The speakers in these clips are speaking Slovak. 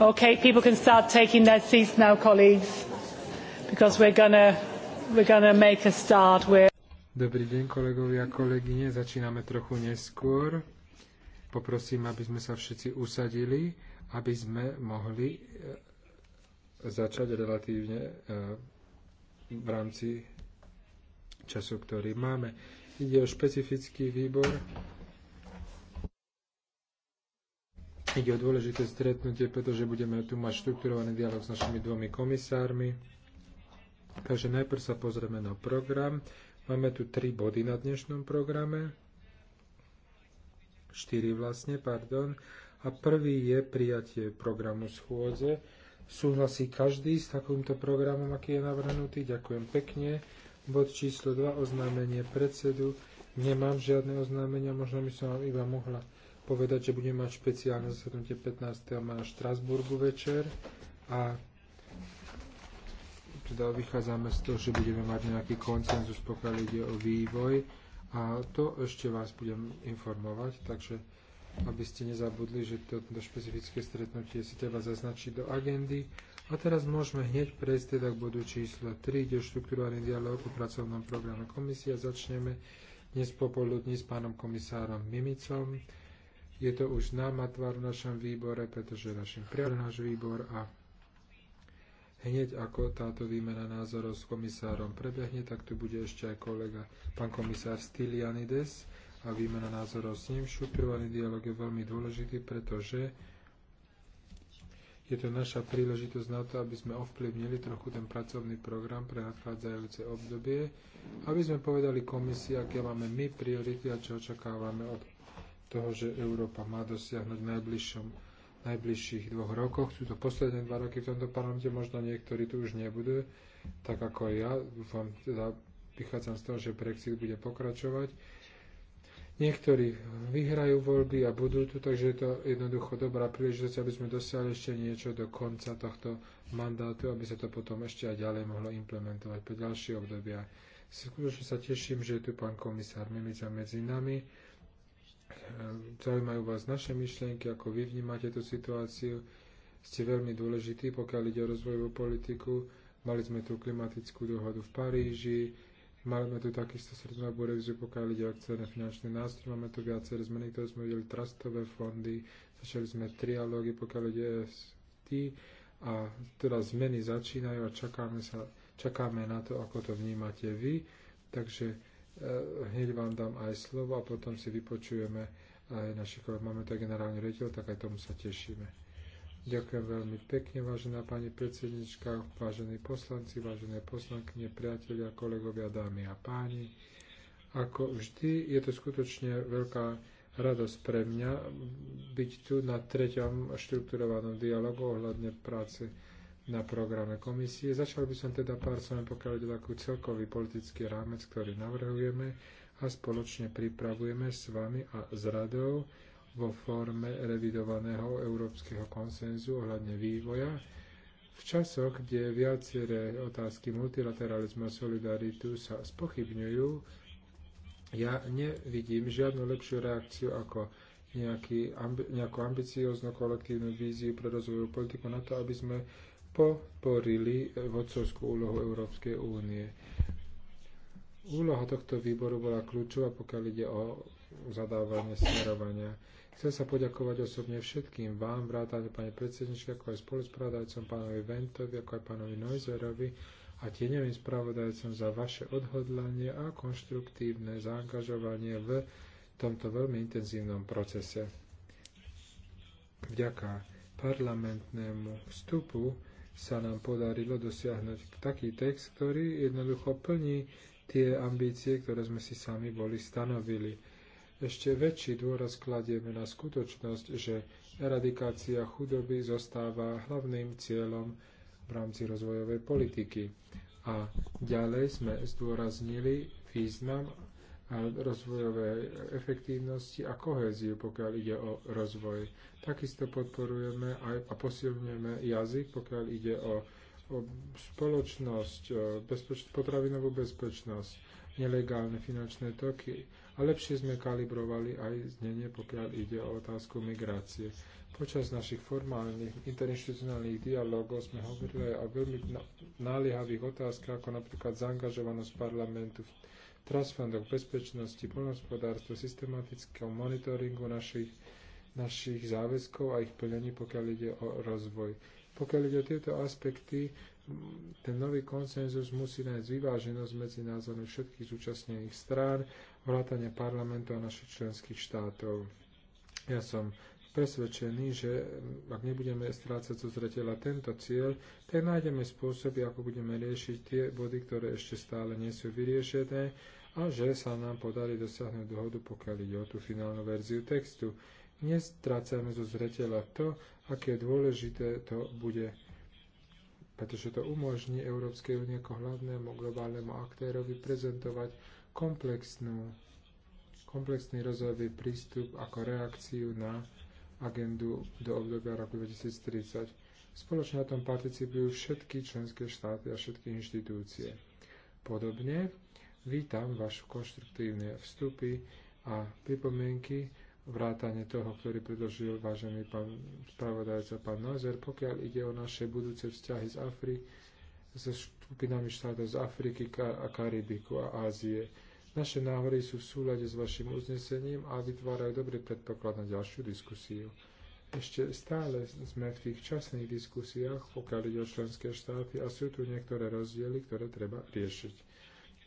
Okay, people can start taking their seats now, colleagues, because we're gonna, we're gonna make a start. We're... Dobrý deň, kolegovia a kolegyne. Začíname trochu neskôr. Poprosím, aby sme sa všetci usadili, aby sme mohli e, začať relatívne e, v rámci času, ktorý máme. Ide o špecifický výbor Ide o dôležité stretnutie, pretože budeme tu mať štrukturovaný dialog s našimi dvomi komisármi. Takže najprv sa pozrieme na program. Máme tu tri body na dnešnom programe. Štyri vlastne, pardon. A prvý je prijatie programu schôdze. Súhlasí každý s takýmto programom, aký je navrhnutý. Ďakujem pekne. Bod číslo 2, oznámenie predsedu. Nemám žiadne oznámenia, možno by som vám iba mohla povedať, že budeme mať špeciálne zasadnutie 15. maja v Štrasburgu večer a teda vychádzame z toho, že budeme mať nejaký koncenzus, pokiaľ ide o vývoj a to ešte vás budem informovať, takže aby ste nezabudli, že toto špecifické stretnutie si treba zaznačiť do agendy. A teraz môžeme hneď prejsť teda k bodu číslo 3, kde štruktúrálny dialog o pracovnom programe komisie. Začneme dnes popoludní s pánom komisárom Mimicom je to už známa tvár v našom výbore, pretože našim priateľom náš výbor a hneď ako táto výmena názorov s komisárom prebehne, tak tu bude ešte aj kolega, pán komisár Stylianides a výmena názorov s ním. Šupirovaný dialog je veľmi dôležitý, pretože je to naša príležitosť na to, aby sme ovplyvnili trochu ten pracovný program pre nadchádzajúce obdobie, aby sme povedali komisii, aké máme my priority a čo očakávame od toho, že Európa má dosiahnuť v najbližšom, najbližších dvoch rokoch. Sú to posledné dva roky v tomto parlamente, možno niektorí tu už nebudú, tak ako ja. Dúfam, teda vychádzam z toho, že Brexit bude pokračovať. Niektorí vyhrajú voľby a budú tu, takže je to jednoducho dobrá príležitosť, aby sme dosiahli ešte niečo do konca tohto mandátu, aby sa to potom ešte aj ďalej mohlo implementovať pre ďalšie obdobia. Skutočne sa teším, že je tu pán komisár Mimica medzi nami zaujímajú vás naše myšlienky, ako vy vnímate tú situáciu. Ste veľmi dôležití, pokiaľ ide o rozvojovú politiku. Mali sme tu klimatickú dohodu v Paríži, mali sme tu takisto srednodobú reviziu, pokiaľ ide o akciárne finančné nástroje. Máme tu viaceré zmeny, ktoré sme videli, trastové fondy, začali sme trialógy, pokiaľ ide FST a teda zmeny začínajú a čakáme, sa, čakáme na to, ako to vnímate vy. Takže Eh, hneď vám dám aj slovo a potom si vypočujeme aj našich kolegov. Máme tu aj generálny rediteľ, tak aj tomu sa tešíme. Ďakujem veľmi pekne, vážená pani predsednička, vážení poslanci, vážené poslankyne, priatelia, kolegovia, dámy a páni. Ako vždy, je to skutočne veľká radosť pre mňa byť tu na treťom štrukturovanom dialogu ohľadne práce na programe komisie. Začal by som teda pár som pokiaľ ide takú celkový politický rámec, ktorý navrhujeme a spoločne pripravujeme s vami a s radou vo forme revidovaného európskeho konsenzu ohľadne vývoja v časoch, kde viaceré otázky multilateralizmu a solidaritu sa spochybňujú, ja nevidím žiadnu lepšiu reakciu ako nejaký, nejakú ambicióznu kolektívnu víziu pre rozvojovú politiku na to, aby sme podporili vodcovskú úlohu Európskej únie. Úloha tohto výboru bola kľúčová, pokiaľ ide o zadávanie smerovania. Chcem sa poďakovať osobne všetkým vám, vrátane pani predsedničke, ako aj spoluzprávdajcom pánovi Ventovi, ako aj pánovi Noizerovi a tieňovým spravodajcom za vaše odhodlanie a konštruktívne zaangažovanie v tomto veľmi intenzívnom procese. Vďaka parlamentnému vstupu sa nám podarilo dosiahnuť taký text, ktorý jednoducho plní tie ambície, ktoré sme si sami boli stanovili. Ešte väčší dôraz kladieme na skutočnosť, že eradikácia chudoby zostáva hlavným cieľom v rámci rozvojovej politiky. A ďalej sme zdôraznili význam rozvojovej efektívnosti a kohéziu, pokiaľ ide o rozvoj. Takisto podporujeme aj a posilňujeme jazyk, pokiaľ ide o, o spoločnosť, bezpeč, potravinovú bezpečnosť, nelegálne finančné toky. A lepšie sme kalibrovali aj znenie, pokiaľ ide o otázku migrácie. Počas našich formálnych interinstitucionálnych dialogov sme hovorili aj o veľmi náliehavých otázkach, ako napríklad zaangažovanosť parlamentu v transfondov bezpečnosti, poľnohospodárstva, systematickom monitoringu našich, našich záväzkov a ich plnení, pokiaľ ide o rozvoj. Pokiaľ ide o tieto aspekty, ten nový konsenzus musí nájsť vyváženosť medzi názormi všetkých zúčastnených strán, vrátane parlamentu a našich členských štátov. Ja som presvedčení, že ak nebudeme strácať zo zreteľa tento cieľ, tak nájdeme spôsoby, ako budeme riešiť tie body, ktoré ešte stále nie sú vyriešené a že sa nám podarí dosiahnuť dohodu, pokiaľ ide o tú finálnu verziu textu. Nestrácame zo zreteľa to, aké dôležité to bude pretože to umožní Európskej únie ako hlavnému globálnemu aktérovi prezentovať komplexnú, komplexný rozvojový prístup ako reakciu na agendu do obdobia roku 2030. Spoločne na tom participujú všetky členské štáty a všetky inštitúcie. Podobne vítam vaše konštruktívne vstupy a pripomienky vrátane toho, ktorý predložil vážený pán spravodajca, pán Nozer, pokiaľ ide o naše budúce vzťahy z Afri, so skupinami štátov z Afriky a Karibiku a Ázie. Naše návrhy sú v súlade s vašim uznesením a vytvárajú dobrý predpoklad na ďalšiu diskusiu. Ešte stále sme v tých časných diskusiách, pokiaľ ide o členské štáty a sú tu niektoré rozdiely, ktoré treba riešiť.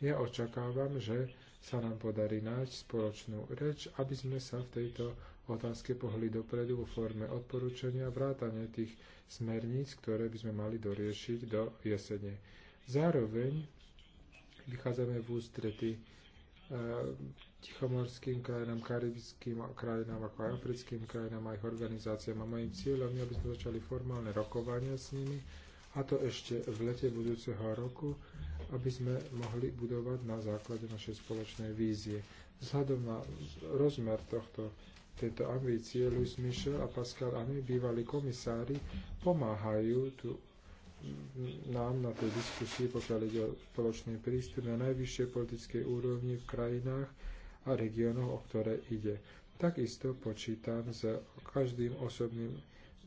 Ja očakávam, že sa nám podarí nájsť spoločnú reč, aby sme sa v tejto otázke pohli dopredu vo forme odporúčania vrátane tých smerníc, ktoré by sme mali doriešiť do jesene. Zároveň vychádzame v ústrety Eh, tichomorským krajinám, karibským krajinám, ako aj africkým krajinám, aj ich organizáciám. A mojim cieľom je, aby sme začali formálne rokovania s nimi, a to ešte v lete budúceho roku, aby sme mohli budovať na základe našej spoločnej vízie. Vzhľadom na rozmer tohto, tejto ambície, Luis Michel a Pascal Ami, bývalí komisári, pomáhajú tu nám na tej diskusii, pokiaľ ide o spoločný prístup na najvyššej politickej úrovni v krajinách a regiónoch, o ktoré ide. Takisto počítam s každým osobným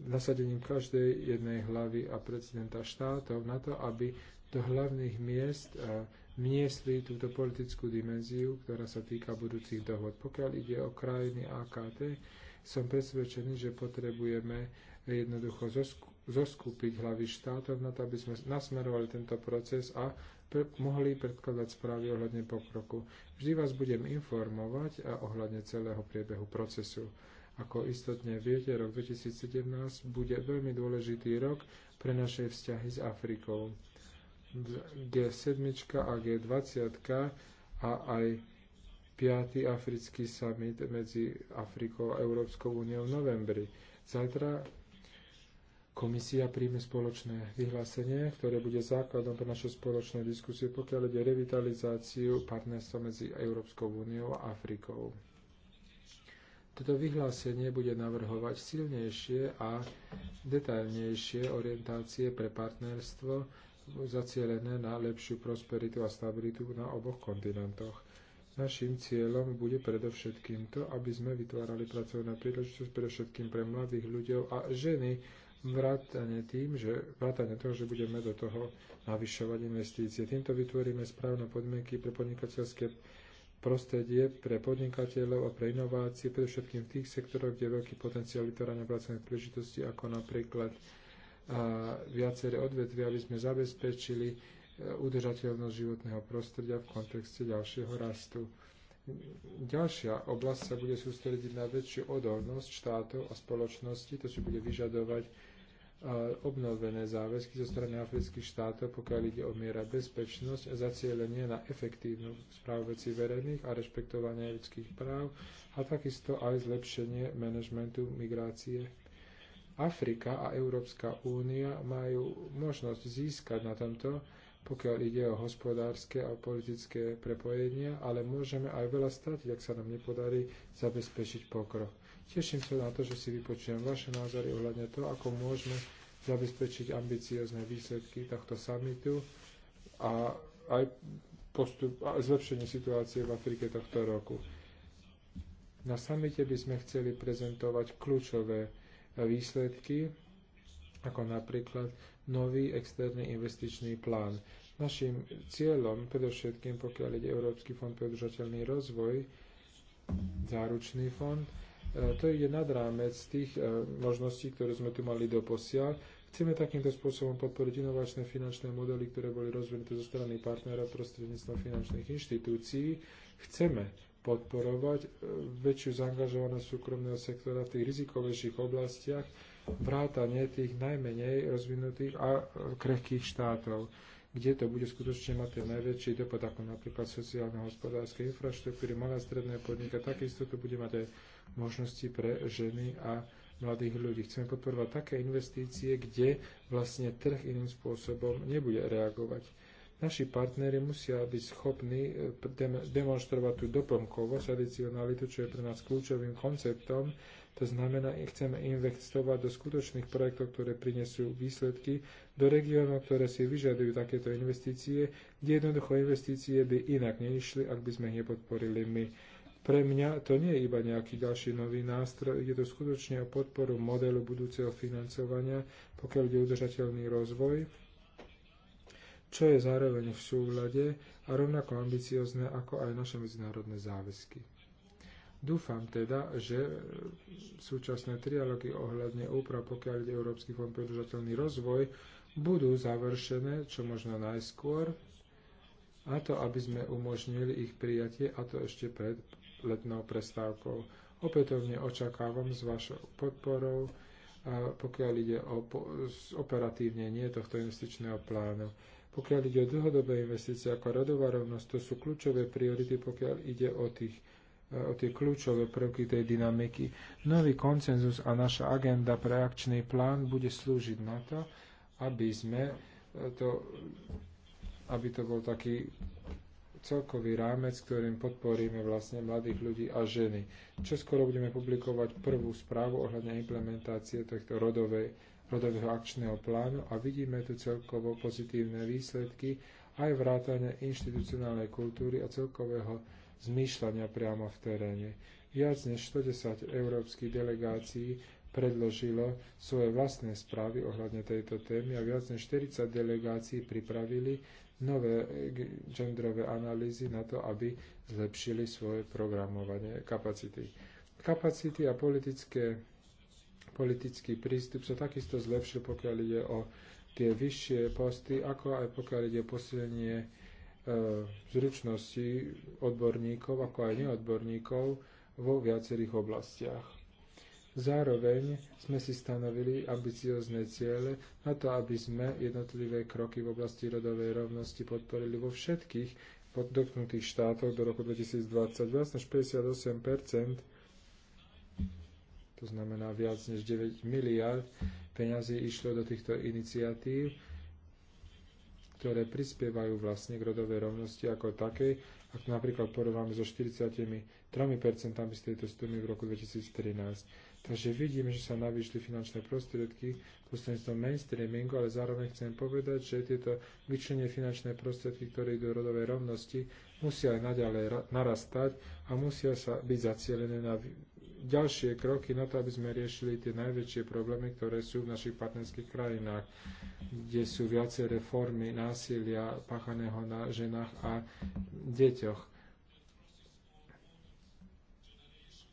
nasadením každej jednej hlavy a prezidenta štátov na to, aby do hlavných miest eh, vniesli túto politickú dimenziu, ktorá sa týka budúcich dohod. Pokiaľ ide o krajiny AKT, som presvedčený, že potrebujeme jednoducho zoskupiť hlavy štátov na to, aby sme nasmerovali tento proces a pre, mohli predkladať správy ohľadne pokroku. Vždy vás budem informovať a ohľadne celého priebehu procesu. Ako istotne viete, rok 2017 bude veľmi dôležitý rok pre naše vzťahy s Afrikou. G7 a G20 a aj 5. africký summit medzi Afrikou a Európskou úniou v novembri. Zajtra komisia príjme spoločné vyhlásenie, ktoré bude základom pre našu spoločnú diskusiu, pokiaľ ide o revitalizáciu partnerstva medzi Európskou úniou a Afrikou. Toto vyhlásenie bude navrhovať silnejšie a detailnejšie orientácie pre partnerstvo zacielené na lepšiu prosperitu a stabilitu na oboch kontinentoch. Naším cieľom bude predovšetkým to, aby sme vytvárali pracovné príležitosti predovšetkým pre mladých ľudí a ženy, vrátane tým, že vrátane toho, že budeme do toho navyšovať investície. Týmto vytvoríme správne podmienky pre podnikateľské prostredie pre podnikateľov a pre inovácie, predovšetkým v tých sektoroch, kde je veľký potenciál vytvárania pracovných príležitostí, ako napríklad a viaceré odvetvia, aby sme zabezpečili e, udržateľnosť životného prostredia v kontexte ďalšieho rastu. Ďalšia oblasť sa bude sústrediť na väčšiu odolnosť štátov a spoločnosti, to si bude vyžadovať obnovené záväzky zo strany afrických štátov, pokiaľ ide o miera bezpečnosť a zacielenie na efektívnu správu vecí verejných a rešpektovanie ľudských práv a takisto aj zlepšenie manažmentu migrácie. Afrika a Európska únia majú možnosť získať na tomto, pokiaľ ide o hospodárske a politické prepojenia, ale môžeme aj veľa stratiť, ak sa nám nepodarí zabezpečiť pokrok. Teším sa na to, že si vypočujem vaše názory ohľadne toho, ako môžeme zabezpečiť ambiciozne výsledky tohto samitu a aj postup, a zlepšenie situácie v Afrike tohto roku. Na samite by sme chceli prezentovať kľúčové výsledky, ako napríklad nový externý investičný plán. Naším cieľom, predovšetkým pokiaľ ide Európsky fond pre udržateľný rozvoj, záručný fond, E, to ide nad rámec tých e, možností, ktoré sme tu mali doposiaľ. Chceme takýmto spôsobom podporiť inovačné finančné modely, ktoré boli rozvinuté zo strany partnerov prostredníctvom finančných inštitúcií. Chceme podporovať e, väčšiu zaangažovanosť súkromného sektora v tých rizikovejších oblastiach, vrátane tých najmenej rozvinutých a krehkých štátov kde to bude skutočne mať ten najväčší dopad, ako napríklad sociálno-hospodárske infraštruktúry, malé a stredné podniky. Takisto to bude mať aj možnosti pre ženy a mladých ľudí. Chceme podporovať také investície, kde vlastne trh iným spôsobom nebude reagovať. Naši partnery musia byť schopní eh, demonstrovať tú doplnkovosť, adicionalitu, čo je pre nás kľúčovým konceptom to znamená, chceme investovať do skutočných projektov, ktoré prinesú výsledky do regiónov, ktoré si vyžadujú takéto investície, kde jednoducho investície by inak neišli, ak by sme ich nepodporili my. Pre mňa to nie je iba nejaký ďalší nový nástroj, ide to skutočne o podporu modelu budúceho financovania, pokiaľ ide udržateľný rozvoj, čo je zároveň v súhľade a rovnako ambiciozne ako aj naše medzinárodné záväzky. Dúfam teda, že súčasné trialógy ohľadne úprav, pokiaľ ide Európsky fond pre udržateľný rozvoj, budú završené čo možno najskôr, a to, aby sme umožnili ich prijatie, a to ešte pred letnou prestávkou. Opätovne očakávam s vašou podporou, pokiaľ ide o operatívne nie tohto investičného plánu. Pokiaľ ide o dlhodobé investície ako radová rovnosť, to sú kľúčové priority, pokiaľ ide o tých o e, tie kľúčové prvky tej dynamiky. Nový koncenzus a naša agenda pre akčný plán bude slúžiť na to, aby sme e, to, aby to bol taký celkový rámec, ktorým podporíme vlastne mladých ľudí a ženy. Čo skoro budeme publikovať prvú správu ohľadne implementácie tohto rodovej, rodového akčného plánu a vidíme tu celkovo pozitívne výsledky aj vrátane inštitucionálnej kultúry a celkového zmýšľania priamo v teréne. Viac než 40 európskych delegácií predložilo svoje vlastné správy ohľadne tejto témy a viac než 40 delegácií pripravili nové genderové analýzy na to, aby zlepšili svoje programovanie kapacity. Kapacity a politické, politický prístup sa takisto zlepšil, pokiaľ ide o tie vyššie posty, ako aj pokiaľ ide o posilnenie Eh, zručnosti odborníkov, ako aj neodborníkov vo viacerých oblastiach. Zároveň sme si stanovili ambiciozne ciele na to, aby sme jednotlivé kroky v oblasti rodovej rovnosti podporili vo všetkých poddotknutých štátoch do roku 2020. Viac než 58 to znamená viac než 9 miliard peňazí išlo do týchto iniciatív ktoré prispievajú vlastne k rodovej rovnosti ako takej, ak to napríklad porovnáme so 43% z tejto sumy v roku 2013. Takže vidíme, že sa navýšli finančné prostriedky prostredníctvom mainstreamingu, ale zároveň chcem povedať, že tieto vyčlenie finančné prostriedky, ktoré idú rodovej rovnosti, musia aj naďalej narastať a musia sa byť zacielené na ďalšie kroky na to, aby sme riešili tie najväčšie problémy, ktoré sú v našich partnerských krajinách, kde sú viaceré formy násilia páchaného na ženách a deťoch.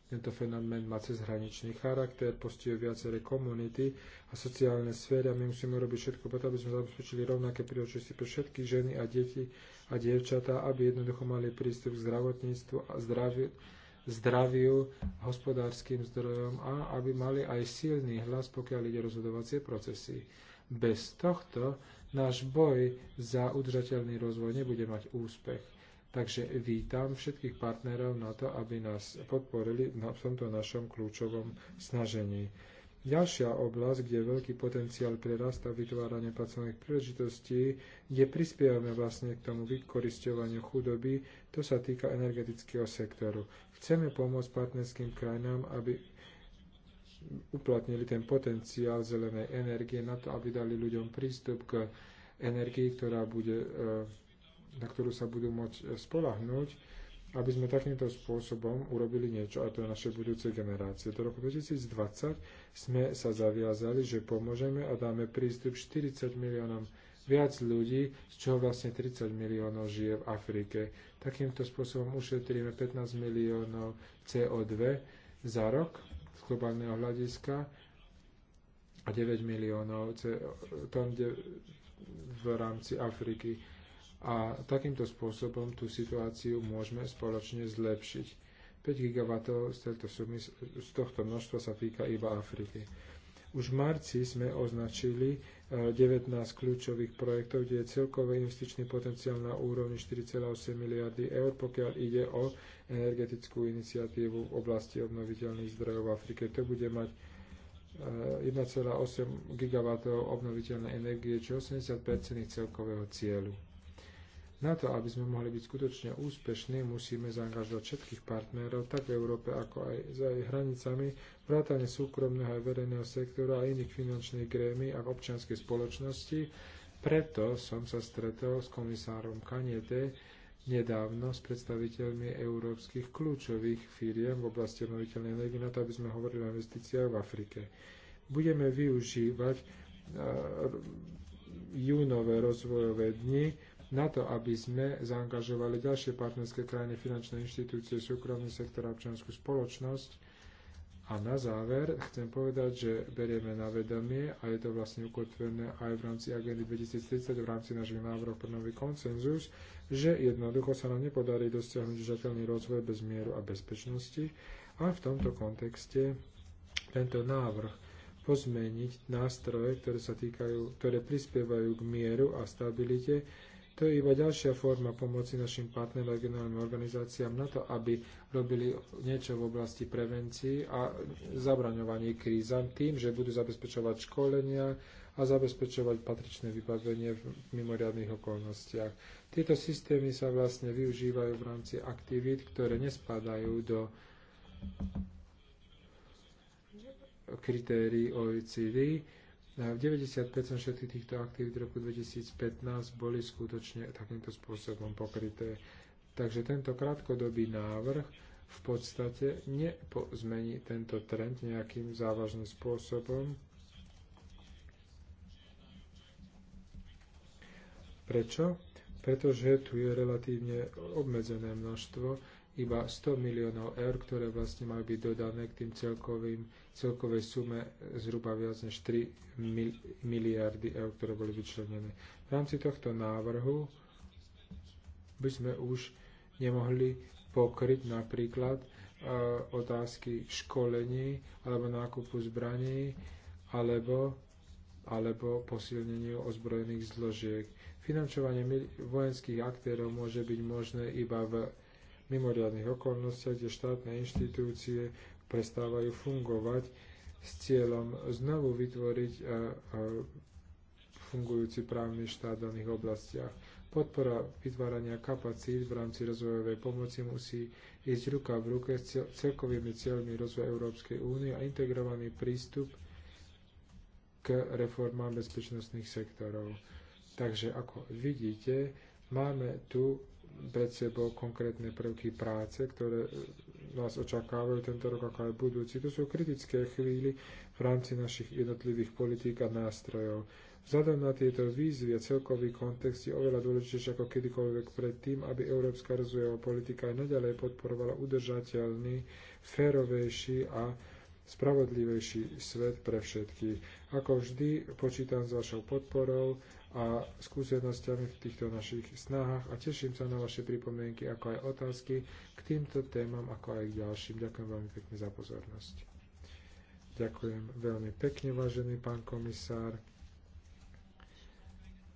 Tento fenomén má cezhraničný charakter, postihuje viaceré komunity a sociálne sféry a my musíme robiť všetko preto, aby sme zabezpečili rovnaké príležitosti pre všetky ženy a deti a dievčatá, aby jednoducho mali prístup k zdravotníctvu a zdraviu zdraviu, hospodárskym zdrojom a aby mali aj silný hlas, pokiaľ ide rozhodovacie procesy. Bez tohto náš boj za udržateľný rozvoj nebude mať úspech. Takže vítam všetkých partnerov na to, aby nás podporili v tomto našom kľúčovom snažení. Ďalšia oblasť, kde je veľký potenciál pre rast a vytváranie pracovných príležitostí, kde prispievame vlastne k tomu vykoristovaniu chudoby, to sa týka energetického sektoru. Chceme pomôcť partnerským krajinám, aby uplatnili ten potenciál zelenej energie na to, aby dali ľuďom prístup k energii, ktorá bude, e, na ktorú sa budú môcť e, spolahnúť aby sme takýmto spôsobom urobili niečo, a to je naše budúce generácie. Do roku 2020 sme sa zaviazali, že pomôžeme a dáme prístup 40 miliónom viac ľudí, z čoho vlastne 30 miliónov žije v Afrike. Takýmto spôsobom ušetríme 15 miliónov CO2 za rok z globálneho hľadiska a 9 miliónov CO, tón v rámci Afriky a takýmto spôsobom tú situáciu môžeme spoločne zlepšiť. 5 GW z, z tohto množstva sa týka iba Afriky. Už v marci sme označili 19 eh, kľúčových projektov, kde je celkový investičný potenciál na úrovni 4,8 miliardy eur, pokiaľ ide o energetickú iniciatívu v oblasti obnoviteľných zdrojov v Afrike. To bude mať 1,8 eh, GW obnoviteľnej energie, čo 80 celkového cieľu. Na to, aby sme mohli byť skutočne úspešní, musíme zaangažovať všetkých partnerov, tak v Európe, ako aj za jej hranicami, vrátane súkromného aj verejného sektora a iných finančných grémy a v občianskej spoločnosti. Preto som sa stretol s komisárom Kaniete nedávno s predstaviteľmi európskych kľúčových firiem v oblasti obnoviteľnej energie na to, aby sme hovorili o investíciách v Afrike. Budeme využívať eh, júnové rozvojové dni, na to, aby sme zaangažovali ďalšie partnerské krajiny, finančné inštitúcie, súkromný sektor a občianskú spoločnosť. A na záver chcem povedať, že berieme na vedomie a je to vlastne ukotvené aj v rámci agendy 2030, v rámci našich návrhov pre nový koncenzus, že jednoducho sa nám nepodarí dosiahnuť žateľný rozvoj bez mieru a bezpečnosti. A v tomto kontexte tento návrh pozmeniť nástroje, ktoré, sa týkajú, ktoré prispievajú k mieru a stabilite, to je iba ďalšia forma pomoci našim partnerom regionálnym organizáciám na to, aby robili niečo v oblasti prevencií a zabraňovaní krízam tým, že budú zabezpečovať školenia a zabezpečovať patričné vybavenie v mimoriadných okolnostiach. Tieto systémy sa vlastne využívajú v rámci aktivít, ktoré nespadajú do kritérií OECD, 90% všetkých týchto aktivít v roku 2015 boli skutočne takýmto spôsobom pokryté. Takže tento krátkodobý návrh v podstate nepozmení tento trend nejakým závažným spôsobom. Prečo? Pretože tu je relatívne obmedzené množstvo iba 100 miliónov eur, ktoré vlastne majú byť dodané k tým celkovým, celkovej sume zhruba viac než 3 miliardy eur, ktoré boli vyčlenené. V rámci tohto návrhu by sme už nemohli pokryť napríklad e, otázky školení alebo nákupu zbraní alebo, alebo posilneniu ozbrojených zložiek. Financovanie vojenských aktérov môže byť možné iba v mimoriadnych okolnostiach, kde štátne inštitúcie prestávajú fungovať s cieľom znovu vytvoriť fungujúci právny štát v daných oblastiach. Podpora vytvárania kapacít v rámci rozvojovej pomoci musí ísť ruka v ruke s celkovými cieľmi rozvoja Európskej únie a integrovaný prístup k reformám bezpečnostných sektorov. Takže ako vidíte, máme tu pred sebou konkrétne prvky práce, ktoré e, nás očakávajú tento rok ako aj budúci. To sú kritické chvíli v rámci našich jednotlivých politík a nástrojov. Vzhľadom na tieto výzvy a celkový kontext je oveľa dôležitejšie ako kedykoľvek predtým, aby európska rozvojová politika aj naďalej podporovala udržateľný, férovejší a spravodlivejší svet pre všetkých. Ako vždy, počítam s vašou podporou a skúsenostiami v týchto našich snahách a teším sa na vaše pripomienky, ako aj otázky k týmto témam, ako aj k ďalším. Ďakujem veľmi pekne za pozornosť. Ďakujem veľmi pekne, vážený pán komisár.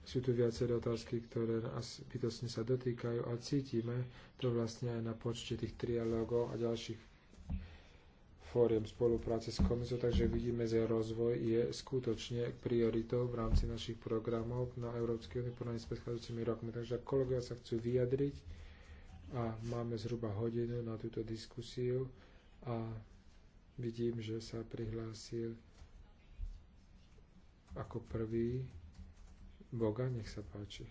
Sú tu viaceré otázky, ktoré nás bytostne sa dotýkajú a cítime to vlastne aj na počte tých trialógov a ďalších fóriem spolupráce s komisiou, takže vidíme, že rozvoj je skutočne prioritou v rámci našich programov na Európskej únii porovnaní s predchádzajúcimi rokmi. Takže ak kolegovia sa chcú vyjadriť a máme zhruba hodinu na túto diskusiu a vidím, že sa prihlásil ako prvý Boga, nech sa páči.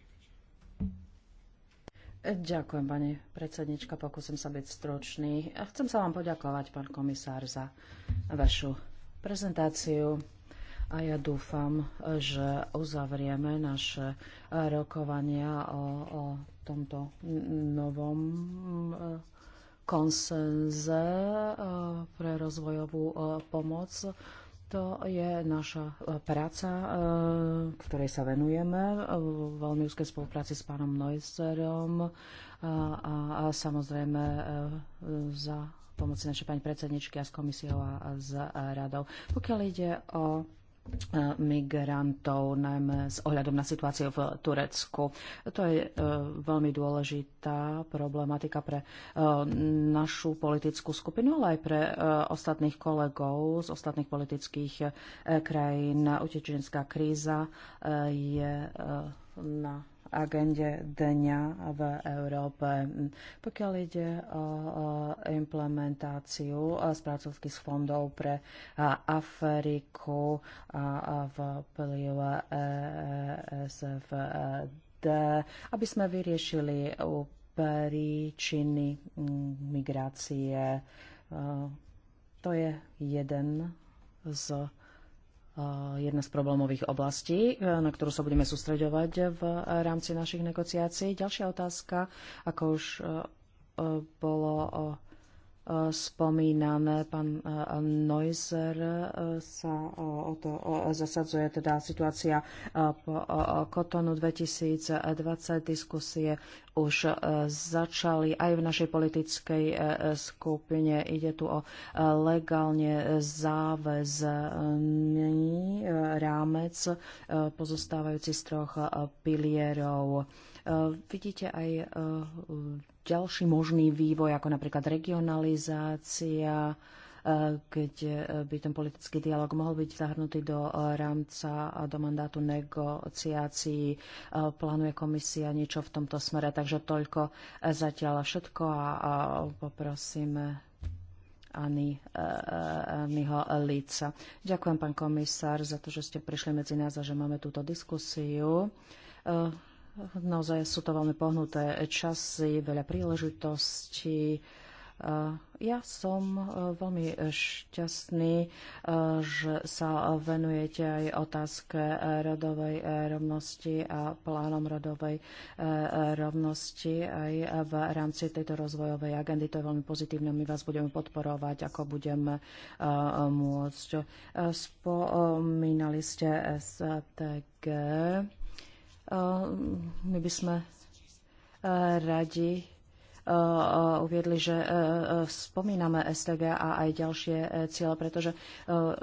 Ďakujem, pani predsednička. Pokúsim sa byť stručný. A chcem sa vám poďakovať, pán komisár, za vašu prezentáciu. A ja dúfam, že uzavrieme naše rokovania o, o tomto novom eh, konsenze eh, pre rozvojovú eh, pomoc to je naša e, práca, e, ktorej sa venujeme v e, veľmi úzkej spolupráci s pánom Neusserom a, a, a samozrejme za pomoci našej pani predsedničky a s komisiou a s radou. Pokiaľ ide o migrantov, najmä s ohľadom na situáciu v Turecku. To je e, veľmi dôležitá problematika pre e, našu politickú skupinu, ale aj pre e, ostatných kolegov z ostatných politických krajín. Utečenská kríza je na agende dňa v Európe. Pokiaľ ide o implementáciu správcovských e, fondov pre e, Afriku a vplyv e, SFD, aby sme vyriešili príčiny migrácie. To je jeden z Eh, jedna z problémových oblastí, eh, na ktorú sa budeme sústreďovať v rámci našich negociácií. Ďalšia otázka, ako už eh, bolo spomínané. Pán eh, Neuser eh, sa eh, o to zasadzuje, teda situácia po Kotonu 2020. Diskusie už začali aj v našej politickej skupine. Ide tu o legálne záväzný rámec pozostávajúci z troch pilierov. Vidíte aj ďalší možný vývoj, ako napríklad regionalizácia, e, keď e, by ten politický dialog mohol byť zahrnutý do e, rámca a do mandátu negociácií. Plánuje komisia niečo v tomto smere, takže toľko zatiaľ všetko a poprosíme Ani Miho Líca. Ďakujem, pán komisár, za to, že ste prišli medzi nás a že máme túto diskusiu. Naozaj sú to veľmi pohnuté časy, veľa príležitostí. Eh, ja som eh, veľmi šťastný, eh, že sa venujete aj otázke rodovej rovnosti a plánom rodovej rovnosti aj v rámci tejto rozvojovej agendy. To je veľmi pozitívne. My vás budeme podporovať, ako budeme môcť. Spomínali ste STG. Eh, my by sme eh, radi Eh, eh, uviedli, že eh, spomíname STG a aj ďalšie ciele, pretože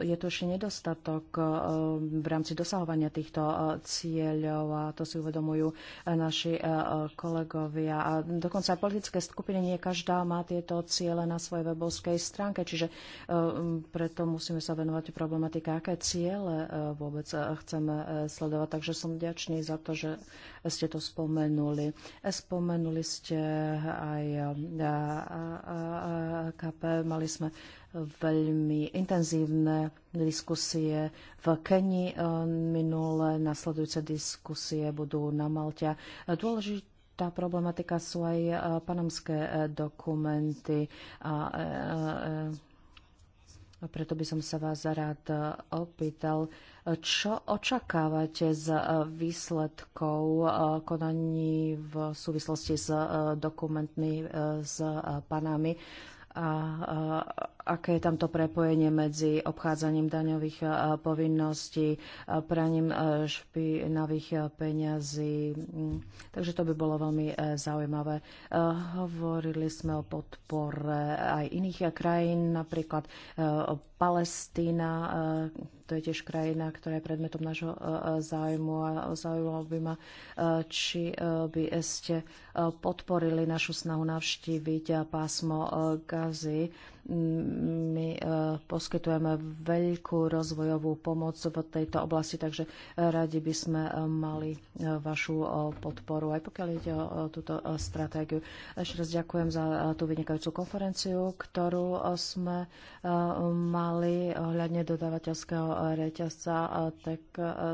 je tu ešte nedostatok v rámci dosahovania týchto cieľov a to si uvedomujú naši kolegovia. A dokonca aj politické skupiny nie každá má tieto ciele na svojej webovskej stránke, čiže preto musíme sa venovať problematike, aké ciele vôbec chceme sledovať. Takže som vďačný za to, že ste to spomenuli. Spomenuli ste aj AKP. Mali sme veľmi intenzívne diskusie v Keni e, minule. Nasledujúce diskusie budú na Malte. E, Dôležité tá problematika sú aj e, panamské dokumenty a preto by som sa vás rád opýtal, čo očakávate z e, výsledkov e, konaní v súvislosti s e, dokumentmi s panami? a aké je tamto prepojenie medzi obchádzaním daňových povinností, praním špinavých peňazí. Mm, takže to by bolo veľmi zaujímavé. Hovorili sme o podpore aj iných krajín, napríklad Palestína, eh, to je tiež krajina, ktorá je predmetom nášho eh, eh, záujmu a zaujímalo by ma, či by ste podporili našu snahu navštíviť pásmo Gazy my e, poskytujeme veľkú rozvojovú pomoc v tejto oblasti, takže radi by sme e, mali e, vašu podporu, aj pokiaľ ide o túto stratégiu. Ešte raz ďakujem za tú vynikajúcu konferenciu, ktorú sme mali ohľadne dodávateľského reťazca tak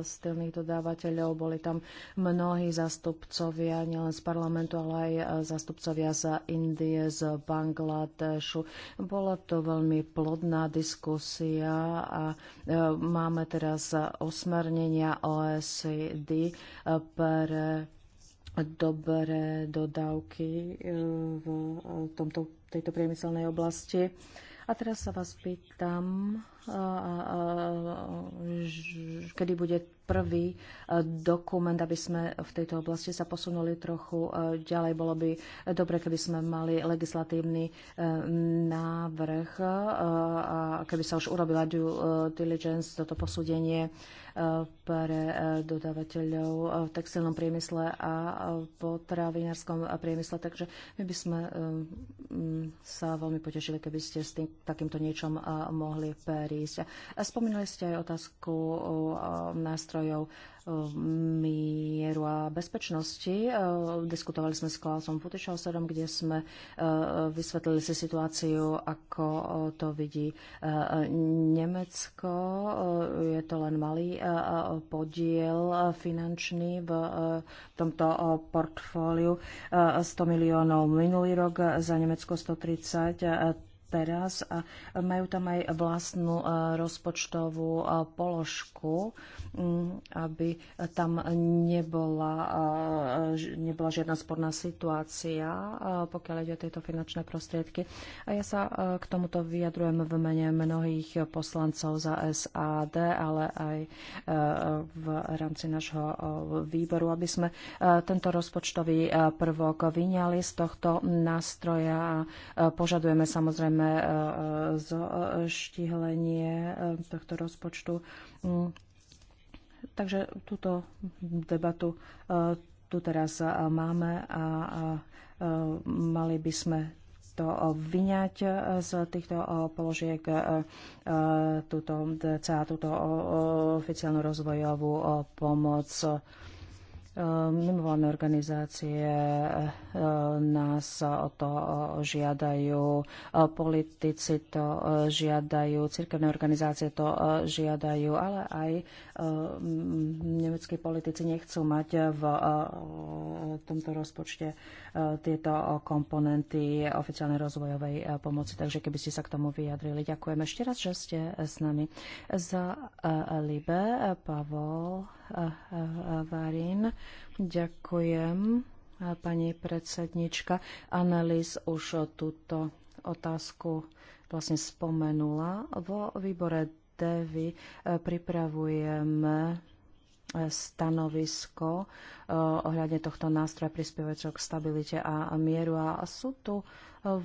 stylných dodávateľov. Boli tam mnohí zastupcovia, nielen z parlamentu, ale aj zastupcovia z Indie, z Bangladešu. Bol bola to veľmi plodná diskusia a e, máme teraz osmernenia OSD e, pre dobré dodávky e, v tomto, tejto priemyselnej oblasti. A teraz sa vás pýtam, kedy bude prvý e, dokument, aby sme v tejto oblasti sa posunuli trochu e, ďalej. Bolo by dobre, keby sme mali legislatívny e, návrh, a keby sa už urobila due diligence, toto posúdenie pre dodávateľov v textilnom priemysle a potravinárskom priemysle. Takže my by sme sa veľmi potešili, keby ste s tým, takýmto niečom mohli periť prísť. Spomínali ste aj otázku eh, nástrojov eh, mieru a bezpečnosti. Eh, diskutovali sme s Klausom Putišauserom, kde sme vysvetlili si situáciu, ako to vidí Nemecko. Je to len malý podiel finančný v tomto portfóliu. 100 miliónov minulý rok, za Nemecko 130 teraz a majú tam aj vlastnú e, rozpočtovú e, položku, aby tam nebola, e, nebola žiadna sporná situácia, pokiaľ ide o tieto finančné prostriedky. A ja sa k tomuto vyjadrujem v mene mnohých poslancov za SAD, ale aj v rámci nášho výboru, aby sme tento rozpočtový prvok vyňali z tohto nástroja. Požadujeme samozrejme samozrejme e, zoštihlenie e, tohto rozpočtu. Mm. Takže túto debatu e, tu teraz máme a mali by sme to vyňať z týchto položiek túto, túto oficiálnu rozvojovú pomoc. Mimovládne organizácie e, nás o to žiadajú, e, politici to e, žiadajú, cirkevné organizácie to žiadajú, ale aj nemeckí politici nechcú mať v tomto rozpočte tieto komponenty oficiálnej rozvojovej pomoci. Takže keby ste sa k tomu vyjadrili. Ďakujem ešte raz, že ste s nami. Za Libe Pavol Varin. Ďakujem, pani predsednička. Annelies už túto otázku vlastne spomenula. Vo výbore DEVI pripravujeme stanovisko eh, ohľadne tohto nástroja prispievajúceho k stabilite a mieru. A sú tu eh,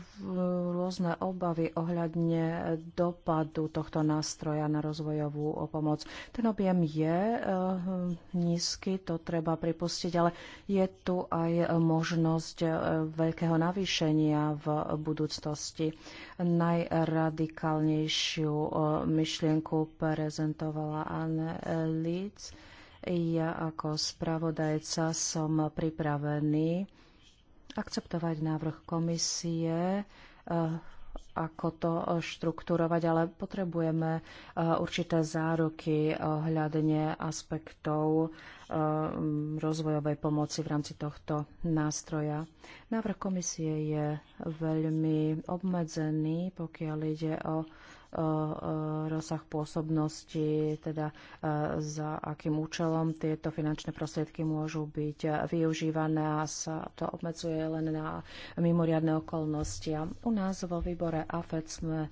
rôzne obavy ohľadne dopadu tohto nástroja na rozvojovú pomoc. Ten objem je eh, nízky, to treba pripustiť, ale je tu aj možnosť veľkého navýšenia v budúcnosti. Najradikálnejšiu myšlienku prezentovala Anne Leeds ja ako spravodajca som pripravený akceptovať návrh komisie eh, ako to štruktúrovať, ale potrebujeme e, určité záruky ohľadne aspektov e, rozvojovej pomoci v rámci tohto nástroja. Návrh komisie je veľmi obmedzený, pokiaľ ide o rozsah pôsobnosti, teda e, za akým účelom tieto finančné prostriedky môžu byť využívané a sa to obmedzuje len na mimoriadne okolnosti. A u nás vo výbore AFED sme e,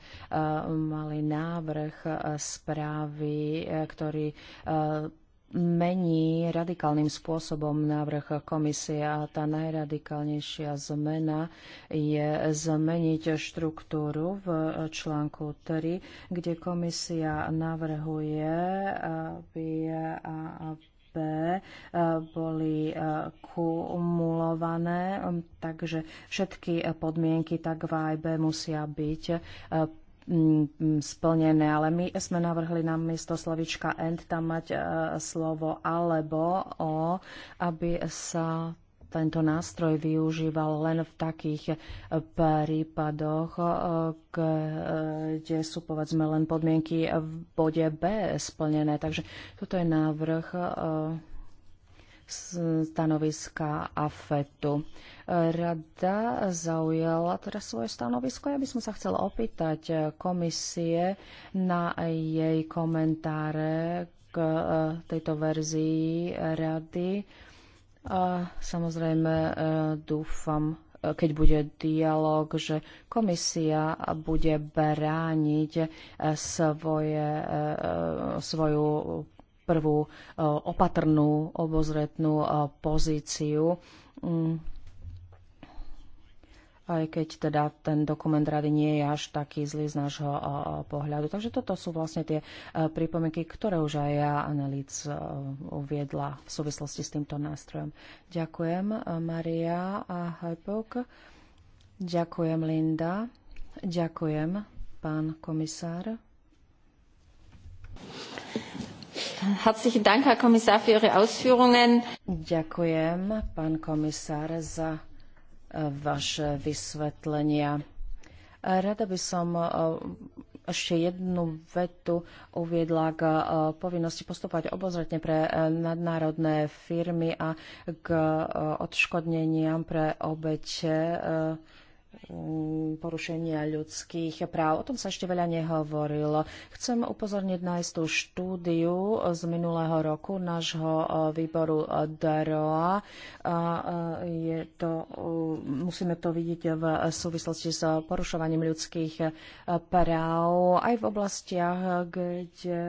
mali návrh e, správy, e, ktorý mení radikálnym spôsobom návrh komisie a tá najradikálnejšia zmena je zmeniť štruktúru v článku 3, kde komisia navrhuje, aby Eh, boli eh, kumulované, mm, takže všetky eh, podmienky tak v AIB musia byť mm, splnené, ale my sme navrhli na miesto slovička and tam mať slovo alebo o, aby sa tento nástroj využíval len v takých eh, prípadoch, eh, kde sú povedzme len podmienky v bode B splnené. Takže toto je návrh eh, stanoviska AFETu. Rada zaujala teraz svoje stanovisko. Ja by som sa chcela opýtať komisie na jej komentáre k tejto verzii rady a samozrejme e, dúfam, e, keď bude dialog, že komisia bude brániť e, svoje, svoju prvú opatrnú, obozretnú pozíciu mm aj keď teda ten dokument rady nie je až taký zlý z nášho pohľadu. Takže toto sú vlastne tie pripomienky, ktoré už aj ja, Annelíc, uviedla v súvislosti s týmto nástrojom. Ďakujem, Maria a Hajpok. Ďakujem, Linda. Ďakujem, pán komisár. Herzlichen Dank, Herr Kommissar, für Ihre Ausführungen. Ďakujem, pán komisár, za vaše vysvetlenia. Rada by som e, ešte jednu vetu uviedla k e, povinnosti postupovať obozretne pre e, nadnárodné firmy a k odškodneniam pre obete Mm, porušenia ľudských práv. O tom sa ešte veľa nehovorilo. Chcem upozorniť na istú štúdiu z minulého roku nášho e, výboru e, DROA. E, je to, musíme to vidieť v súvislosti s porušovaním ľudských práv aj v oblastiach, kde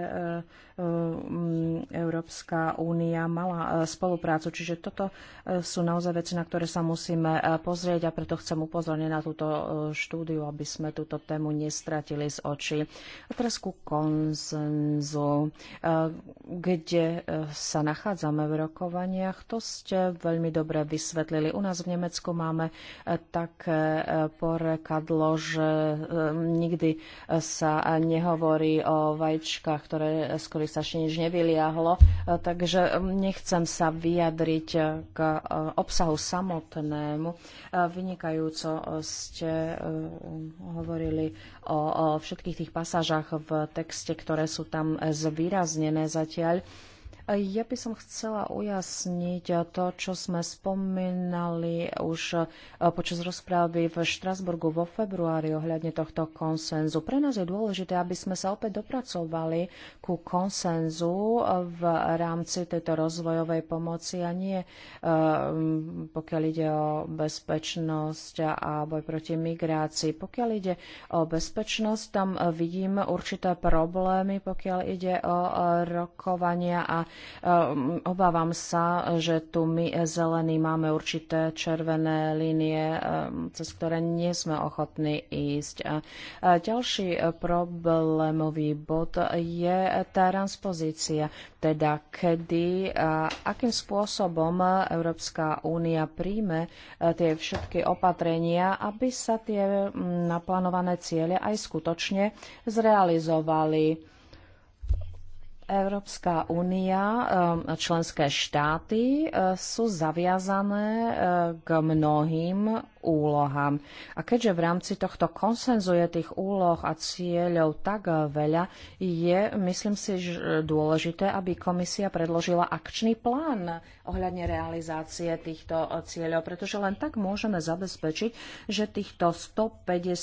mm, Európska únia mala spoluprácu. Čiže toto sú naozaj veci, na ktoré sa musíme pozrieť a preto chcem upozorniť na túto e, štúdiu, aby sme túto tému nestratili z očí. A teraz ku konsenzu. E, kde e, sa nachádzame v rokovaniach, to ste veľmi dobre vysvetlili. U nás v Nemecku máme také porekadlo, že nikdy sa nehovorí o vajčkách, ktoré, z ktorých sa ešte nič nevyliahlo. Takže nechcem sa vyjadriť k obsahu samotnému. Vynikajúco ste eh, hovorili o, o všetkých tých pasážach v texte, ktoré sú tam eh, zvýraznené zatiaľ. Ja by som chcela ujasniť to, čo sme spomínali už eh, počas rozprávy v Štrasburgu vo februári ohľadne tohto konsenzu. Pre nás je dôležité, aby sme sa opäť dopracovali ku konsenzu eh, v rámci tejto rozvojovej pomoci a nie eh, pokiaľ ide o bezpečnosť a boj proti migrácii. Pokiaľ ide o bezpečnosť, tam vidím určité problémy, pokiaľ ide o rokovania a Ehm, obávam sa, že tu my eh, zelení máme určité červené línie, ehm, cez ktoré nie sme ochotní ísť. Ďalší eh, problémový bod je eh, transpozícia, teda kedy a akým spôsobom Európska únia príjme tie všetky opatrenia, aby sa tie mm, naplánované ciele aj skutočne zrealizovali Európska únia, e, členské štáty e, sú zaviazané e, k mnohým úlohám. A keďže v rámci tohto konsenzu je tých úloh a cieľov tak veľa, je, myslím si, dôležité, aby komisia predložila akčný plán ohľadne realizácie týchto cieľov, pretože len tak môžeme zabezpečiť, že týchto 150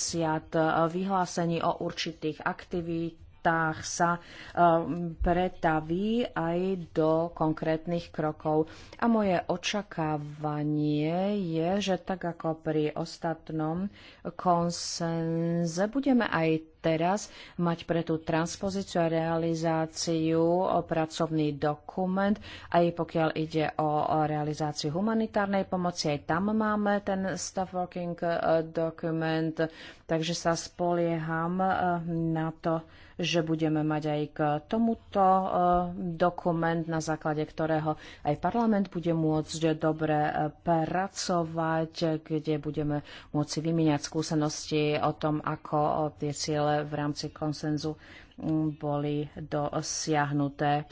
vyhlásení o určitých aktivít debatách sa ehm, pretaví aj do konkrétnych krokov. A moje očakávanie je, že tak ako pri ostatnom konsenze budeme aj teraz mať pre tú transpozíciu a realizáciu pracovný dokument, aj pokiaľ ide o realizáciu humanitárnej pomoci, aj tam máme ten staff working e, dokument, takže sa spolieham e, na to, že budeme mať aj k tomuto eh, dokument, na základe ktorého aj parlament bude môcť dobre eh, pracovať, kde budeme môcť vymieňať skúsenosti o tom, ako eh, tie ciele v rámci konsenzu mm, boli dosiahnuté.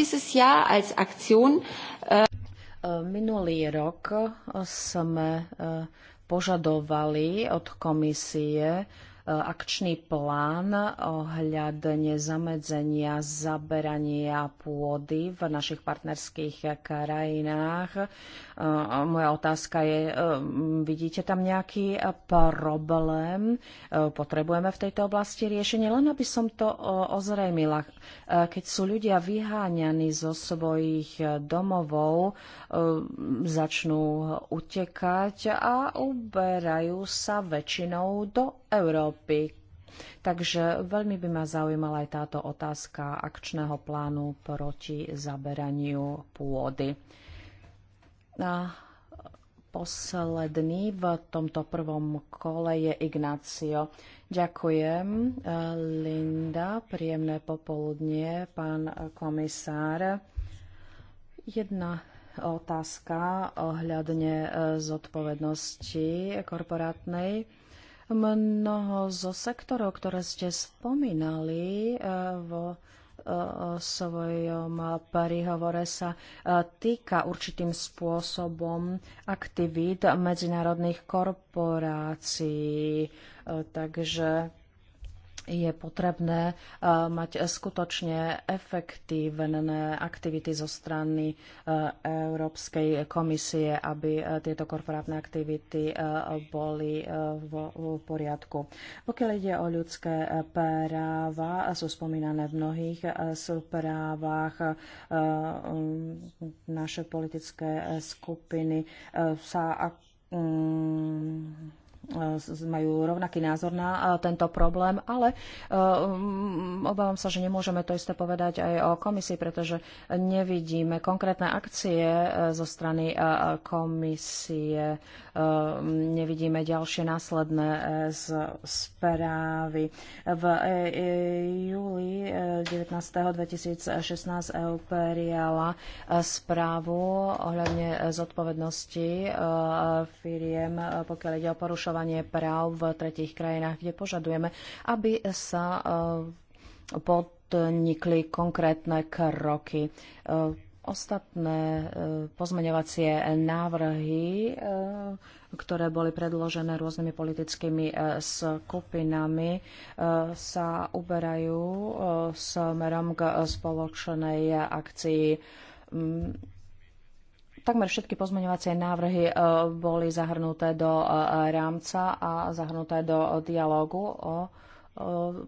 Minulý rok sme požadovali od komisie Eh, akčný plán ohľadne zamedzenia zaberania pôdy v našich partnerských krajinách. Eh, moja otázka je, eh, vidíte tam nejaký problém? Potrebujeme v tejto oblasti riešenie? Len aby som to ozrejmila. Keď sú ľudia vyháňaní zo svojich domovov, začnú utekať a uberajú sa väčšinou do Európy. Európy. Takže veľmi by ma zaujímala aj táto otázka akčného plánu proti zaberaniu pôdy. A posledný v tomto prvom kole je Ignácio. Ďakujem, Linda. Príjemné popoludnie, pán komisár. Jedna otázka ohľadne zodpovednosti korporátnej. Mnoho zo sektorov, ktoré ste spomínali eh, vo eh, svojom príhovore sa eh, týka určitým spôsobom aktivít medzinárodných korporácií. Takže je potrebné eh, mať skutočne efektívne aktivity zo strany eh, Európskej komisie, aby eh, tieto korporátne aktivity boli v poriadku. Pokiaľ ide o ľudské práva, sú spomínané v mnohých správach. Naše politické skupiny sa mm, majú rovnaký názor na eh, tento problém, ale eh, mm, obávam sa, že nemôžeme to isté povedať aj o komisii, pretože nevidíme konkrétne akcie eh, zo strany komisie, mm, nevidíme ďalšie následné správy. V júli 19. 2016 EU prijala správu ohľadne zodpovednosti firiem, pokiaľ ide o porušovanie porušovanie práv v tretich krajinách, kde požadujeme, aby sa e, podnikli konkrétne kroky. E, ostatné e, pozmeňovacie návrhy, ktoré boli predložené rôznymi politickými skupinami, sa uberajú smerom k spoločnej akcii mm, Takmer všetky pozmeňovacie návrhy e, boli zahrnuté do e, rámca a zahrnuté do dialógu o e,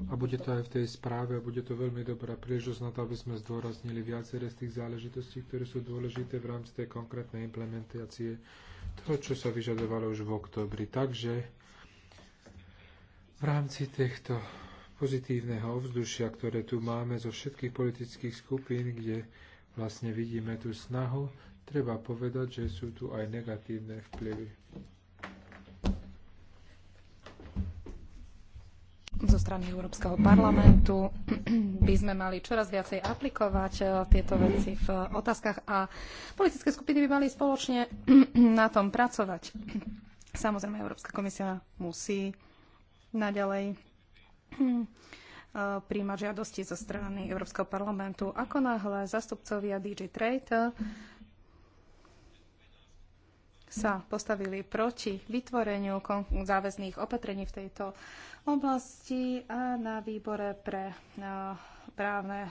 a bude to aj v tej správe a bude to veľmi dobrá príležitosť na to, aby sme zdôraznili viaceré z tých záležitostí, ktoré sú dôležité v rámci tej konkrétnej implementácie toho, čo sa vyžadovalo už v oktobri. Takže v rámci týchto pozitívneho ovzdušia, ktoré tu máme zo všetkých politických skupín, kde vlastne vidíme tú snahu, treba povedať, že sú tu aj negatívne vplyvy. zo strany Európskeho parlamentu by sme mali čoraz viacej aplikovať eh, tieto veci v otázkach a politické skupiny by mali spoločne na tom pracovať. Samozrejme, Európska komisia musí naďalej Eh, príjma žiadosti zo strany Európskeho parlamentu. Ako náhle zastupcovia DG Trade sa postavili proti vytvoreniu záväzných opatrení v tejto oblasti a na výbore pre eh, právne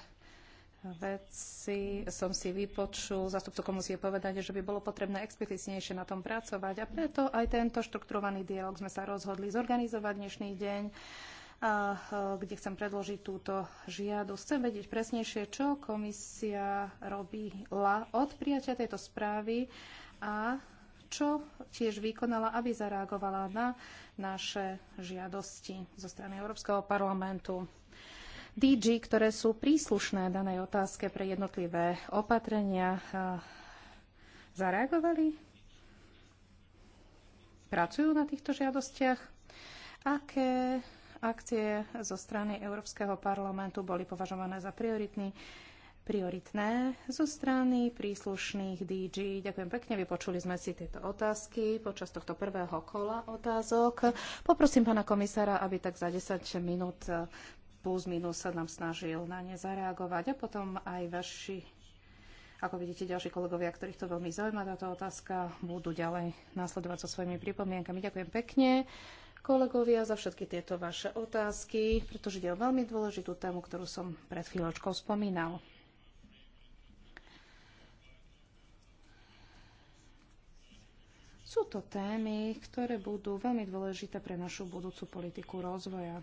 veci som si vypočul, zastupcu komisie povedať, že by bolo potrebné explicitnejšie na tom pracovať a preto aj tento štrukturovaný dialog sme sa rozhodli zorganizovať dnešný deň E, kde chcem predložiť túto žiadosť. Chcem vedieť presnejšie, čo komisia robila od prijatia tejto správy a čo tiež vykonala, aby zareagovala na naše žiadosti zo strany Európskeho parlamentu. DG, ktoré sú príslušné danej otázke pre jednotlivé opatrenia, e, zareagovali? Pracujú na týchto žiadostiach? Aké akcie zo strany Európskeho parlamentu boli považované za prioritný prioritné zo strany príslušných DG. Ďakujem pekne, vypočuli sme si tieto otázky počas tohto prvého kola otázok. Poprosím pána komisára, aby tak za 10 minút eh, plus minus sa nám snažil na ne zareagovať a potom aj vaši ako vidíte, ďalší kolegovia, ktorých to veľmi zaujíma táto otázka, budú ďalej následovať so svojimi pripomienkami. Ďakujem pekne kolegovia, za všetky tieto vaše otázky, pretože ide o veľmi dôležitú tému, ktorú som pred chvíľočkou spomínal. Sú to témy, ktoré budú veľmi dôležité pre našu budúcu politiku rozvoja.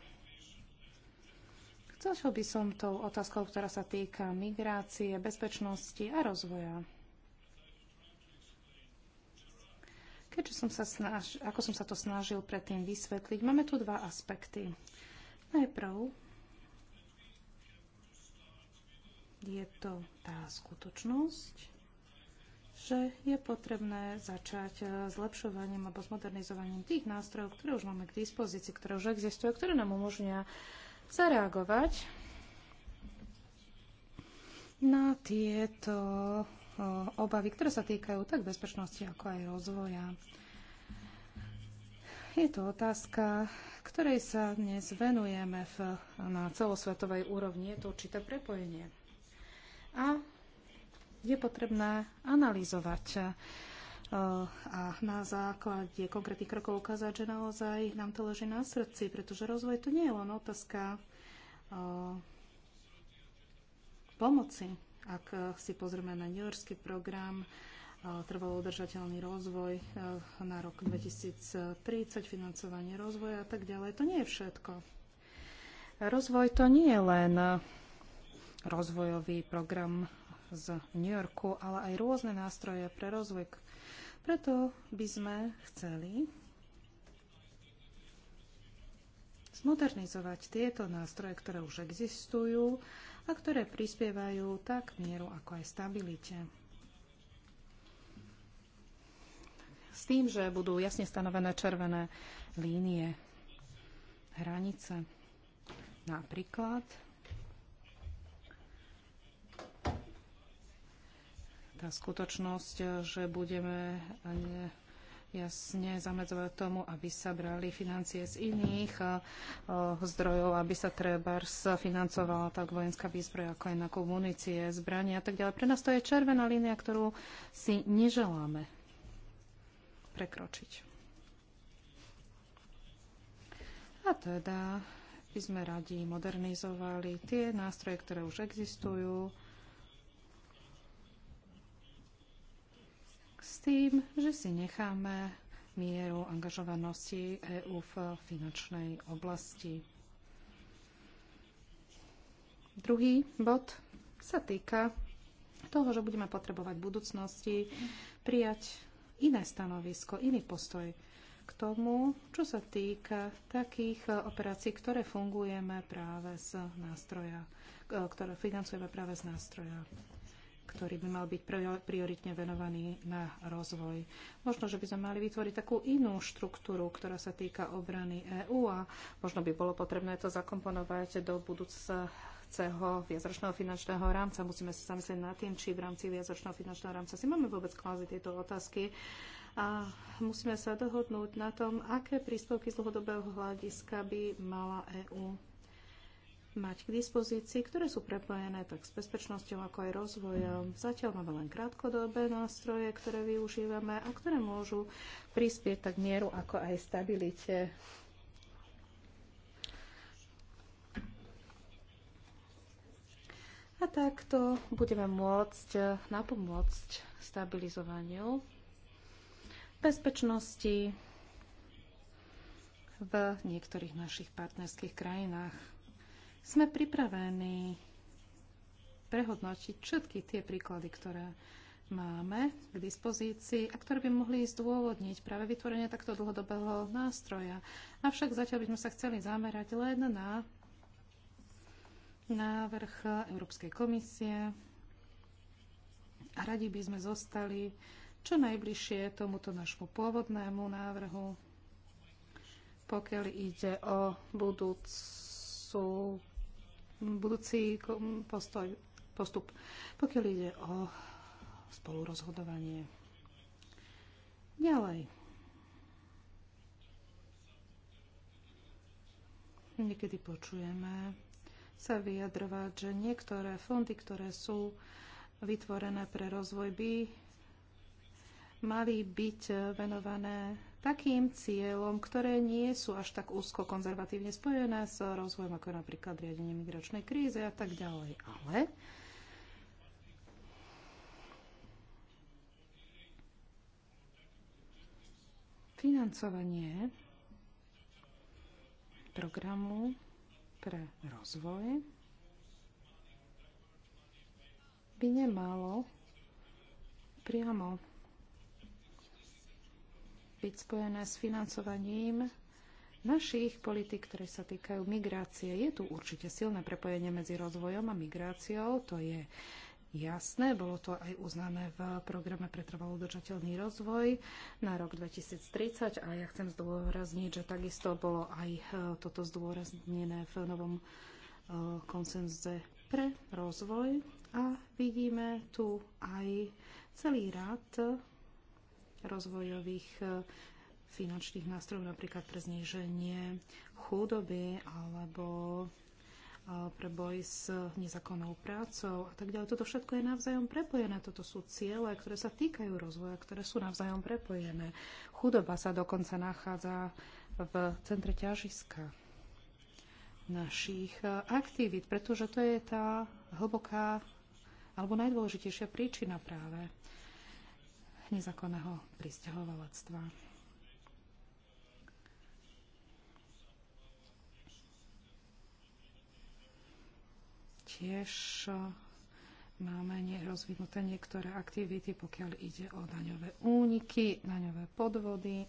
Chcel by som tou otázkou, ktorá sa týka migrácie, bezpečnosti a rozvoja. Keďže som sa snaž, ako som sa to snažil predtým vysvetliť, máme tu dva aspekty. Najprv je to tá skutočnosť, že je potrebné začať eh, zlepšovaním alebo zmodernizovaním tých nástrojov, ktoré už máme k dispozícii, ktoré už existujú, ktoré nám umožnia zareagovať na tieto Eh, obavy, ktoré sa týkajú tak bezpečnosti, ako aj rozvoja. Je to otázka, ktorej sa dnes venujeme v, na celosvetovej úrovni. Je to určité prepojenie. A je potrebné analyzovať eh, a na základe konkrétnych krokov ukázať, že naozaj nám to leží na srdci, pretože rozvoj to nie je len otázka eh, pomoci ak eh, si pozrieme na New Yorkský program, eh, trvalo udržateľný rozvoj eh, na rok 2030, financovanie rozvoja a tak ďalej. To nie je všetko. Rozvoj to nie je len rozvojový program z New Yorku, ale aj rôzne nástroje pre rozvoj. Preto by sme chceli zmodernizovať tieto nástroje, ktoré už existujú a ktoré prispievajú tak mieru ako aj stabilite. S tým, že budú jasne stanovené červené línie, hranice. Napríklad tá skutočnosť, že budeme jasne zamedzovať tomu, aby sa brali financie z iných eh, eh, zdrojov, aby sa trebárs financovala tak vojenská výzbroj, ako aj na komunície, zbranie a tak ďalej. Pre nás to je červená línia, ktorú si neželáme prekročiť. A teda by sme radi modernizovali tie nástroje, ktoré už existujú, s tým, že si necháme mieru angažovanosti EÚ v finančnej oblasti. Druhý bod sa týka toho, že budeme potrebovať v budúcnosti prijať iné stanovisko, iný postoj k tomu, čo sa týka takých operácií, ktoré fungujeme práve z nástroja, e, ktoré financujeme práve z nástroja ktorý by mal byť prioritne venovaný na rozvoj. Možno, že by sme mali vytvoriť takú inú štruktúru, ktorá sa týka obrany EÚ a možno by bolo potrebné to zakomponovať do budúceho viacročného finančného rámca. Musíme sa zamyslieť nad tým, či v rámci viacročného finančného rámca si máme vôbec kláziť tieto otázky a musíme sa dohodnúť na tom, aké príspevky z dlhodobého hľadiska by mala EÚ mať k dispozícii, ktoré sú prepojené tak s bezpečnosťou, ako aj rozvojom. Zatiaľ máme len krátkodobé nástroje, ktoré využívame a ktoré môžu prispieť tak mieru, ako aj stabilite. A takto budeme môcť napomôcť stabilizovaniu bezpečnosti v niektorých našich partnerských krajinách. Sme pripravení prehodnotiť všetky tie príklady, ktoré máme k dispozícii a ktoré by mohli zdôvodniť práve vytvorenie takto dlhodobého nástroja. Avšak zatiaľ by sme sa chceli zamerať len na návrh Európskej komisie a radi by sme zostali čo najbližšie tomuto našmu pôvodnému návrhu, pokiaľ ide o budúcu budúci postoj, postup. Pokiaľ ide o spolurozhodovanie. Ďalej. Niekedy počujeme sa vyjadrovať, že niektoré fondy, ktoré sú vytvorené pre rozvoj, by mali byť venované takým cieľom, ktoré nie sú až tak úzko konzervatívne spojené s rozvojom, ako je napríklad riadenie migračnej krízy a tak ďalej. Ale financovanie programu pre rozvoj by nemalo priamo byť spojené s financovaním našich politik, ktoré sa týkajú migrácie. Je tu určite silné prepojenie medzi rozvojom a migráciou, to je jasné, bolo to aj uznané v programe pre trvalo udržateľný rozvoj na rok 2030 a ja chcem zdôrazniť, že takisto bolo aj e, toto zdôraznené v novom e, konsenze pre rozvoj a vidíme tu aj celý rad rozvojových e, finančných nástrojov, napríklad pre zníženie chudoby alebo e, pre boj s nezákonnou prácou a tak ďalej. Toto všetko je navzájom prepojené. Toto sú ciele, ktoré sa týkajú rozvoja, ktoré sú navzájom prepojené. Chudoba sa dokonca nachádza v centre ťažiska našich e, aktivít, pretože to je tá hlboká alebo najdôležitejšia príčina práve nezákonného pristahovalectva. Tiež eh, máme nerozvinuté niektoré aktivity, pokiaľ ide o daňové úniky, daňové podvody.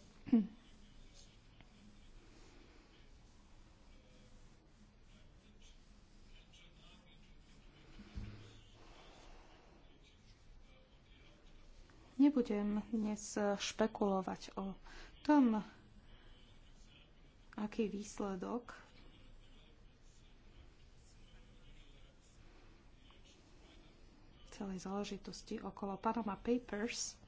nebudem dnes e, špekulovať o tom, aký výsledok celej záležitosti okolo Panama Papers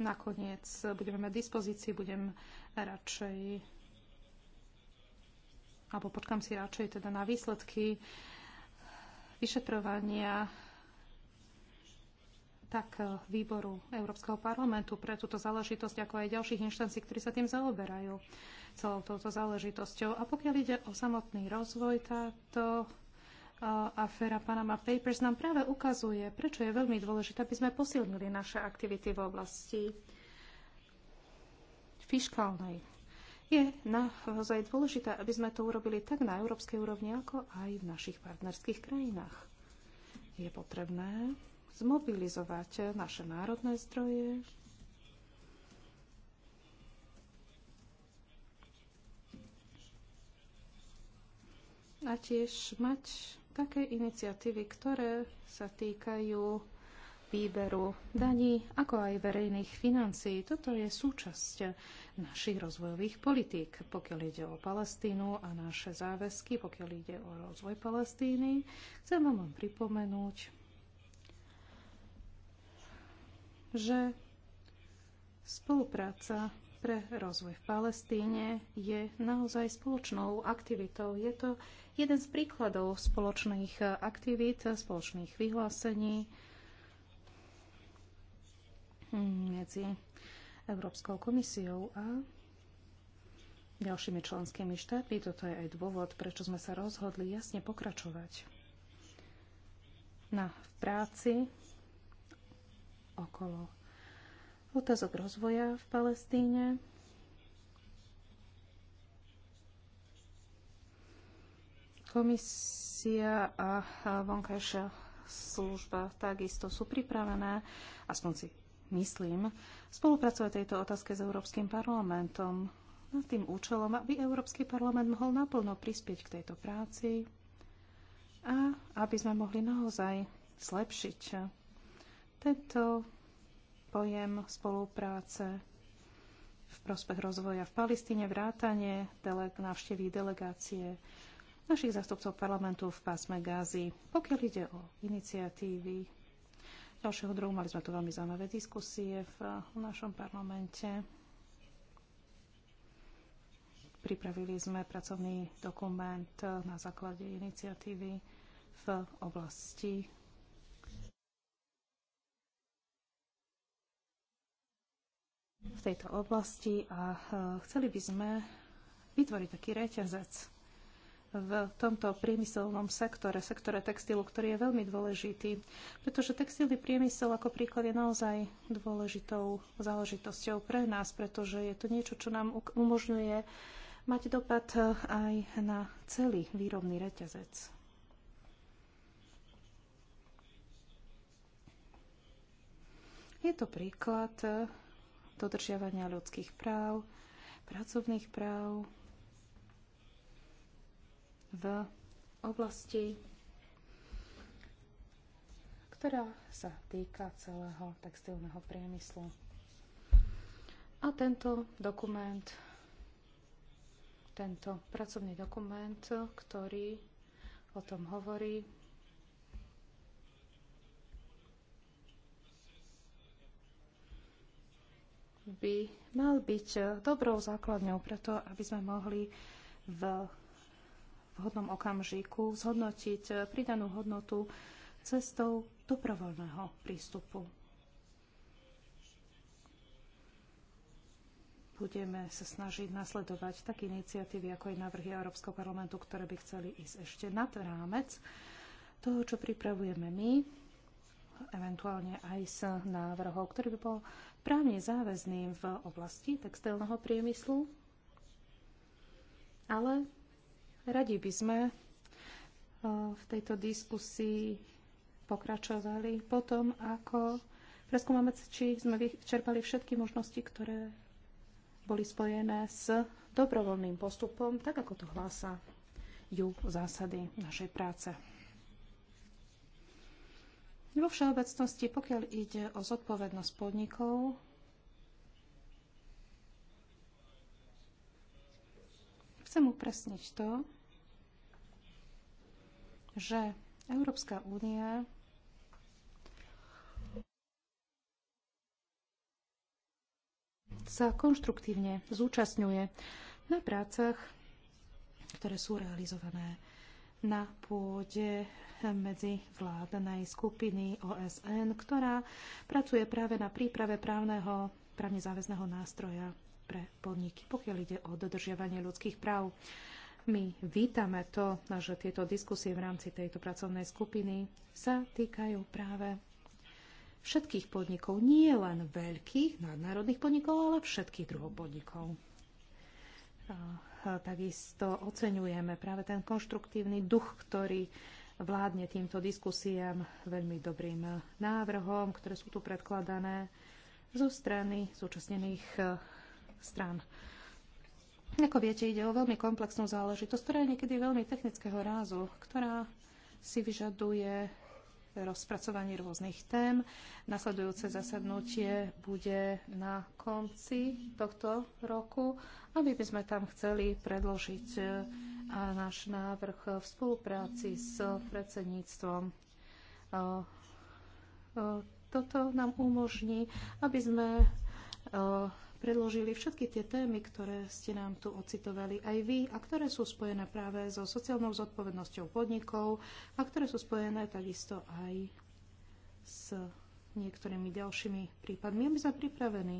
nakoniec budeme mať dispozícii, budem radšej alebo počkam si radšej teda na výsledky vyšetrovania tak e, výboru Európskeho parlamentu pre túto záležitosť, ako aj ďalších inštancií, ktorí sa tým zaoberajú celou touto záležitosťou. A pokiaľ ide o samotný rozvoj, táto e, aféra Panama Papers nám práve ukazuje, prečo je veľmi dôležité, aby sme posilnili naše aktivity v oblasti fiskálnej. Je naozaj dôležité, aby sme to urobili tak na európskej úrovni, ako aj v našich partnerských krajinách. Je potrebné, zmobilizovať naše národné zdroje, a tiež mať také iniciatívy, ktoré sa týkajú výberu daní, ako aj verejných financií. Toto je súčasť našich rozvojových politík, pokiaľ ide o Palestínu a naše záväzky, pokiaľ ide o rozvoj Palestíny. Chcem vám pripomenúť, že spolupráca pre rozvoj v Palestíne je naozaj spoločnou aktivitou. Je to jeden z príkladov spoločných aktivít, spoločných vyhlásení medzi Európskou komisiou a ďalšími členskými štátmi. Toto je aj dôvod, prečo sme sa rozhodli jasne pokračovať na, v práci okolo otázok rozvoja v Palestíne. Komisia a vonkajšia služba takisto sú pripravené, aspoň si myslím, spolupracovať tejto otázke s Európskym parlamentom na tým účelom, aby Európsky parlament mohol naplno prispieť k tejto práci a aby sme mohli naozaj zlepšiť tento pojem spolupráce v prospech rozvoja v Palestíne, vrátanie dele- návštevy delegácie našich zástupcov parlamentu v pásme Gázy. Pokiaľ ide o iniciatívy ďalšieho druhu, mali sme tu veľmi zaujímavé diskusie v, v našom parlamente. Pripravili sme pracovný dokument na základe iniciatívy v oblasti v tejto oblasti a e, chceli by sme vytvoriť taký reťazec v tomto priemyselnom sektore, sektore textilu, ktorý je veľmi dôležitý, pretože textilný priemysel ako príklad je naozaj dôležitou záležitosťou pre nás, pretože je to niečo, čo nám umožňuje mať dopad e, aj na celý výrobný reťazec. Je to príklad e, dodržiavania ľudských práv, pracovných práv v oblasti, ktorá sa týka celého textilného priemyslu. A tento dokument, tento pracovný dokument, ktorý o tom hovorí, by mal byť eh, dobrou základňou preto, aby sme mohli v vhodnom okamžiku zhodnotiť eh, pridanú hodnotu cestou dobrovoľného prístupu. Budeme sa snažiť nasledovať také iniciatívy, ako aj návrhy Európskeho parlamentu, ktoré by chceli ísť ešte nad rámec toho, čo pripravujeme my eventuálne aj z návrhov, ktorý by bol právne záväzný v oblasti textilného priemyslu. Ale radi by sme eh, v tejto diskusii pokračovali potom, ako preskúmame, či sme vyčerpali všetky možnosti, ktoré boli spojené s dobrovoľným postupom, tak ako to hlása ju zásady našej práce. Vo všeobecnosti, pokiaľ ide o zodpovednosť podnikov, chcem upresniť to, že Európska únia sa konštruktívne zúčastňuje na prácach, ktoré sú realizované na pôde medzivládnej skupiny OSN, ktorá pracuje práve na príprave právneho, právne záväzného nástroja pre podniky, pokiaľ ide o dodržiavanie ľudských práv. My vítame to, že tieto diskusie v rámci tejto pracovnej skupiny sa týkajú práve všetkých podnikov, nie len veľkých nadnárodných podnikov, ale všetkých druhov podnikov Eh, takisto oceňujeme práve ten konštruktívny duch, ktorý vládne týmto diskusiám veľmi dobrým eh, návrhom, ktoré sú tu predkladané zo strany súčasnených eh, strán. Ako viete, ide o veľmi komplexnú záležitosť, ktorá je niekedy veľmi technického rázu, ktorá si vyžaduje rozpracovanie rôznych tém. Nasledujúce zasadnutie bude na konci tohto roku a my by sme tam chceli predložiť e, náš návrh v spolupráci s predsedníctvom. E, e, toto nám umožní, aby sme predložili všetky tie témy, ktoré ste nám tu ocitovali aj vy a ktoré sú spojené práve so sociálnou zodpovednosťou podnikov a ktoré sú spojené takisto aj s niektorými ďalšími prípadmi. My sme pripravení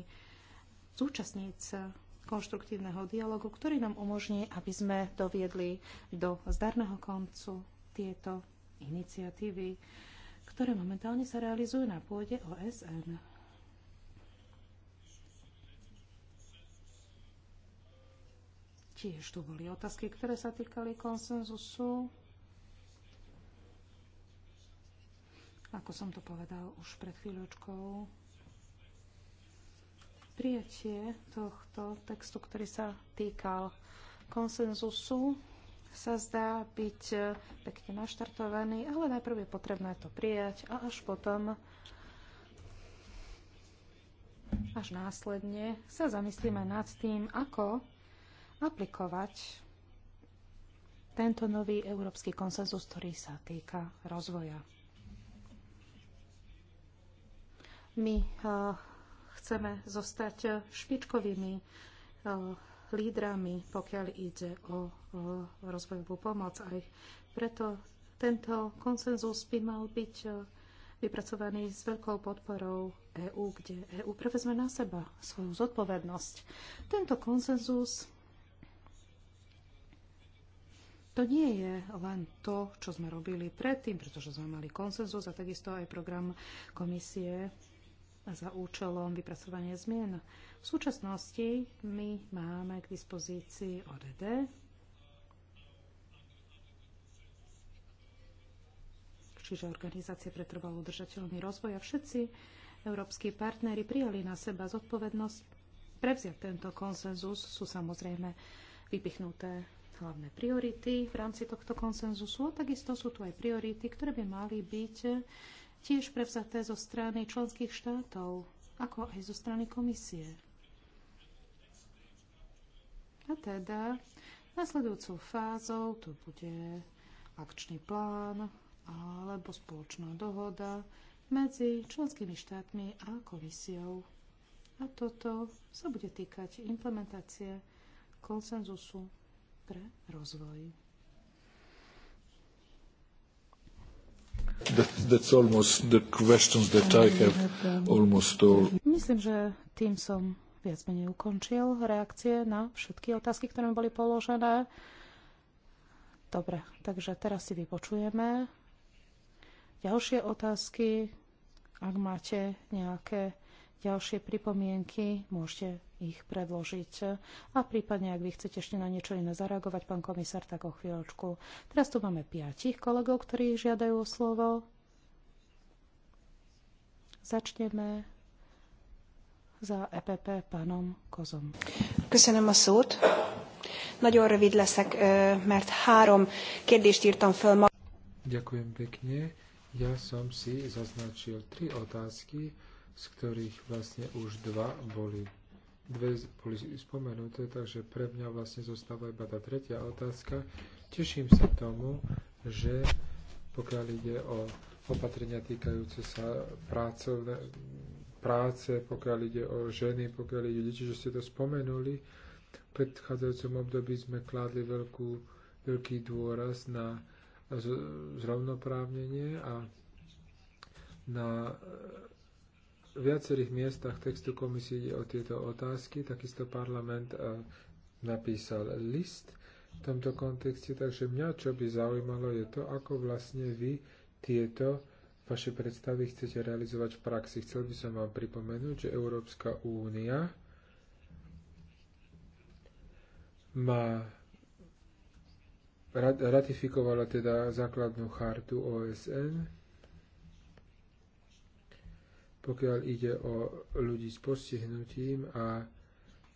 zúčastniť sa konštruktívneho dialogu, ktorý nám umožní, aby sme doviedli do zdarného koncu tieto iniciatívy, ktoré momentálne sa realizujú na pôde OSN. Tiež tu boli otázky, ktoré sa týkali konsenzusu. Ako som to povedal už pred chvíľočkou, prijatie tohto textu, ktorý sa týkal konsenzusu, sa zdá byť pekne naštartovaný, ale najprv je potrebné to prijať a až potom až následne sa zamyslíme nad tým, ako aplikovať tento nový európsky konsenzus, ktorý sa týka rozvoja. My uh, chceme zostať špičkovými uh, lídrami, pokiaľ ide o, uh, rozvojovú pomoc. Aj preto tento konsenzus by mal byť uh, vypracovaný s veľkou podporou EÚ, kde EÚ prevezme na seba svoju zodpovednosť. Tento konsenzus to nie je len to, čo sme robili predtým, pretože sme mali konsenzus a takisto aj program komisie za účelom vypracovania zmien. V súčasnosti my máme k dispozícii ODD, čiže Organizácie pre trvalo udržateľný rozvoj a všetci európsky partnery prijali na seba zodpovednosť prevziať tento konsenzus, sú samozrejme vypichnuté hlavné priority v rámci tohto konsenzusu. A takisto sú tu aj priority, ktoré by mali byť tiež prevzaté zo strany členských štátov, ako aj zo strany komisie. A teda nasledujúcou fázou to bude akčný plán alebo spoločná dohoda medzi členskými štátmi a komisiou. A toto sa bude týkať implementácie konsenzusu pre rozvoj. That, that's almost the questions that I mm, have um, almost all. Myslím, že tým som viac menej ukončil reakcie na všetky otázky, ktoré mi boli položené. Dobre, takže teraz si vypočujeme ďalšie otázky. Ak máte nejaké ďalšie pripomienky, môžete ich predložiť. A prípadne, ak vy chcete ešte na niečo iné zareagovať, pán komisár, tak o chvíľočku. Teraz tu máme piatich kolegov, ktorí žiadajú o slovo. Začneme za EPP pánom Kozom. Köszönöm a szót. Nagyon rövid leszek, mert három kérdést írtam föl ma. Ďakujem pekne. Ja som si zaznačil tri otázky, z ktorých vlastne už dva boli dve boli spomenuté, takže pre mňa vlastne zostáva iba tá tretia otázka. Teším sa tomu, že pokiaľ ide o opatrenia týkajúce sa práce, práce, pokiaľ ide o ženy, pokiaľ ide o deti, že ste to spomenuli, v predchádzajúcom období sme kládli veľkú, veľký dôraz na zrovnoprávnenie a na v viacerých miestach textu komisie ide o tieto otázky. Takisto parlament e, napísal list v tomto kontexte. Takže mňa, čo by zaujímalo, je to, ako vlastne vy tieto vaše predstavy chcete realizovať v praxi. Chcel by som vám pripomenúť, že Európska únia má ratifikovala teda základnú chartu OSN pokiaľ ide o ľudí s postihnutím a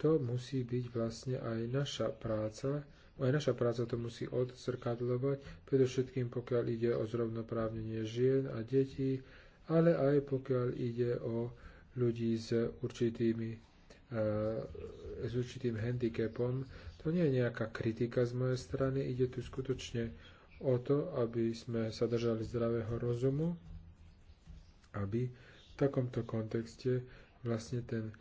to musí byť vlastne aj naša práca, aj naša práca to musí odzrkadľovať, predovšetkým pokiaľ ide o zrovnoprávnenie žien a detí, ale aj pokiaľ ide o ľudí s, určitými, e, s určitým handicapom. To nie je nejaká kritika z mojej strany, ide tu skutočne o to, aby sme sa držali zdravého rozumu, aby takomto kontexte vlastne ten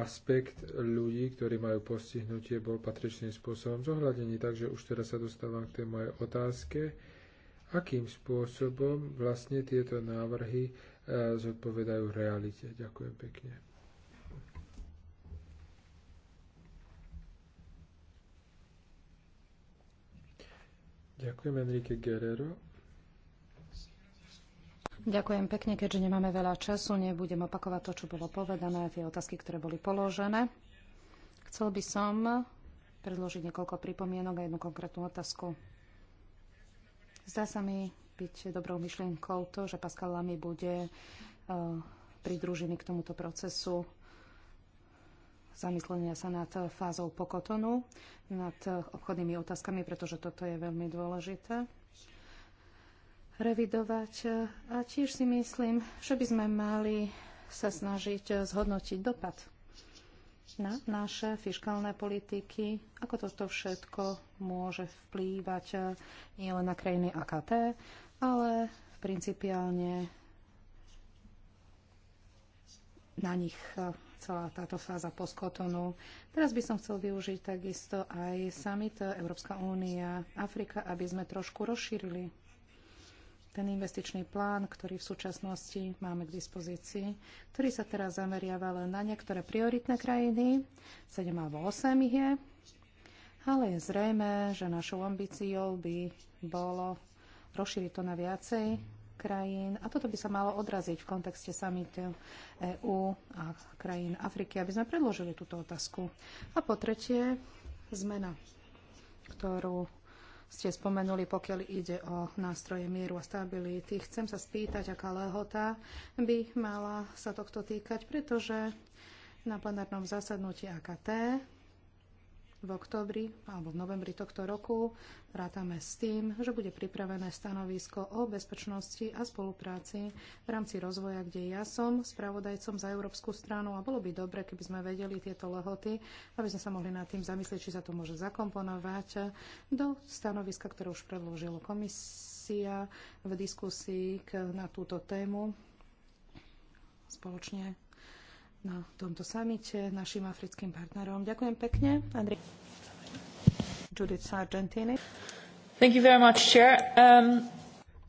aspekt ľudí, ktorí majú postihnutie, bol patričným spôsobom zohľadený. Takže už teraz sa dostávam k tej mojej otázke, akým spôsobom vlastne tieto návrhy e, zodpovedajú realite. Ďakujem pekne. Ďakujem Enrique Guerrero. Ďakujem pekne, keďže nemáme veľa času, nebudem opakovať to, čo bolo povedané, tie otázky, ktoré boli položené. Chcel by som predložiť niekoľko pripomienok a jednu konkrétnu otázku. Zdá sa mi byť dobrou myšlienkou to, že Pascal Lamy bude e, pridružený k tomuto procesu zamyslenia sa nad fázou pokotonu, nad obchodnými otázkami, pretože toto je veľmi dôležité revidovať. A tiež si myslím, že by sme mali sa snažiť zhodnotiť dopad na naše fiskálne politiky, ako toto všetko môže vplývať eh, nielen na krajiny AKT, ale principiálne na nich eh, celá táto fáza poskotonu. Teraz by som chcel využiť takisto aj summit Európska únia Afrika, aby sme trošku rozšírili ten investičný plán, ktorý v súčasnosti máme k dispozícii, ktorý sa teraz zameriava len na niektoré prioritné krajiny, 7 alebo 8 ich je, ale je zrejme, že našou ambíciou by bolo rozšíriť to na viacej krajín a toto by sa malo odraziť v kontexte samitu EÚ a krajín Afriky, aby sme predložili túto otázku. A po tretie, zmena, ktorú ste spomenuli, pokiaľ ide o nástroje mieru a stability. Chcem sa spýtať, aká lehota by mala sa tohto týkať, pretože na plenárnom zasadnutí AKT v oktobri alebo v novembri tohto roku. Rátame s tým, že bude pripravené stanovisko o bezpečnosti a spolupráci v rámci rozvoja, kde ja som spravodajcom za Európsku stranu a bolo by dobre, keby sme vedeli tieto lehoty, aby sme sa mohli nad tým zamyslieť, či sa to môže zakomponovať do stanoviska, ktoré už predložila komisia v diskusii na túto tému spoločne na tomto samite našim africkým partnerom. Ďakujem pekne. Andrej. Judith Sargentini. Thank you very much, Chair. Um...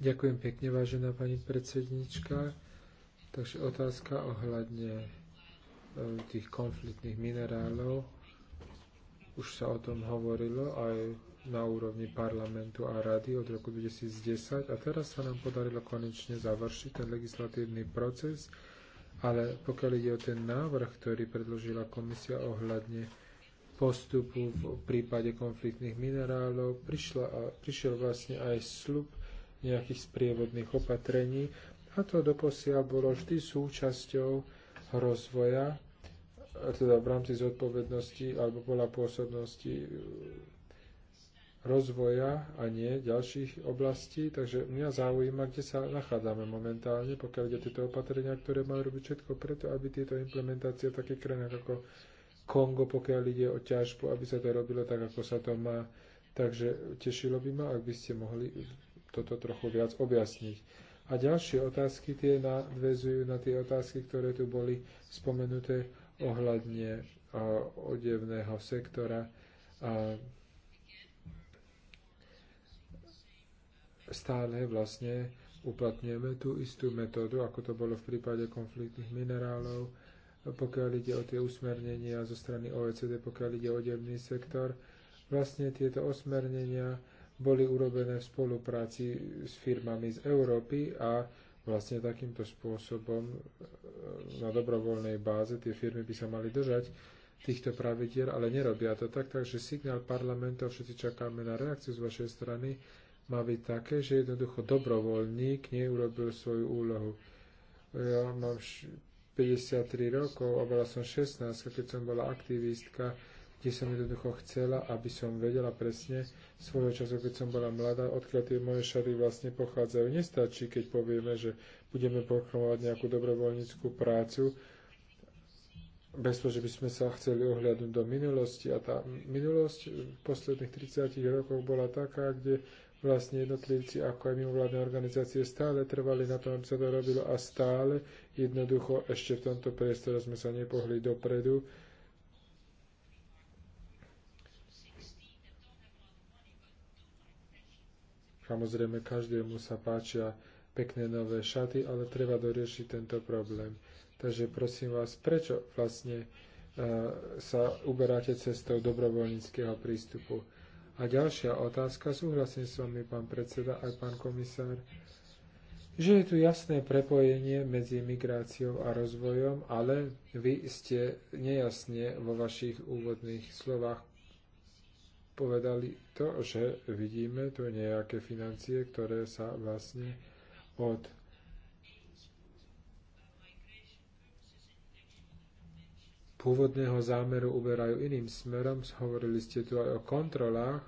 Ďakujem pekne, vážená pani predsednička. Takže otázka ohľadne e, tých konfliktných minerálov. Už sa o tom hovorilo aj na úrovni parlamentu a rady od roku 2010 a teraz sa nám podarilo konečne završiť ten legislatívny proces ale pokiaľ ide o ten návrh, ktorý predložila komisia ohľadne postupu v prípade konfliktných minerálov, prišla a, prišiel vlastne aj slub nejakých sprievodných opatrení a to doposiaľ bolo vždy súčasťou rozvoja, teda v rámci zodpovednosti alebo bola pôsobnosti rozvoja a nie ďalších oblastí. Takže mňa zaujíma, kde sa nachádzame momentálne, pokiaľ ide tieto opatrenia, ktoré majú robiť všetko preto, aby tieto implementácie v takých krajinách ako Kongo, pokiaľ ide o ťažbu, aby sa to robilo tak, ako sa to má. Takže tešilo by ma, ak by ste mohli toto trochu viac objasniť. A ďalšie otázky tie nadvezujú na tie otázky, ktoré tu boli spomenuté ohľadne odevného sektora. A stále vlastne uplatňujeme tú istú metódu, ako to bolo v prípade konfliktných minerálov, pokiaľ ide o tie usmernenia zo strany OECD, pokiaľ ide o odevný sektor. Vlastne tieto osmernenia boli urobené v spolupráci s firmami z Európy a vlastne takýmto spôsobom e, na dobrovoľnej báze tie firmy by sa mali držať týchto pravidiel, ale nerobia to tak, takže signál parlamentov, všetci čakáme na reakciu z vašej strany, má byť také, že jednoducho dobrovoľník neurobil svoju úlohu. Ja mám 53 rokov a bola som 16, keď som bola aktivistka, kde som jednoducho chcela, aby som vedela presne svojho času, keď som bola mladá, odkiaľ tie moje šary vlastne pochádzajú. Nestačí, keď povieme, že budeme proklamovať nejakú dobrovoľníckú prácu, bez toho, že by sme sa chceli ohľadnúť do minulosti. A tá minulosť v posledných 30 rokoch bola taká, kde vlastne jednotlivci ako aj mimovládne organizácie stále trvali na tom, aby sa to robilo a stále jednoducho ešte v tomto priestore sme sa nepohli dopredu. Samozrejme, každému sa páčia pekné nové šaty, ale treba doriešiť tento problém. Takže prosím vás, prečo vlastne eh, sa uberáte cestou dobrovoľníckého prístupu? A ďalšia otázka, súhlasím s vami, pán predseda, aj pán komisár, že je tu jasné prepojenie medzi migráciou a rozvojom, ale vy ste nejasne vo vašich úvodných slovách povedali to, že vidíme tu nejaké financie, ktoré sa vlastne od pôvodného zámeru uberajú iným smerom. Hovorili ste tu aj o kontrolách,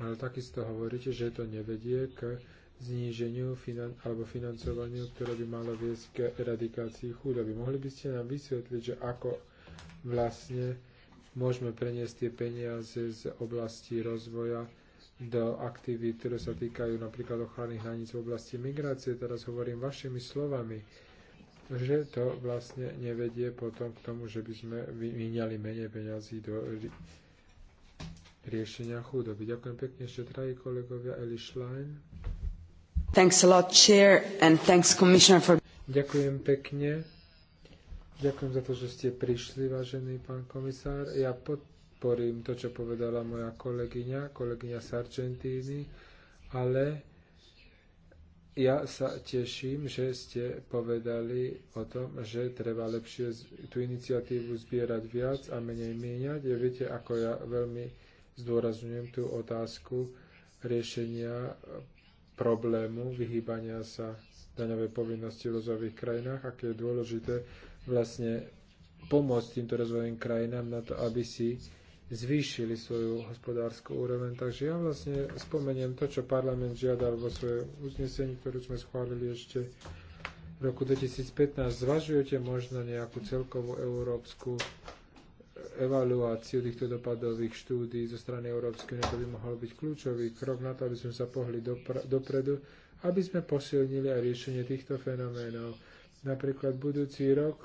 ale takisto hovoríte, že to nevedie k zníženiu finan- alebo financovaniu, ktoré by malo viesť k eradikácii chudoby. Mohli by ste nám vysvetliť, že ako vlastne môžeme preniesť tie peniaze z oblasti rozvoja do aktivít, ktoré sa týkajú napríklad ochrany hraníc v oblasti migrácie. Teraz hovorím vašimi slovami že to vlastne nevedie potom k tomu, že by sme vymieniali menej peňazí do riešenia chudoby. Ďakujem pekne ešte traji kolegovia Eli Schlein. Thanks a lot, Chair, and thanks, Commissioner, for... Ďakujem pekne. Ďakujem za to, že ste prišli, vážený pán komisár. Ja podporím to, čo povedala moja kolegyňa, kolegyňa Sargentini, ale ja sa teším, že ste povedali o tom, že treba lepšie tú iniciatívu zbierať viac a menej míňať. Ja viete, ako ja veľmi zdôrazňujem tú otázku riešenia problému vyhýbania sa daňovej povinnosti v rozvojových krajinách, aké je dôležité vlastne pomôcť týmto rozvojovým krajinám na to, aby si zvýšili svoju hospodárskú úroveň. Takže ja vlastne spomeniem to, čo parlament žiadal vo svojom uznesení, ktorú sme schválili ešte v roku 2015. Zvažujete možno nejakú celkovú európsku evaluáciu týchto dopadových štúdí zo strany Európskej únie, to by mohol byť kľúčový krok na to, aby sme sa pohli dopra- dopredu, aby sme posilnili aj riešenie týchto fenoménov. Napríklad budúci rok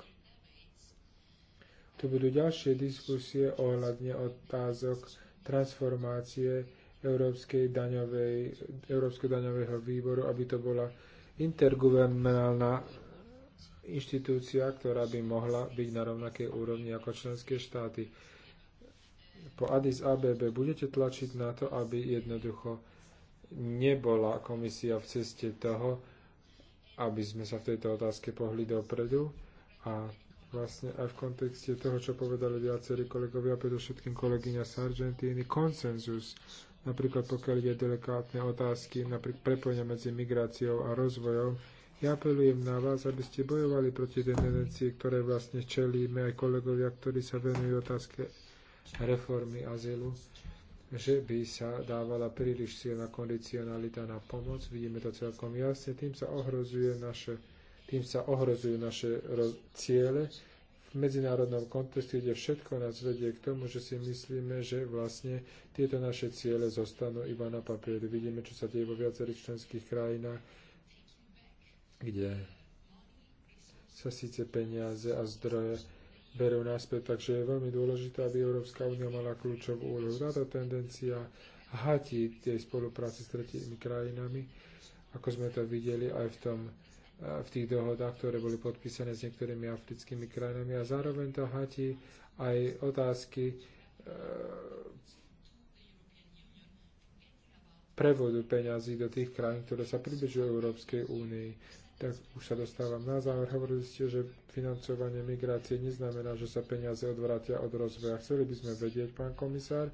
tu budú ďalšie diskusie ohľadne otázok transformácie Európskej daňovej, Európskeho daňového výboru, aby to bola intergovernálna inštitúcia, ktorá by mohla byť na rovnakej úrovni ako členské štáty. Po Addis ABB budete tlačiť na to, aby jednoducho nebola komisia v ceste toho, aby sme sa v tejto otázke pohli dopredu a vlastne aj v kontexte toho, čo povedali viacerí kolegovia, predovšetkým kolegyňa z Argentíny, konsenzus, napríklad pokiaľ ide delikátne otázky, napríklad prepojenia medzi migráciou a rozvojom. Ja apelujem na vás, aby ste bojovali proti tendencii, ktoré vlastne čelíme aj kolegovia, ktorí sa venujú otázke reformy azylu, že by sa dávala príliš silná kondicionalita na pomoc. Vidíme to celkom jasne. Tým sa ohrozuje naše tým sa ohrozujú naše ciele. V medzinárodnom kontexte, kde všetko nás vedie k tomu, že si myslíme, že vlastne tieto naše ciele zostanú iba na papieri. Vidíme, čo sa deje vo viacerých členských krajinách, kde sa síce peniaze a zdroje berú náspäť, takže je veľmi dôležité, aby Európska únia mala kľúčovú úlohu. Táto tendencia hatí tej spolupráci s tretími krajinami, ako sme to videli aj v tom E, v tých dohodách, ktoré boli podpísané s niektorými africkými krajinami a zároveň to hatí aj otázky e, prevodu peňazí do tých krajín, ktoré sa približujú Európskej únii. Tak už sa dostávam na záver. Hovorili ste, že financovanie migrácie neznamená, že sa peniaze odvrátia od rozvoja. Chceli by sme vedieť, pán komisár,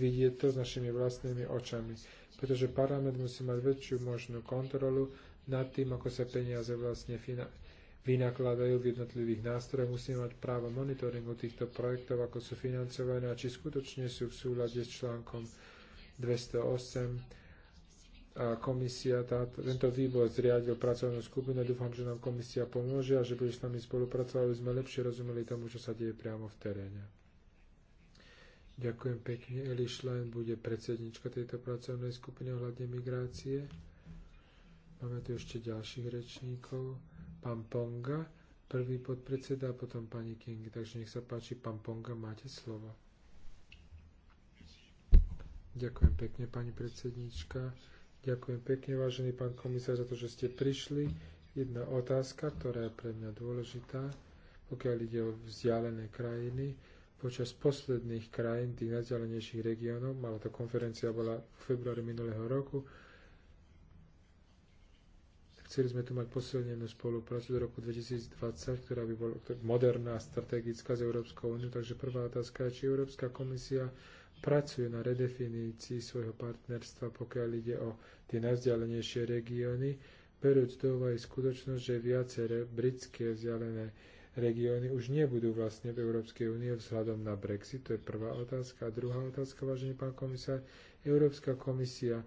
vidieť to s našimi vlastnými očami. Pretože parlament musí mať väčšiu možnú kontrolu nad tým, ako sa peniaze vlastne vynakladajú v jednotlivých nástrojoch. Musíme mať právo monitoringu týchto projektov, ako sú financované a či skutočne sú v súlade s článkom 208 a komisia, tá, tento výbor zriadil pracovnú skupinu. Dúfam, že nám komisia pomôže a že bude s nami spolupracovať, aby sme lepšie rozumeli tomu, čo sa deje priamo v teréne. Ďakujem pekne. Eli Schlein bude predsednička tejto pracovnej skupiny ohľadne migrácie. Máme tu ešte ďalších rečníkov. Pán Ponga, prvý podpredseda a potom pani King. Takže nech sa páči, pán Ponga, máte slovo. Ďakujem pekne, pani predsednička. Ďakujem pekne, vážený pán komisár, za to, že ste prišli. Jedna otázka, ktorá je pre mňa dôležitá, pokiaľ ide o vzdialené krajiny. Počas posledných krajín, tých najvzdialenejších regiónov, mala to konferencia, bola v februári minulého roku, Chceli sme tu mať posilnenú spoluprácu do roku 2020, ktorá by bola moderná, strategická z Európskou úniou. Takže prvá otázka je, či Európska komisia pracuje na redefinícii svojho partnerstva, pokiaľ ide o tie najvzdialenejšie regióny, berúc do aj skutočnosť, že viaceré britské vzdialené regióny už nebudú vlastne v Európskej únie vzhľadom na Brexit. To je prvá otázka. A druhá otázka, vážený pán komisár, Európska komisia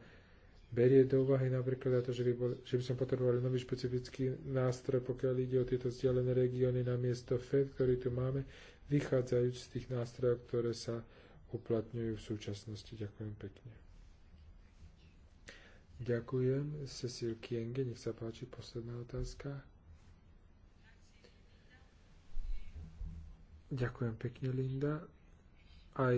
berie do úvahy napríklad to, že by, bol, že by som potrebovali nový špecifický nástroj, pokiaľ ide o tieto vzdialené regióny na miesto FED, ktorý tu máme, vychádzajúc z tých nástrojov, ktoré sa uplatňujú v súčasnosti. Ďakujem pekne. Ďakujem. Cecil Kienge, nech sa páči, posledná otázka. Ďakujem pekne, Linda. Aj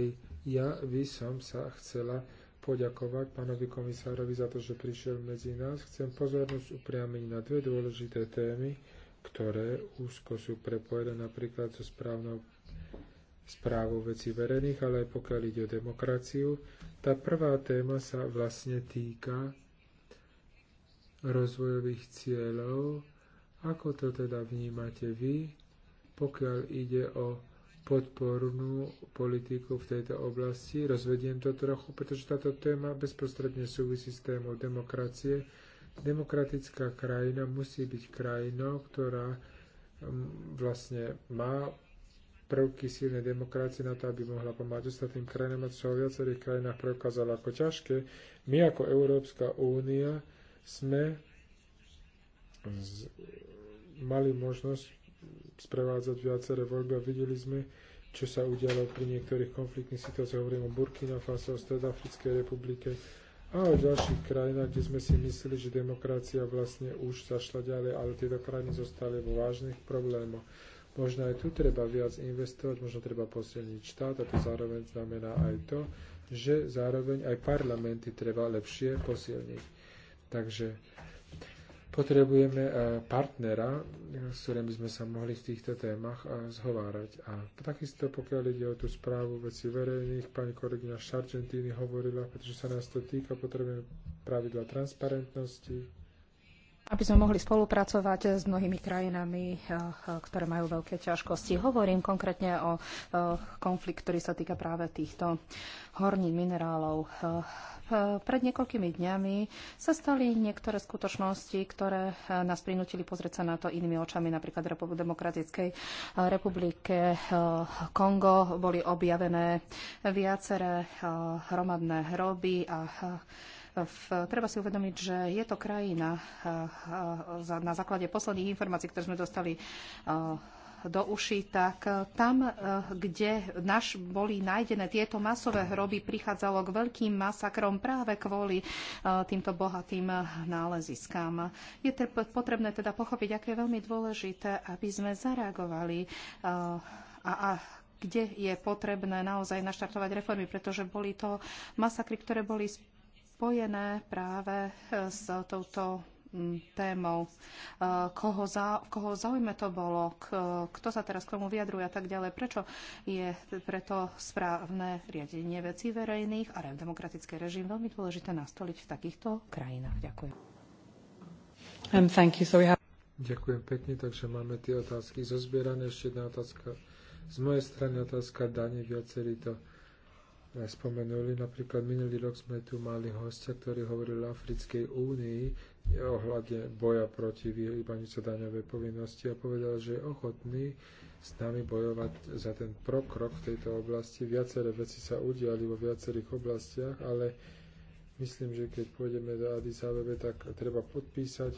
ja by som sa chcela poďakovať pánovi komisárovi za to, že prišiel medzi nás. Chcem pozornosť upriamiť na dve dôležité témy, ktoré úzko sú prepojené napríklad so správnou správou veci verejných, ale aj pokiaľ ide o demokraciu. Tá prvá téma sa vlastne týka rozvojových cieľov. Ako to teda vnímate vy, pokiaľ ide o podpornú politiku v tejto oblasti. Rozvediem to trochu, pretože táto téma bezprostredne súvisí s témou demokracie. Demokratická krajina musí byť krajinou, ktorá mm, vlastne má prvky silnej demokracie na to, aby mohla pomáhať ostatným krajinám a čo v viacerých krajinách preukázala ako ťažké. My ako Európska únia sme z, mali možnosť sprevádzať viaceré voľby a videli sme, čo sa udialo pri niektorých konfliktných situáciách. Hovorím o Burkina Faso, o Stredafrickej republike a o ďalších krajinách, kde sme si mysleli, že demokracia vlastne už zašla ďalej, ale tieto krajiny zostali vo vážnych problémoch. Možno aj tu treba viac investovať, možno treba posilniť štát a to zároveň znamená aj to, že zároveň aj parlamenty treba lepšie posilniť. Takže Potrebujeme e, partnera, s ktorým by sme sa mohli v týchto témach e, zhovárať. A takisto, pokiaľ ide o tú správu veci verejných, pani kolegyňa Šarčentíny hovorila, pretože sa nás to týka, potrebujeme pravidla transparentnosti, aby sme mohli spolupracovať s mnohými krajinami, eh, ktoré majú veľké ťažkosti. Hovorím konkrétne o eh, konflikt, ktorý sa týka práve týchto horní minerálov. Eh, pred niekoľkými dňami sa stali niektoré skutočnosti, ktoré nás prinútili pozrieť sa na to inými očami, napríklad v Demokratickej republike Kongo boli objavené viaceré hromadné hroby a v, treba si uvedomiť, že je to krajina eh, eh, na základe posledných informácií, ktoré sme dostali eh, do uší, tak tam, kde naš boli nájdené tieto masové hroby, prichádzalo k veľkým masakrom práve kvôli týmto bohatým náleziskám. Je potrebné teda pochopiť, aké je veľmi dôležité, aby sme zareagovali a, a kde je potrebné naozaj naštartovať reformy, pretože boli to masakry, ktoré boli spojené práve e, s touto mm, témou. E, koho, za, koho zaujme to bolo, e, kto sa teraz k tomu vyjadruje a tak ďalej. Prečo je preto správne riadenie vecí verejných a demokratický režim veľmi dôležité nastoliť v takýchto krajinách. Ďakujem. Um, thank you. So we have... Ďakujem pekne, takže máme tie otázky zozbierané. Ešte jedna otázka z mojej strany, otázka Dani viacerí to spomenuli. Napríklad minulý rok sme tu mali hostia, ktorý hovoril o Africkej únii ohľadne boja proti vyhýbaniu sa daňovej povinnosti a povedal, že je ochotný s nami bojovať za ten prokrok v tejto oblasti. Viaceré veci sa udiali vo viacerých oblastiach, ale myslím, že keď pôjdeme do Addis Abebe, tak treba podpísať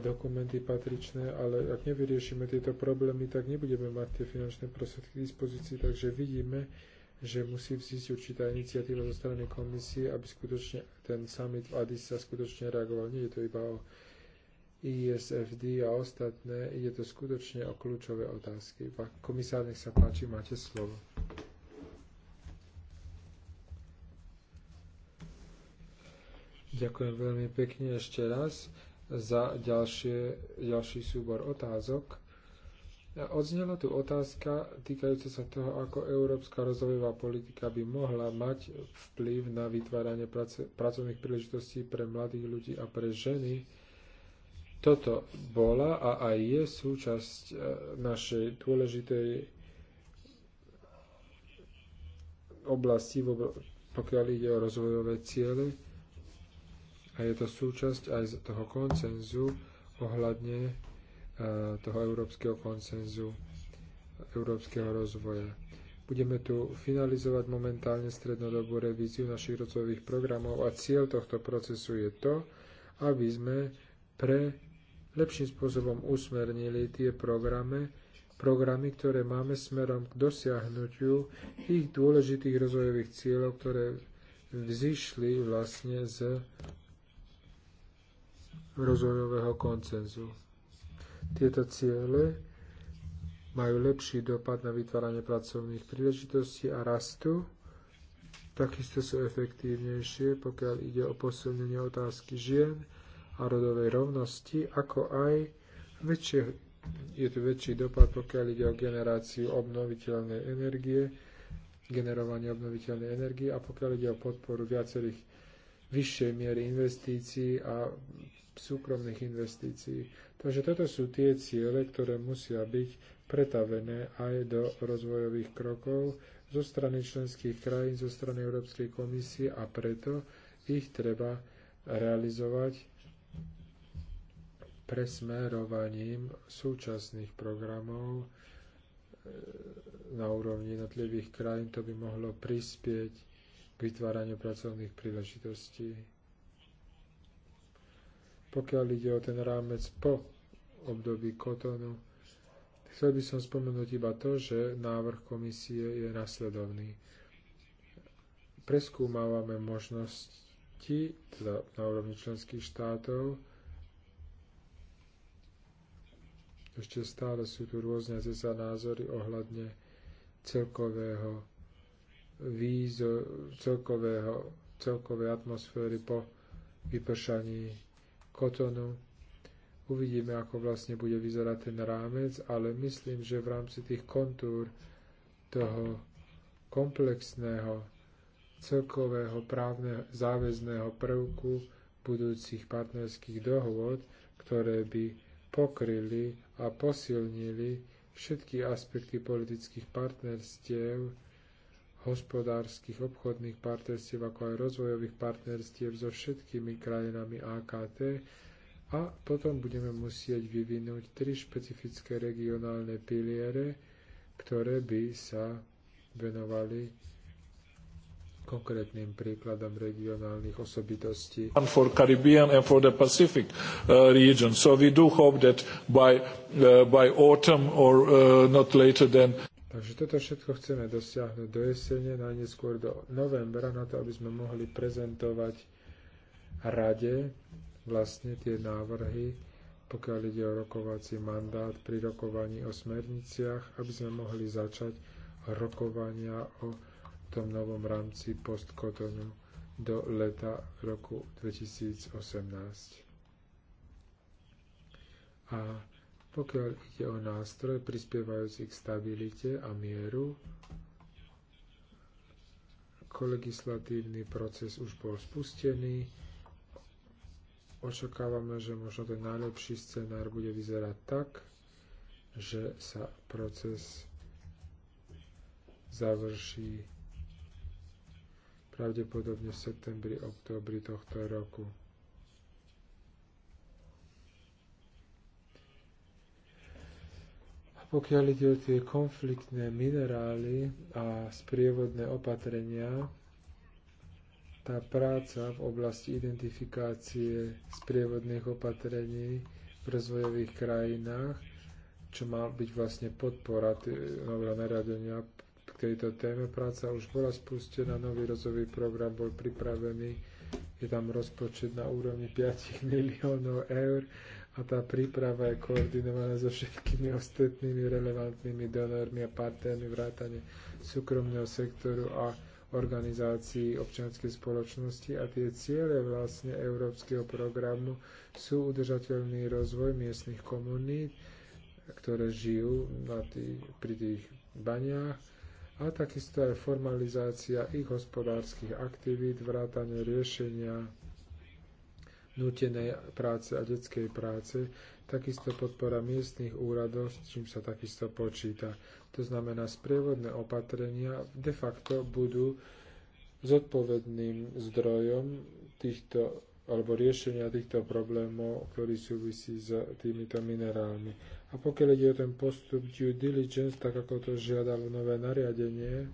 dokumenty patričné, ale ak nevyriešime tieto problémy, tak nebudeme mať tie finančné prostriedky k dispozícii, takže vidíme, že musí vzísť určitá iniciatíva zo strany komisie, aby skutočne ten summit v Addis sa skutočne reagoval. Nie je to iba o ISFD a ostatné, je to skutočne o kľúčové otázky. Pán komisár, nech sa páči, máte slovo. Ďakujem veľmi pekne ešte raz za ďalšie, ďalší súbor otázok. Odznela tu otázka týkajúca sa toho, ako európska rozvojová politika by mohla mať vplyv na vytváranie pracovných príležitostí pre mladých ľudí a pre ženy. Toto bola a aj je súčasť e, našej dôležitej oblasti, pokiaľ ide o rozvojové ciele. A je to súčasť aj toho koncenzu ohľadne Eh, toho európskeho konsenzu, európskeho rozvoja. Budeme tu finalizovať momentálne strednodobú revíziu našich rozvojových programov a cieľ tohto procesu je to, aby sme pre lepším spôsobom usmernili tie programy, programy, ktoré máme smerom k dosiahnutiu tých dôležitých rozvojových cieľov, ktoré vzýšli vlastne z rozvojového koncenzu. Tieto ciele majú lepší dopad na vytváranie pracovných príležitostí a rastu. Takisto sú efektívnejšie, pokiaľ ide o posilnenie otázky žien a rodovej rovnosti, ako aj väčšie, je tu väčší dopad, pokiaľ ide o generáciu obnoviteľnej energie, generovanie obnoviteľnej energie a pokiaľ ide o podporu viacerých vyššej miery investícií a súkromných investícií. Takže toto sú tie ciele, ktoré musia byť pretavené aj do rozvojových krokov zo strany členských krajín, zo strany Európskej komisie a preto ich treba realizovať presmerovaním súčasných programov eh, na úrovni jednotlivých krajín. To by mohlo prispieť k vytváraniu pracovných príležitostí pokiaľ ide o ten rámec po období kotonu. Chcel by som spomenúť iba to, že návrh komisie je nasledovný. Preskúmávame možnosti teda na úrovni členských štátov. Ešte stále sú tu rôzne sa názory ohľadne celkového vízo, celkového, celkovej atmosféry po vypršaní Kotonu. Uvidíme, ako vlastne bude vyzerať ten rámec, ale myslím, že v rámci tých kontúr toho komplexného celkového právneho záväzného prvku budúcich partnerských dohôd, ktoré by pokryli a posilnili všetky aspekty politických partnerstiev, hospodárskych obchodných partnerstiev, ako aj rozvojových partnerstiev so všetkými krajinami AKT a potom budeme musieť vyvinúť tri špecifické regionálne piliere, ktoré by sa venovali konkrétnym príkladom regionálnych osobitostí. And for Caribbean and for the Pacific uh, region. So we do hope that by, uh, by autumn or uh, not later than Takže toto všetko chceme dosiahnuť do jesene, najneskôr do novembra, na to, aby sme mohli prezentovať rade vlastne tie návrhy, pokiaľ ide o rokovací mandát pri rokovaní o smerniciach, aby sme mohli začať rokovania o tom novom rámci postkotonu do leta roku 2018. A pokiaľ ide o nástroj prispievajúci k stabilite a mieru, kolegislatívny proces už bol spustený. Očakávame, že možno ten najlepší scenár bude vyzerať tak, že sa proces završí pravdepodobne v septembri, októbri tohto roku. Pokiaľ ide o tie konfliktné minerály a sprievodné opatrenia, tá práca v oblasti identifikácie sprievodných opatrení v rozvojových krajinách, čo má byť vlastne podpora nového naradenia k tejto téme. Práca už bola spustená, nový rozvojový program bol pripravený, je tam rozpočet na úrovni 5 miliónov eur a tá príprava je koordinovaná so všetkými ostatnými relevantnými donormi a partnermi vrátane súkromného sektoru a organizácií občianskej spoločnosti a tie ciele vlastne európskeho programu sú udržateľný rozvoj miestnych komunít, ktoré žijú na tých, pri tých baniach a takisto aj formalizácia ich hospodárskych aktivít, vrátanie riešenia nutenej práce a detskej práce, takisto podpora miestnych úradov, s čím sa takisto počíta. To znamená, sprievodné opatrenia de facto budú zodpovedným zdrojom týchto alebo riešenia týchto problémov, ktorí súvisí s týmito minerálmi. A pokiaľ ide o ten postup due diligence, tak ako to žiadalo nové nariadenie,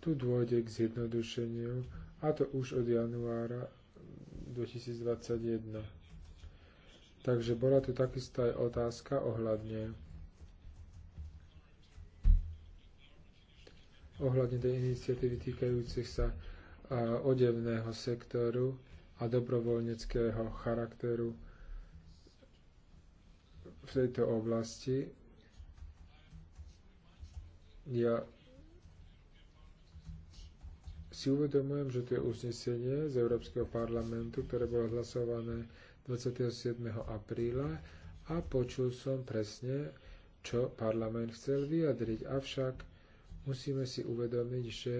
Tu dôjde k zjednodušeniu, a to už od januára 2021. Takže bola tu takisto aj otázka ohľadne ohľadne tej iniciatívy týkajúcich sa odevného sektoru a dobrovoľneckého charakteru v tejto oblasti. Ja si uvedomujem, že to je uznesenie z Európskeho parlamentu, ktoré bolo hlasované 27. apríla a počul som presne, čo parlament chcel vyjadriť. Avšak musíme si uvedomiť, že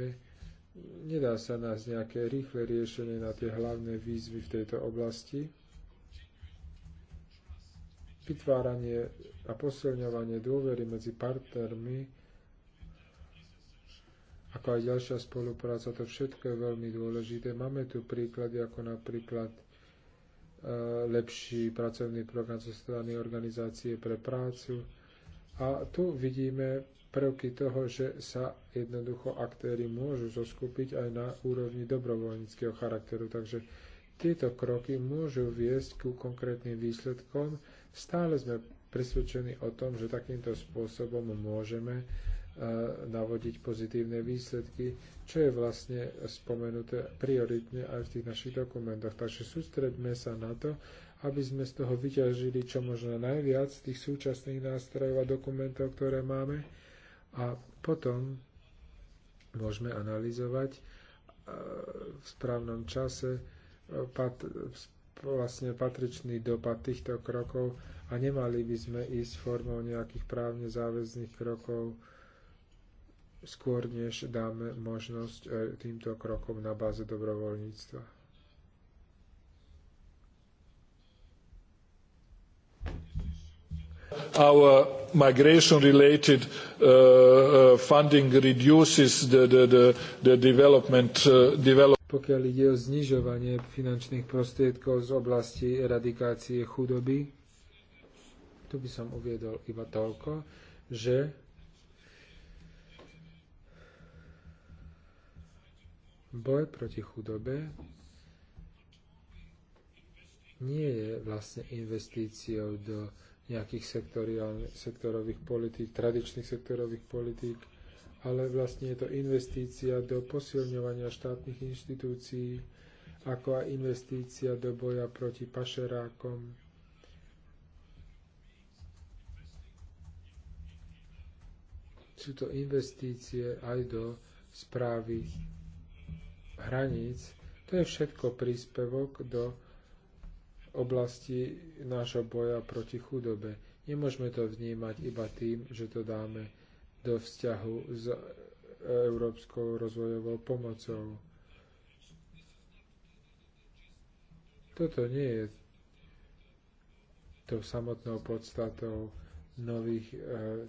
nedá sa nás nejaké rýchle riešenie na tie hlavné výzvy v tejto oblasti. Vytváranie a posilňovanie dôvery medzi partnermi ako aj ďalšia spolupráca, to všetko je veľmi dôležité. Máme tu príklady ako napríklad e, lepší pracovný program zo strany organizácie pre prácu. A tu vidíme prvky toho, že sa jednoducho aktéry môžu zoskupiť aj na úrovni dobrovoľníckého charakteru. Takže tieto kroky môžu viesť ku konkrétnym výsledkom. Stále sme presvedčení o tom, že takýmto spôsobom môžeme navodiť pozitívne výsledky, čo je vlastne spomenuté prioritne aj v tých našich dokumentoch. Takže sústreďme sa na to, aby sme z toho vyťažili čo možno najviac tých súčasných nástrojov a dokumentov, ktoré máme a potom môžeme analyzovať v správnom čase pat, vlastne patričný dopad týchto krokov a nemali by sme ísť formou nejakých právne záväzných krokov, skôr než dáme možnosť e, týmto krokom na báze dobrovoľníctva. Our migration-related uh, uh, funding reduces the, the, the, the development, uh, development pokiaľ ide o znižovanie finančných prostriedkov z oblasti eradikácie chudoby. Tu by som uviedol iba toľko, že Boj proti chudobe nie je vlastne investíciou do nejakých sektorových politík, tradičných sektorových politík, ale vlastne je to investícia do posilňovania štátnych inštitúcií, ako aj investícia do boja proti pašerákom. Sú to investície aj do správy hraníc, to je všetko príspevok do oblasti nášho boja proti chudobe. Nemôžeme to vnímať iba tým, že to dáme do vzťahu s e, európskou rozvojovou pomocou. Toto nie je tou samotnou podstatou nových e,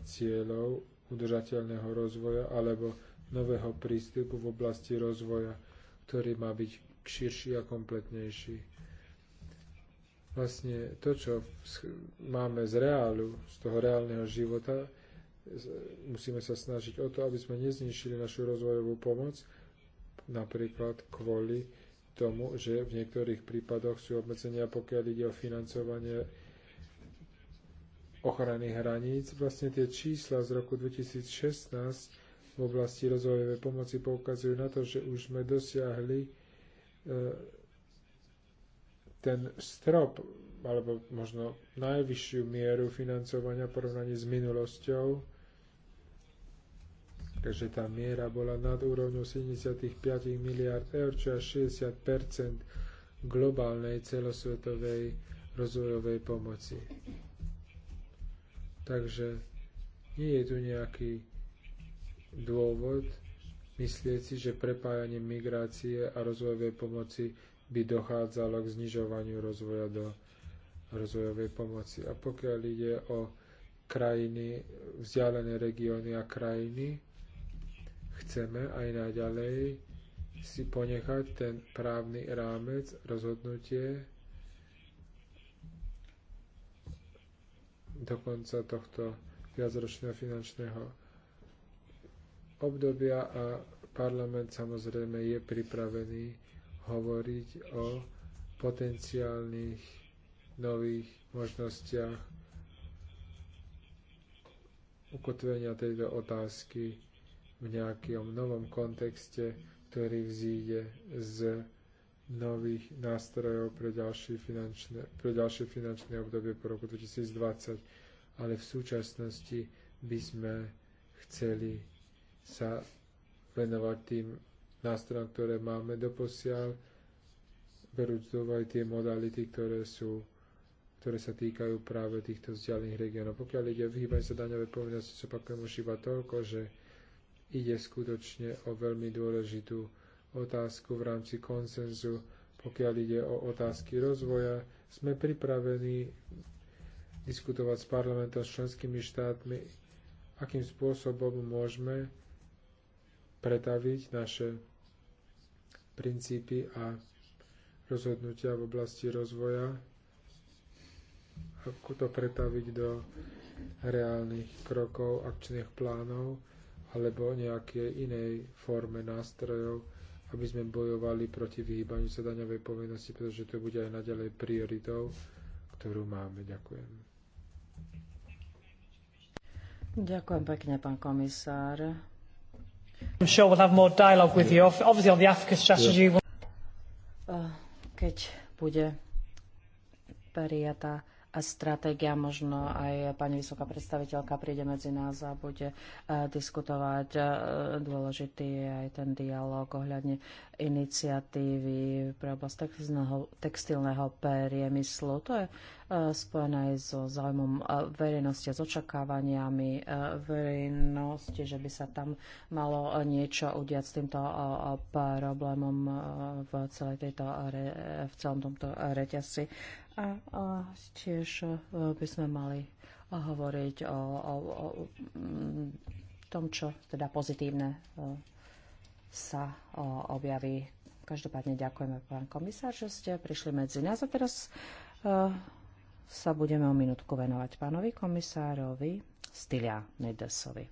cieľov udržateľného rozvoja alebo nového prístupu v oblasti rozvoja ktorý má byť širší a kompletnejší. Vlastne to, čo máme z reálu, z toho reálneho života, musíme sa snažiť o to, aby sme neznišili našu rozvojovú pomoc, napríklad kvôli tomu, že v niektorých prípadoch sú obmedzenia, pokiaľ ide o financovanie ochrany hraníc. Vlastne tie čísla z roku 2016 v oblasti rozvojovej pomoci poukazujú na to, že už sme dosiahli e, ten strop, alebo možno najvyššiu mieru financovania v porovnaní s minulosťou. Takže tá miera bola nad úrovňou 75 miliard eur, čo až 60 globálnej celosvetovej rozvojovej pomoci. Takže nie je tu nejaký dôvod myslieť si, že prepájanie migrácie a rozvojovej pomoci by dochádzalo k znižovaniu rozvoja do rozvojovej pomoci. A pokiaľ ide o krajiny, vzdialené regióny a krajiny, chceme aj naďalej si ponechať ten právny rámec, rozhodnutie do konca tohto viacročného finančného obdobia a parlament samozrejme je pripravený hovoriť o potenciálnych nových možnostiach ukotvenia tejto otázky v nejakom novom kontexte, ktorý vzíde z nových nástrojov pre ďalšie finančné, pre ďalšie finančné obdobie po roku 2020, ale v súčasnosti by sme chceli sa venovať tým nástrojom, ktoré máme doposiaľ, berúť do aj tie modality, ktoré sú ktoré sa týkajú práve týchto vzdialených regiónov. Pokiaľ ide o vyhýbanie sa daňovej povinnosti, sa pak už iba toľko, že ide skutočne o veľmi dôležitú otázku v rámci konsenzu. Pokiaľ ide o otázky rozvoja, sme pripravení diskutovať s parlamentom, s členskými štátmi, akým spôsobom môžeme pretaviť naše princípy a rozhodnutia v oblasti rozvoja, ako to pretaviť do reálnych krokov, akčných plánov alebo nejakej inej forme nástrojov, aby sme bojovali proti vyhýbaniu sa daňovej povinnosti, pretože to bude aj naďalej prioritou, ktorú máme. Ďakujem. Ďakujem pekne, pán komisár. Uh, keď bude prijatá a stratégia, možno aj pani vysoká predstaviteľka príde medzi nás a bude uh, diskutovať. Uh, dôležitý aj ten dialog ohľadne iniciatívy pre oblast textilného priemyslu. To je spojené so záujmom e, verejnosti a s očakávaniami e, verejnosti, že by sa tam malo e, niečo udiať s týmto problémom v, celej tejto, v celom tomto reťazci. A tiež by sme mali hovoriť o, o, o mm, tom, čo teda pozitívne sa objaví. Každopádne ďakujeme, pán komisár, že ste prišli medzi nás. A teraz sa budeme o minútku venovať pánovi komisárovi Stylia Nedesovi.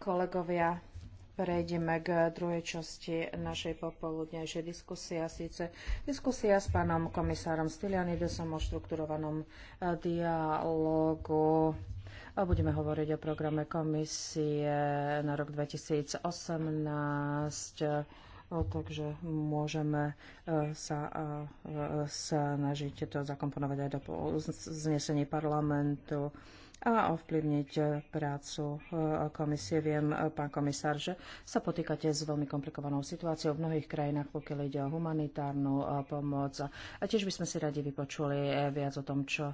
Kolegovia, prejdeme k druhej časti našej popoludnejšej diskusie. A síce diskusia s pánom komisárom Stylianidesom o štrukturovanom eh, dialogu a budeme hovoriť o programe komisie na rok 2018. Takže môžeme eh, sa eh, snažiť to zakomponovať aj do znesení parlamentu a ovplyvniť eh, prácu eh, komisie. Viem, eh, pán komisár, že sa potýkate s veľmi komplikovanou situáciou v mnohých krajinách, pokiaľ ide o humanitárnu pomoc. A tiež by sme si radi vypočuli viac o tom, čo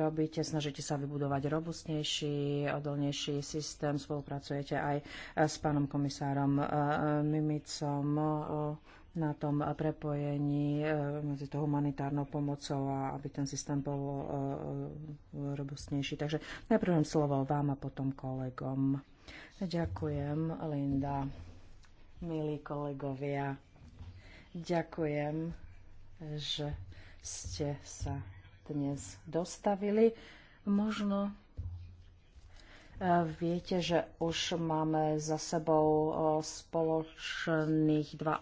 robíte. Snažíte sa vybudovať robustnejší, odolnejší systém. Spolupracujete aj s pánom komisárom Mimicom na tom prepojení e, medzi tou humanitárnou pomocou a aby ten systém bol e, e, robustnejší. Takže najprv slovo vám a potom kolegom. Ďakujem, Linda, milí kolegovia. Ďakujem, že ste sa dnes dostavili. Možno Viete, že už máme za sebou spoločných 2,5 e,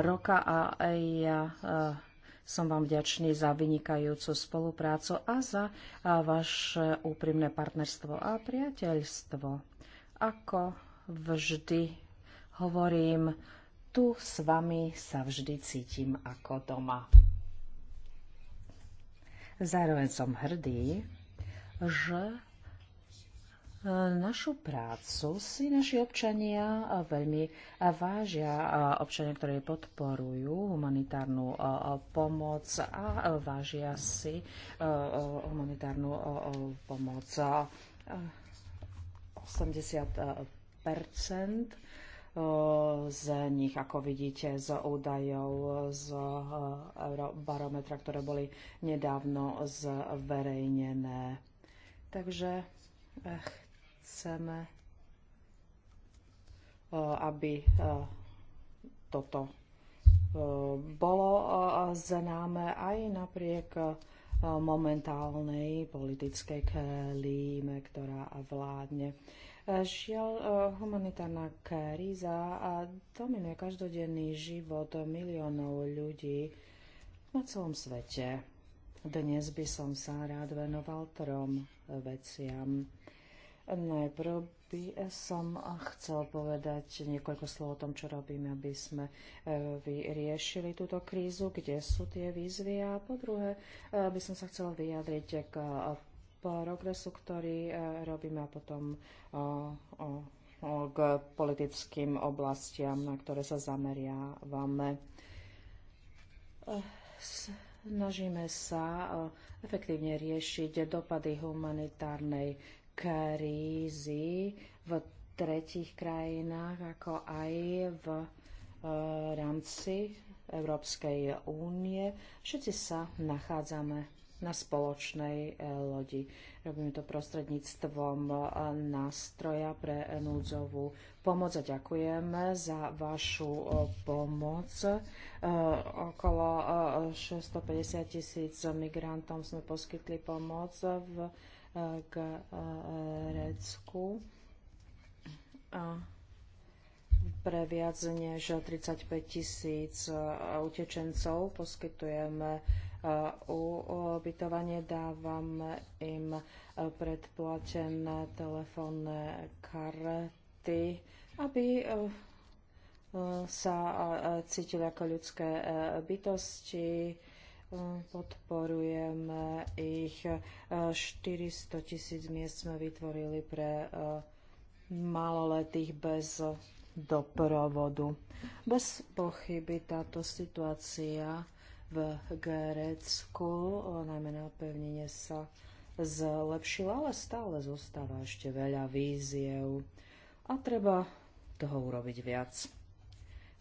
roka a e, ja e, som vám vďačný za vynikajúcu spoluprácu a za vaše úprimné partnerstvo a priateľstvo. Ako vždy hovorím, tu s vami sa vždy cítim ako doma. Zároveň som hrdý, že Našu prácu si naši občania veľmi vážia, občania, ktorí podporujú humanitárnu pomoc a vážia si humanitárnu pomoc 80 z nich, ako vidíte, z údajov z barometra, ktoré boli nedávno zverejnené. Takže eh, chceme, e, aby e, toto e, bolo známe aj napriek momentálnej politickej klíme, ktorá vládne. Žiaľ, humanitárna kríza dominuje každodenný život miliónov ľudí na celom svete. Dnes by som sa rád venoval trom veciam. Najprv by som chcel povedať niekoľko slov o tom, čo robíme, aby sme e, vyriešili túto krízu, kde sú tie výzvy a po druhé e, by som sa chcela vyjadriť k progresu, ktorý e, robíme a potom k politickým oblastiam, na ktoré sa zameriavame. Snažíme sa efektívne riešiť dopady humanitárnej krízy v tretích krajinách, ako aj v e, rámci Európskej únie. Všetci sa nachádzame na spoločnej e, lodi. Robíme to prostredníctvom e, nástroja pre núdzovú pomoc a ďakujeme za vašu pomoc. Okolo 650 tisíc migrantom sme poskytli pomoc v E, Grécku pre viac než 35 tisíc e, utečencov poskytujeme e, ubytovanie, dávame im predplatené telefónne karty, aby sa cítili ako ľudské bytosti, podporujeme ich. 400 tisíc miest sme vytvorili pre eh, maloletých bez doprovodu. Bez pochyby táto situácia v Grécku, eh, najmä na pevnine, sa zlepšila, ale stále zostáva ešte veľa víziev a treba toho urobiť viac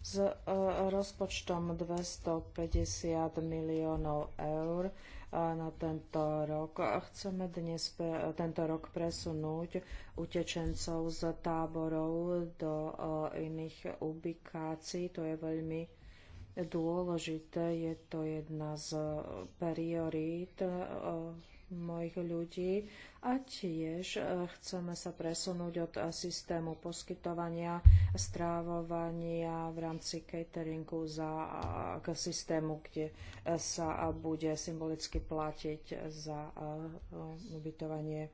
s e, rozpočtom 250 miliónov eur e, na tento rok. Chceme dnes e, tento rok presunúť utečencov z táborov do iných ubikácií. To je veľmi dôležité. Je to jedna z priorít mojich ľudí a tiež e, chceme sa presunúť od e, systému poskytovania strávovania v rámci cateringu za, e, k systému, kde sa bude symbolicky platiť za ubytovanie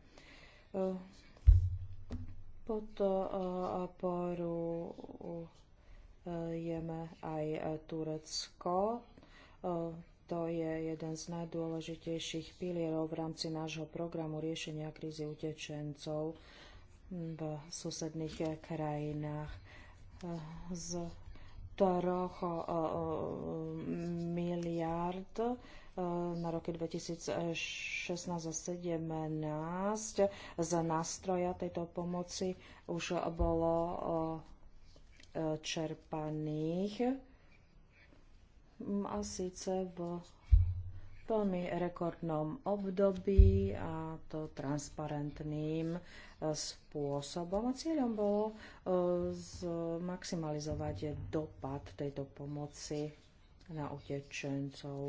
jeme aj Turecko. To je jeden z najdôležitejších pilierov v rámci nášho programu riešenia krízy utečencov v susedných krajinách. Z troch miliard na roky 2016 a 2017 z nástroja tejto pomoci už bolo čerpaných a síce v veľmi rekordnom období a to transparentným e, spôsobom. A cieľom bolo e, maximalizovať dopad tejto pomoci na utečencov.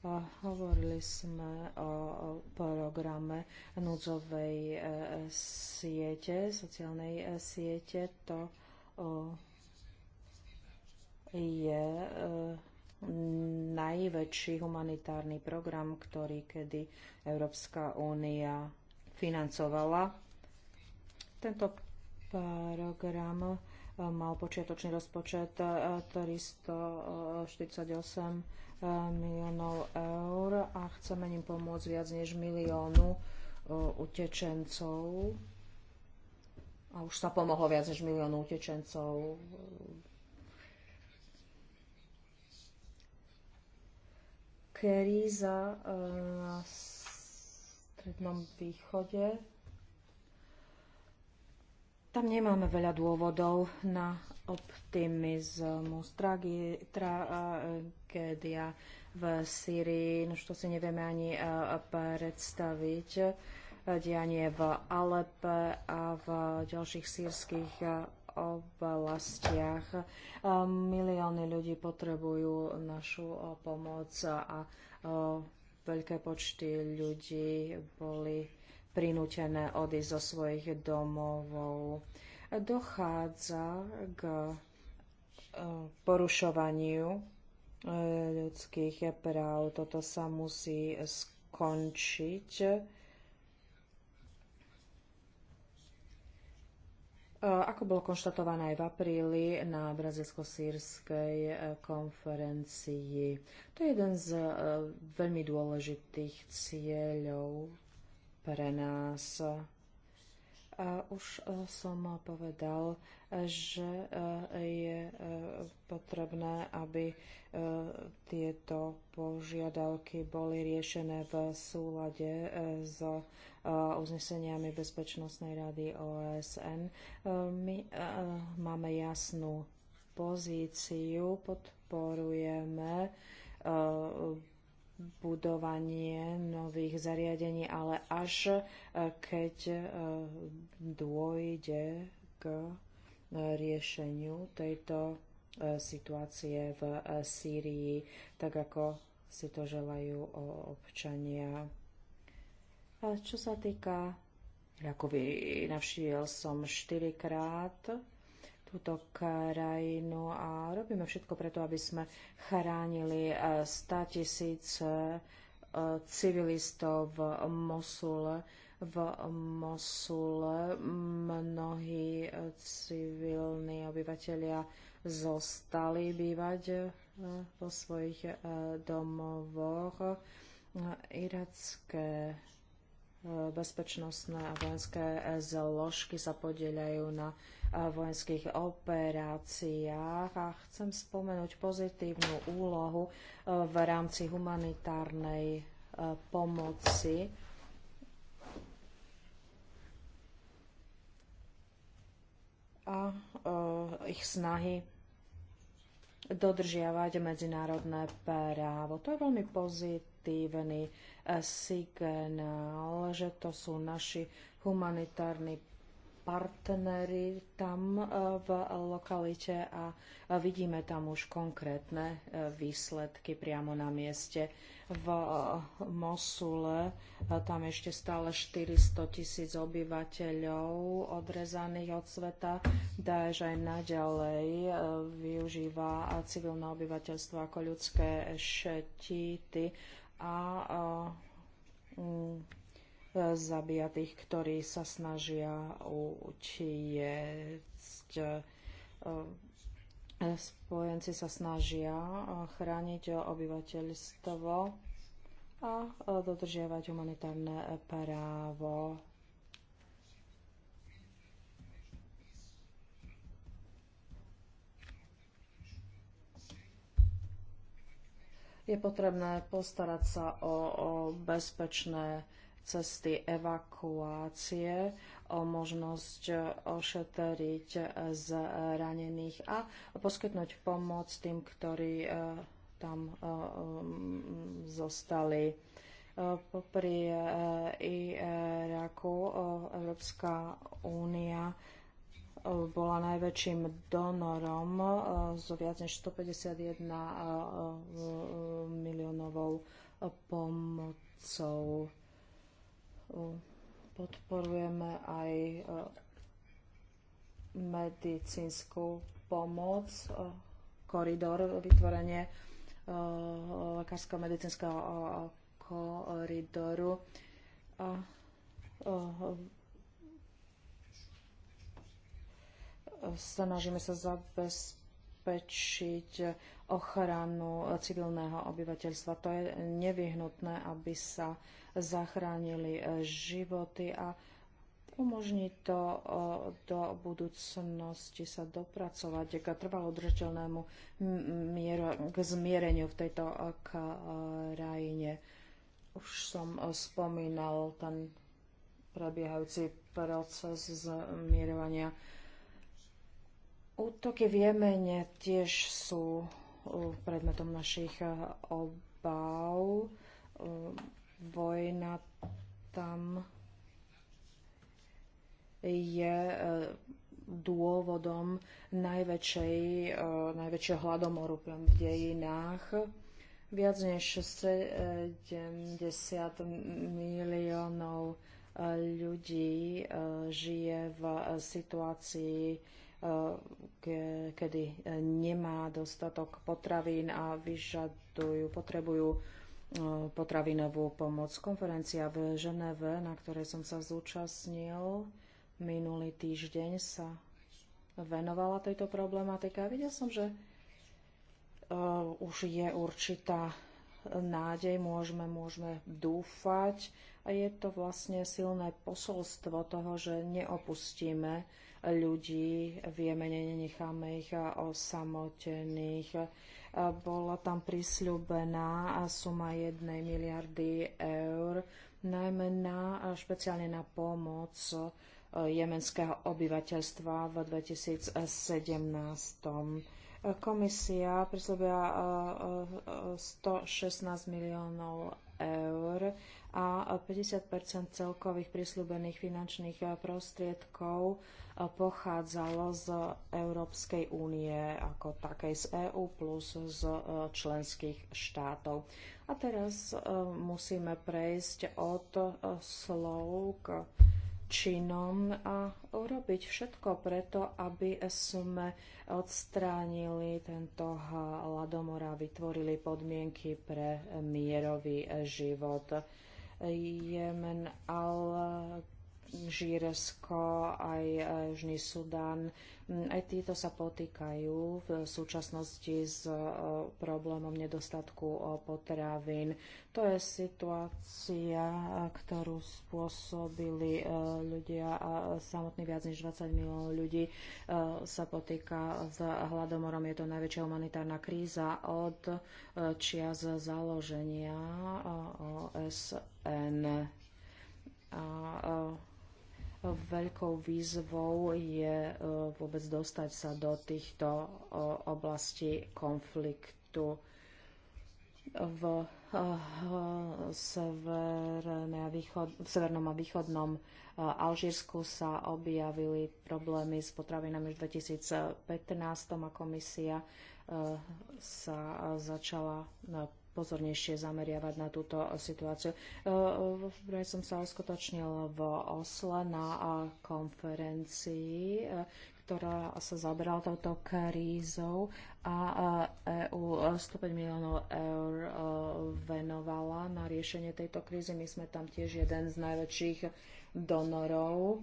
A hovorili sme o programe núdzovej e, siete, sociálnej siete. To je eh, najväčší humanitárny program, ktorý kedy Európska únia financovala. Tento program eh, mal počiatočný rozpočet 348 eh, miliónov eur a chceme ním pomôcť viac než miliónu utečencov. A už sa pomohlo viac než miliónu utečencov kríza e, na Strednom východe. Tam nemáme veľa dôvodov na optimizmus. E, tragédia v Syrii, no to si nevieme ani e, predstaviť. Dianie v Alepe a v ďalších sírskych oblastiach. Milióny ľudí potrebujú našu pomoc a veľké počty ľudí boli prinútené odísť zo svojich domov. Dochádza k e, porušovaniu e, ľudských práv. Toto sa musí skončiť E, ako bolo konštatované aj v apríli na brazilsko-sírskej e, konferencii, to je jeden z e, veľmi dôležitých cieľov pre nás a už e, som povedal, že e, je e, potrebné, aby tieto požiadavky boli riešené v súlade s uzneseniami Bezpečnostnej rady OSN. My máme jasnú pozíciu, podporujeme budovanie nových zariadení, ale až e, keď e, dôjde k e, riešeniu tejto situácie v Sýrii, tak ako si to želajú občania. A čo sa týka Rakovy, navštívil som štyrikrát túto krajinu a robíme všetko preto, aby sme chránili 100 e, tisíc e, civilistov v Mosule. V Mosule mnohí e, civilní obyvateľia zostali bývať vo svojich domovoch. Iracké bezpečnostné a vojenské zložky sa podielajú na eh, vojenských operáciách a chcem spomenúť pozitívnu úlohu eh, v rámci humanitárnej eh, pomoci. a ich snahy dodržiavať medzinárodné právo. To je veľmi pozitívne pozitívny eh, signál, že to sú naši humanitárni partnery tam eh, v lokalite a vidíme tam už konkrétne eh, výsledky priamo na mieste. V Mosule tam ešte stále 400 tisíc obyvateľov odrezaných od sveta. Daesh aj naďalej využíva civilné obyvateľstvo ako ľudské štíty a, a zabíja tých, ktorí sa snažia utiecť. E, spojenci sa snažia chrániť obyvateľstvo a dodržiavať humanitárne právo Je potrebné postarať sa o, o bezpečné cesty evakuácie, o možnosť ošetriť zranených a poskytnúť pomoc tým, ktorí e, tam e, mm, zostali. E, Pri Iraku Európska únia bola najväčším donorom e, s viac než 151 e, e, miliónovou pomocou. Podporujeme aj medicínsku pomoc, koridor, vytvorenie lekárskeho medicínskeho koridoru snažíme sa zabezpečiť ochranu civilného obyvateľstva. To je nevyhnutné, aby sa zachránili životy a umožní to do budúcnosti sa dopracovať k trvalo udržateľnému mieru, k zmiereniu v tejto krajine. Už som spomínal ten prebiehajúci proces zmierovania Útoky v Jemene tiež sú uh, predmetom našich uh, obav. Uh, vojna tam je dôvodom najväčšej, najväčšieho hladomoru v dejinách. Viac než 70 miliónov ľudí žije v situácii kedy nemá dostatok potravín a vyžadujú, potrebujú e, potravinovú pomoc. Konferencia v Ženeve, na ktorej som sa zúčastnil minulý týždeň, sa venovala tejto problematike a videl som, že e, už je určitá nádej, môžeme, môžeme dúfať a je to vlastne silné posolstvo toho, že neopustíme ľudí v Jemene, nenecháme ich eh, osamotených. Eh, bola tam prisľúbená suma 1 miliardy eur, najmä na, eh, špeciálne na pomoc jemenského obyvateľstva v 2017. Komisia prislúbila 116 miliónov eur a 50 celkových prislúbených finančných eh, prostriedkov eh, pochádzalo z Európskej únie ako takej z EÚ plus z eh, členských štátov. A teraz musíme prejsť od slov k činom a urobiť všetko preto, aby sme odstránili tento hladomor a vytvorili podmienky pre mierový život. Jemen al Žírsko, aj eh, Južný Sudan. Mm, aj títo sa potýkajú v súčasnosti s eh, problémom nedostatku eh, potravín. To je situácia, ktorú spôsobili ľudia a samotný viac než 20 miliónov ľudí sa potýka s hladomorom. Je to najväčšia humanitárna kríza od čias založenia OSN. A, a Veľkou výzvou je e, vôbec dostať sa do týchto e, oblastí konfliktu v e, a východ, v severnom a východnom Alžírsku sa objavili problémy s potravinami v 2015 a komisia sa začala pozornejšie zameriavať na túto situáciu. Vraj e, e, som sa uskutočnil v Osle na e, konferencii, ktorá sa zaberala touto krízou a EU 105 miliónov eur venovala na riešenie tejto krízy. My sme tam tiež jeden z najväčších donorov.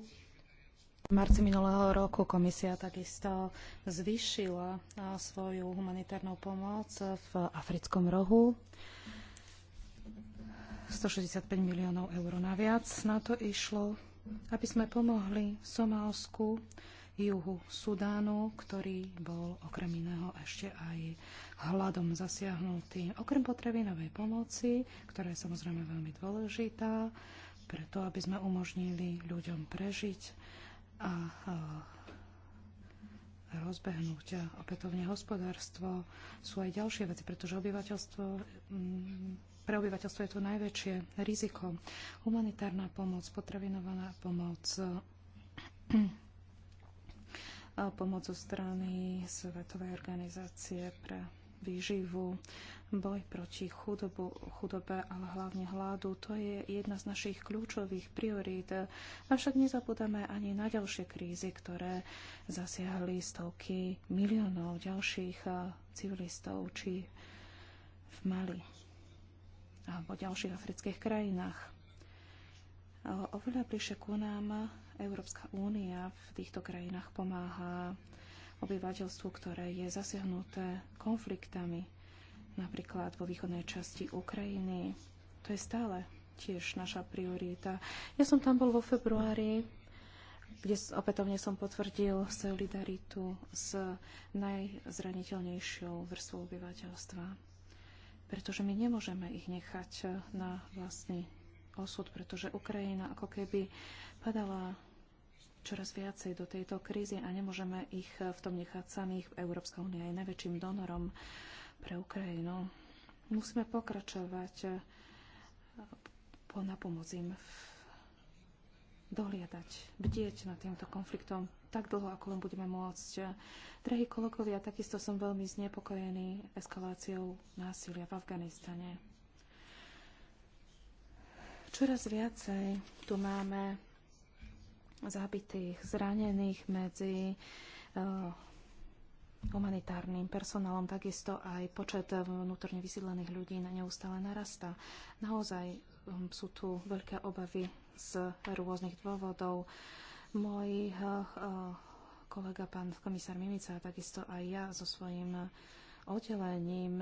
V marci minulého roku komisia takisto zvýšila svoju humanitárnu pomoc v africkom rohu. 165 miliónov eur naviac na to išlo, aby sme pomohli Somálsku, juhu Sudánu, ktorý bol okrem iného ešte aj hladom zasiahnutý. Okrem potravinovej pomoci, ktorá je samozrejme veľmi dôležitá, preto aby sme umožnili ľuďom prežiť, a rozbehnúť opätovne hospodárstvo. Sú aj ďalšie veci, pretože obyvateľstvo, mm, pre obyvateľstvo je to najväčšie riziko. Humanitárna pomoc, potravinovaná pomoc, pomoc zo strany Svetovej organizácie pre výživu, boj proti chudobu, chudobe, ale hlavne hladu. To je jedna z našich kľúčových priorít. Avšak nezabudeme ani na ďalšie krízy, ktoré zasiahli stovky miliónov ďalších eh, civilistov či v Mali alebo ďalších afrických krajinách. Oveľa bližšie ku nám Európska únia v týchto krajinách pomáha obyvateľstvu, ktoré je zasiahnuté konfliktami napríklad vo východnej časti Ukrajiny. To je stále tiež naša priorita. Ja som tam bol vo februári, kde opätovne som potvrdil solidaritu s najzraniteľnejšou vrstvou obyvateľstva. Pretože my nemôžeme ich nechať na vlastný osud, pretože Ukrajina ako keby padala čoraz viacej do tejto krízy a nemôžeme ich v tom nechať samých. Európska únia je najväčším donorom pre Ukrajinu. Musíme pokračovať eh, po napomoc im dohliadať, bdieť nad týmto konfliktom tak dlho, ako len budeme môcť. Eh, Drahí kolegovia, takisto som veľmi znepokojený eskaláciou násilia v Afganistane. Čoraz viacej tu máme zabitých, zranených medzi uh, humanitárnym personálom, takisto aj počet vnútorne vysídlených ľudí na neustále narastá. Naozaj um, sú tu veľké obavy z rôznych dôvodov. Môj uh, uh, kolega, pán komisár Mimica, a takisto aj ja so svojím oddelením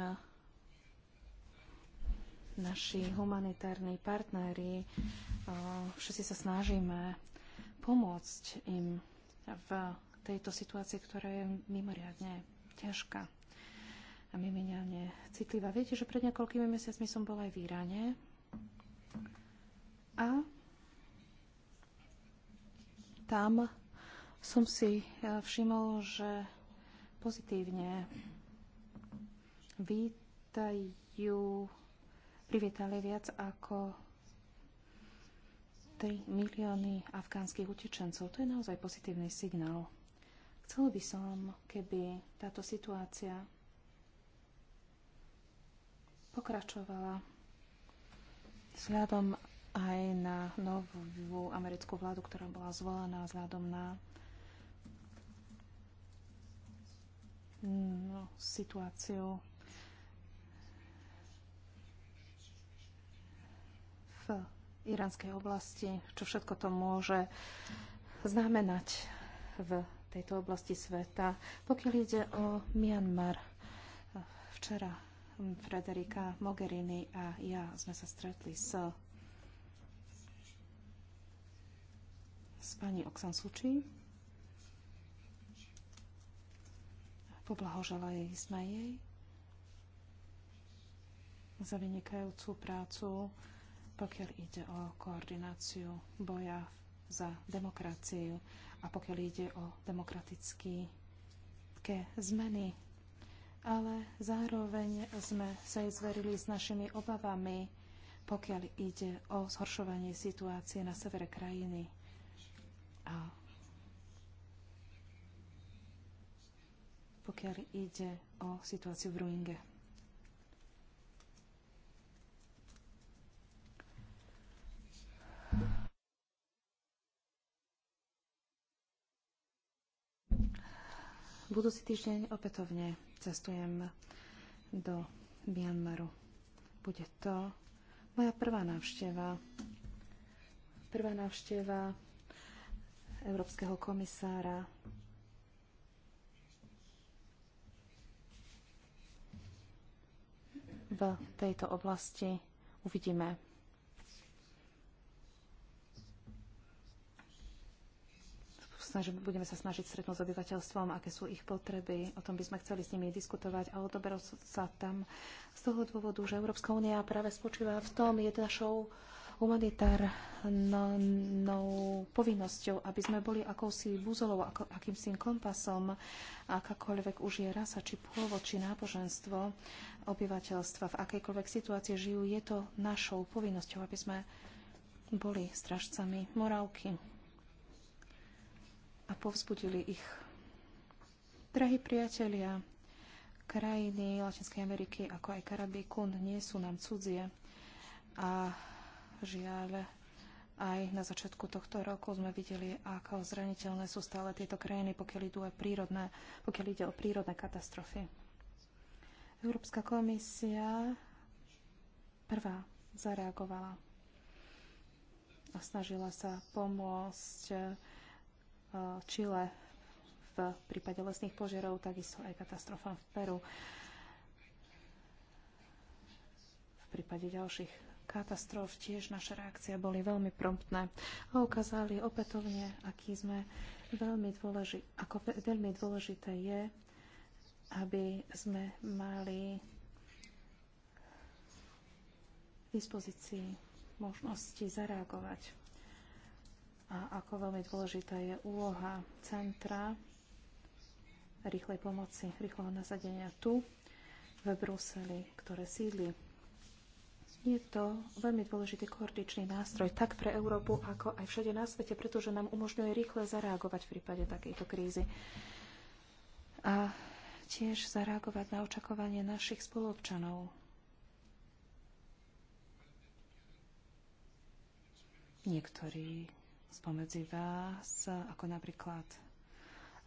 naši humanitárni partneri, uh, všetci sa snažíme pomôcť im v tejto situácie, ktorá je mimoriadne ťažká a mimoriadne citlivá. Viete, že pred niekoľkými mesiacmi som bola aj v Iráne a tam som si e, všimol, že pozitívne vítajú, privítali viac ako 3 milióny afgánskych utečencov. To je naozaj pozitívny signál. Chcel by som, keby táto situácia pokračovala vzhľadom aj na novú americkú vládu, ktorá bola zvolená vzhľadom na no, situáciu v iránskej oblasti, čo všetko to môže znamenať v tejto oblasti sveta. Pokiaľ ide o Myanmar, včera Frederika Mogherini a ja sme sa stretli s, s pani Oksan Suči. Poblahoželali sme jej za vynikajúcu prácu, pokiaľ ide o koordináciu boja za demokraciu a pokiaľ ide o demokratické zmeny. Ale zároveň sme sa aj zverili s našimi obavami, pokiaľ ide o zhoršovanie situácie na severe krajiny. A pokiaľ ide o situáciu v Ruinge. budúci týždeň opätovne cestujem do Myanmaru. Bude to moja prvá návšteva. Prvá návšteva Európskeho komisára v tejto oblasti. Uvidíme, že budeme sa snažiť stretnúť s obyvateľstvom, aké sú ich potreby. O tom by sme chceli s nimi diskutovať a odoberol sa tam z toho dôvodu, že Európska únia práve spočíva v tom, je našou humanitárnou povinnosťou, aby sme boli akousi búzolou, ako, akýmsi kompasom, akákoľvek už je rasa, či pôvod, či náboženstvo obyvateľstva, v akejkoľvek situácii žijú, je to našou povinnosťou, aby sme boli stražcami morálky a povzbudili ich. Drahí priatelia, krajiny Latinskej Ameriky ako aj Karabiku nie sú nám cudzie a žiaľ aj na začiatku tohto roku sme videli, ako zraniteľné sú stále tieto krajiny, pokiaľ, idú aj prírodné, pokiaľ ide o prírodné katastrofy. Európska komisia prvá zareagovala a snažila sa pomôcť Čile v prípade lesných požiarov, takisto aj katastrofa v Peru. V prípade ďalších katastrof tiež naše reakcie boli veľmi promptné a ukázali opätovne, aký sme veľmi dôležité, ako veľmi dôležité je, aby sme mali v dispozícii možnosti zareagovať a ako veľmi dôležitá je úloha centra rýchlej pomoci, rýchleho nasadenia tu v Bruseli, ktoré sídli. Je to veľmi dôležitý koordičný nástroj tak pre Európu, ako aj všade na svete, pretože nám umožňuje rýchle zareagovať v prípade takejto krízy. A tiež zareagovať na očakovanie našich spoluobčanov. Niektorí spomedzi vás, ako napríklad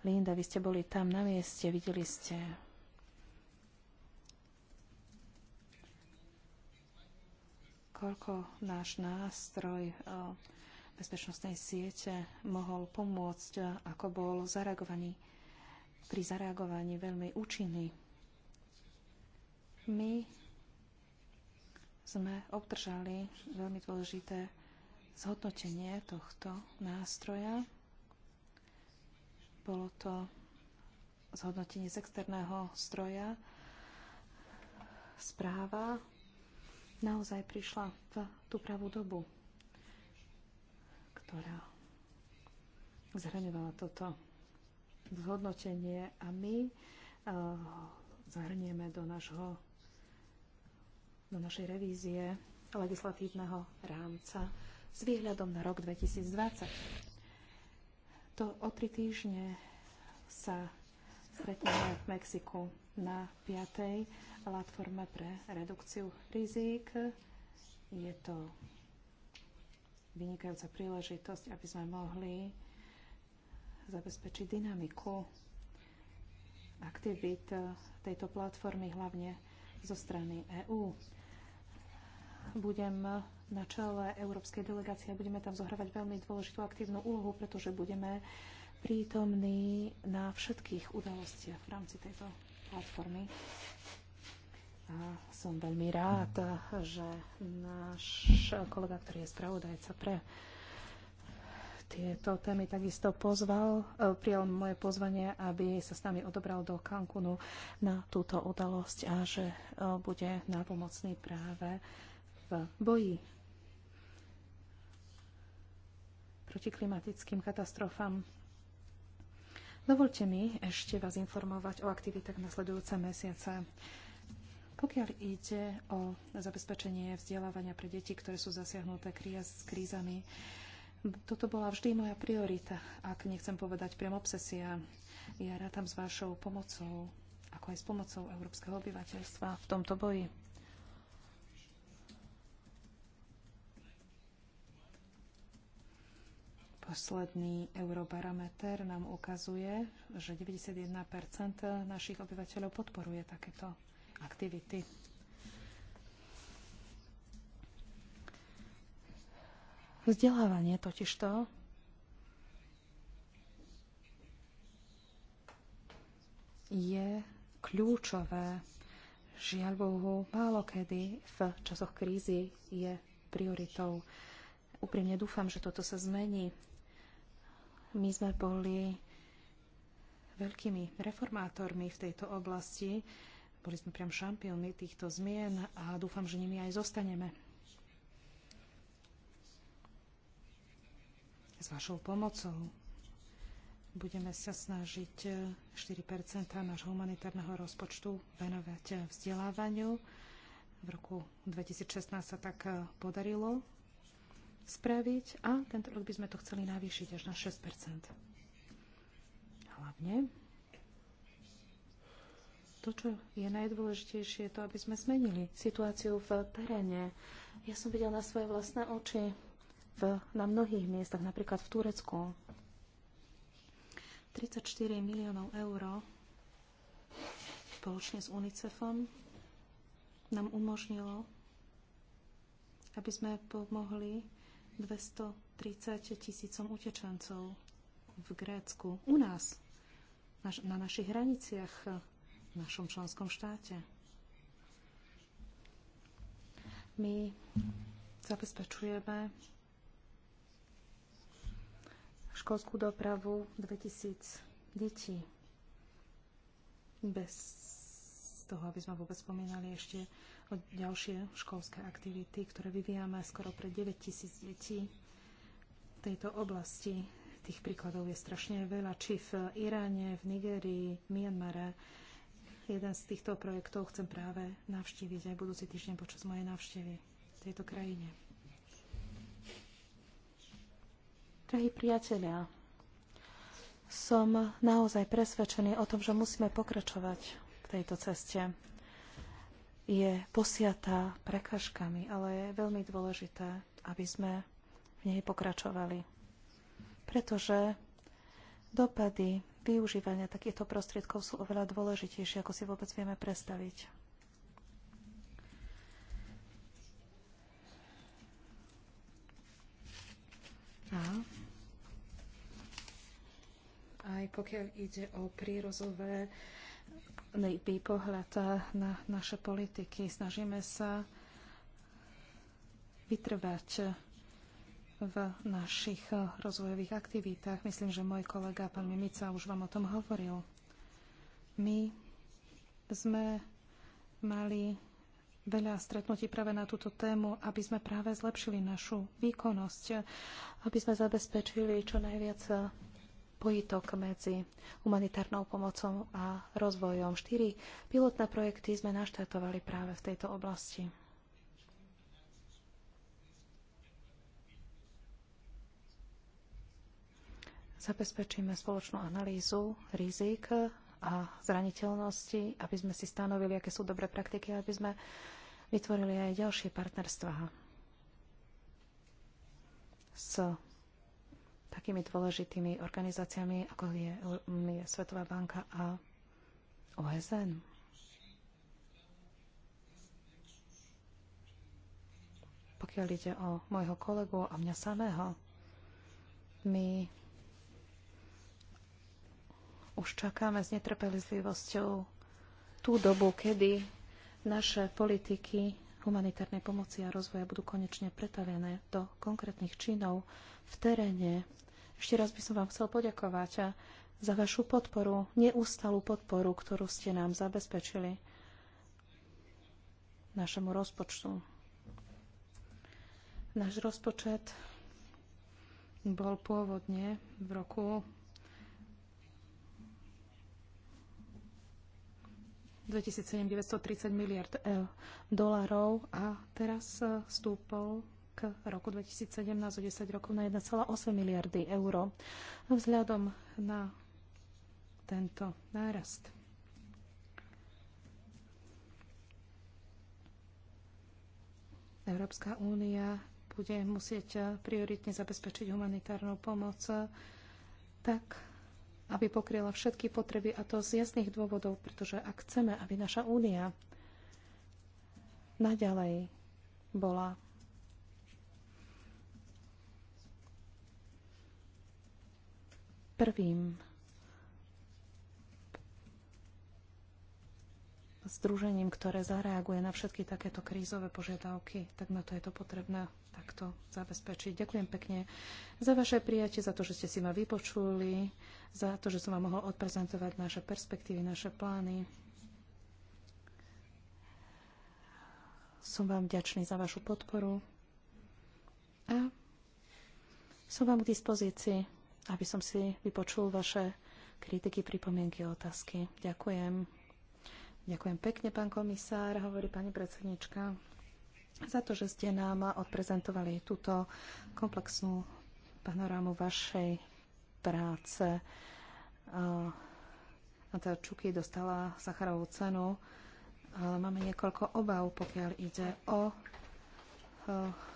Linda, vy ste boli tam na mieste, videli ste koľko náš nástroj eh, bezpečnostnej siete mohol pomôcť, ako bol zareagovaný, pri zareagovaní veľmi účinný. My sme obdržali veľmi dôležité zhodnotenie tohto nástroja. Bolo to zhodnotenie z externého stroja. Správa naozaj prišla v tú pravú dobu, ktorá zhrňovala toto zhodnotenie a my uh, zahrnieme do, našho, do našej revízie legislatívneho rámca s výhľadom na rok 2020. To o tri týždne sa stretneme v Mexiku na 5. platforme pre redukciu rizík. Je to vynikajúca príležitosť, aby sme mohli zabezpečiť dynamiku aktivít tejto platformy, hlavne zo strany EÚ. Budem na čele európskej delegácie a budeme tam zohrávať veľmi dôležitú aktívnu úlohu, pretože budeme prítomní na všetkých udalostiach v rámci tejto platformy. A som veľmi rád, že náš kolega, ktorý je spravodajca pre tieto témy takisto pozval, eh, prijal moje pozvanie, aby sa s nami odobral do Cancunu na túto udalosť a že eh, bude nápomocný práve v boji proti klimatickým katastrofám. Dovolte mi ešte vás informovať o aktivitách nasledujúce mesiace. Pokiaľ ide o zabezpečenie vzdelávania pre deti, ktoré sú zasiahnuté krízami, toto bola vždy moja priorita, ak nechcem povedať priam obsesia. Ja rátam s vašou pomocou, ako aj s pomocou európskeho obyvateľstva v tomto boji. Posledný eurobarometer nám ukazuje, že 91 našich obyvateľov podporuje takéto aktivity. Vzdelávanie totižto je kľúčové. Žiaľ Bohu, málo kedy v časoch krízy je prioritou. Úprimne dúfam, že toto sa zmení my sme boli veľkými reformátormi v tejto oblasti. Boli sme priam šampióny týchto zmien a dúfam, že nimi aj zostaneme. S vašou pomocou budeme sa snažiť 4 nášho humanitárneho rozpočtu venovať vzdelávaniu. V roku 2016 sa tak podarilo spraviť a tento rok by sme to chceli navýšiť až na 6 Hlavne to, čo je najdôležitejšie, je to, aby sme zmenili situáciu v teréne. Ja som videl na svoje vlastné oči v, na mnohých miestach, napríklad v Turecku. 34 miliónov eur spoločne s UNICEFom nám umožnilo, aby sme pomohli 230 tisícom utečencov v Grécku, u nás, naš, na našich hraniciach, v našom členskom štáte. My zabezpečujeme školskú dopravu 2000 detí. Bez toho, aby sme vôbec spomínali ešte ďalšie školské aktivity, ktoré vyvíjame skoro pre 9 tisíc detí v tejto oblasti. Tých príkladov je strašne veľa, či v Iráne, v Nigerii, v Mianmare. Jeden z týchto projektov chcem práve navštíviť aj budúci týždeň počas mojej návštevy v tejto krajine. Drahí priatelia, som naozaj presvedčený o tom, že musíme pokračovať v tejto ceste je posiatá prekažkami, ale je veľmi dôležité, aby sme v nej pokračovali. Pretože dopady využívania takýchto prostriedkov sú oveľa dôležitejšie, ako si vôbec vieme predstaviť. A aj pokiaľ ide o prírozové nejpý pohľad na naše politiky. Snažíme sa vytrvať v našich rozvojových aktivitách. Myslím, že môj kolega, pán Mimica, už vám o tom hovoril. My sme mali veľa stretnutí práve na túto tému, aby sme práve zlepšili našu výkonnosť, aby sme zabezpečili čo najviac pojitok medzi humanitárnou pomocou a rozvojom. Štyri pilotné projekty sme naštartovali práve v tejto oblasti. Zabezpečíme spoločnú analýzu rizik a zraniteľnosti, aby sme si stanovili, aké sú dobré praktiky, aby sme vytvorili aj ďalšie partnerstva s takými dôležitými organizáciami, ako je, je Svetová banka a OSN. Pokiaľ ide o môjho kolegu a mňa samého, my už čakáme s netrpelizlivosťou tú dobu, kedy naše politiky humanitárnej pomoci a rozvoja budú konečne pretavené do konkrétnych činov v teréne. Ešte raz by som vám chcel poďakovať za vašu podporu, neustalú podporu, ktorú ste nám zabezpečili našemu rozpočtu. Náš rozpočet bol pôvodne v roku 2730 miliard eh, dolarov dolárov a teraz eh, stúpol k roku 2017 o 10 rokov na 1,8 miliardy eur vzhľadom na tento nárast. Európska únia bude musieť eh, prioritne zabezpečiť humanitárnu pomoc tak, aby pokryla všetky potreby a to z jasných dôvodov, pretože ak chceme, aby naša únia naďalej bola prvým združením, ktoré zareaguje na všetky takéto krízové požiadavky, tak na to je to potrebné takto zabezpečiť. Ďakujem pekne za vaše prijatie, za to, že ste si ma vypočuli, za to, že som vám mohol odprezentovať naše perspektívy, naše plány. Som vám vďačný za vašu podporu a som vám k dispozícii, aby som si vypočul vaše kritiky, pripomienky a otázky. Ďakujem. Ďakujem pekne, pán komisár, hovorí pani predsednička, za to, že ste nám odprezentovali túto komplexnú panorámu vašej práce. Natáča Čuky dostala Sacharovú cenu, ale máme niekoľko obav, pokiaľ ide o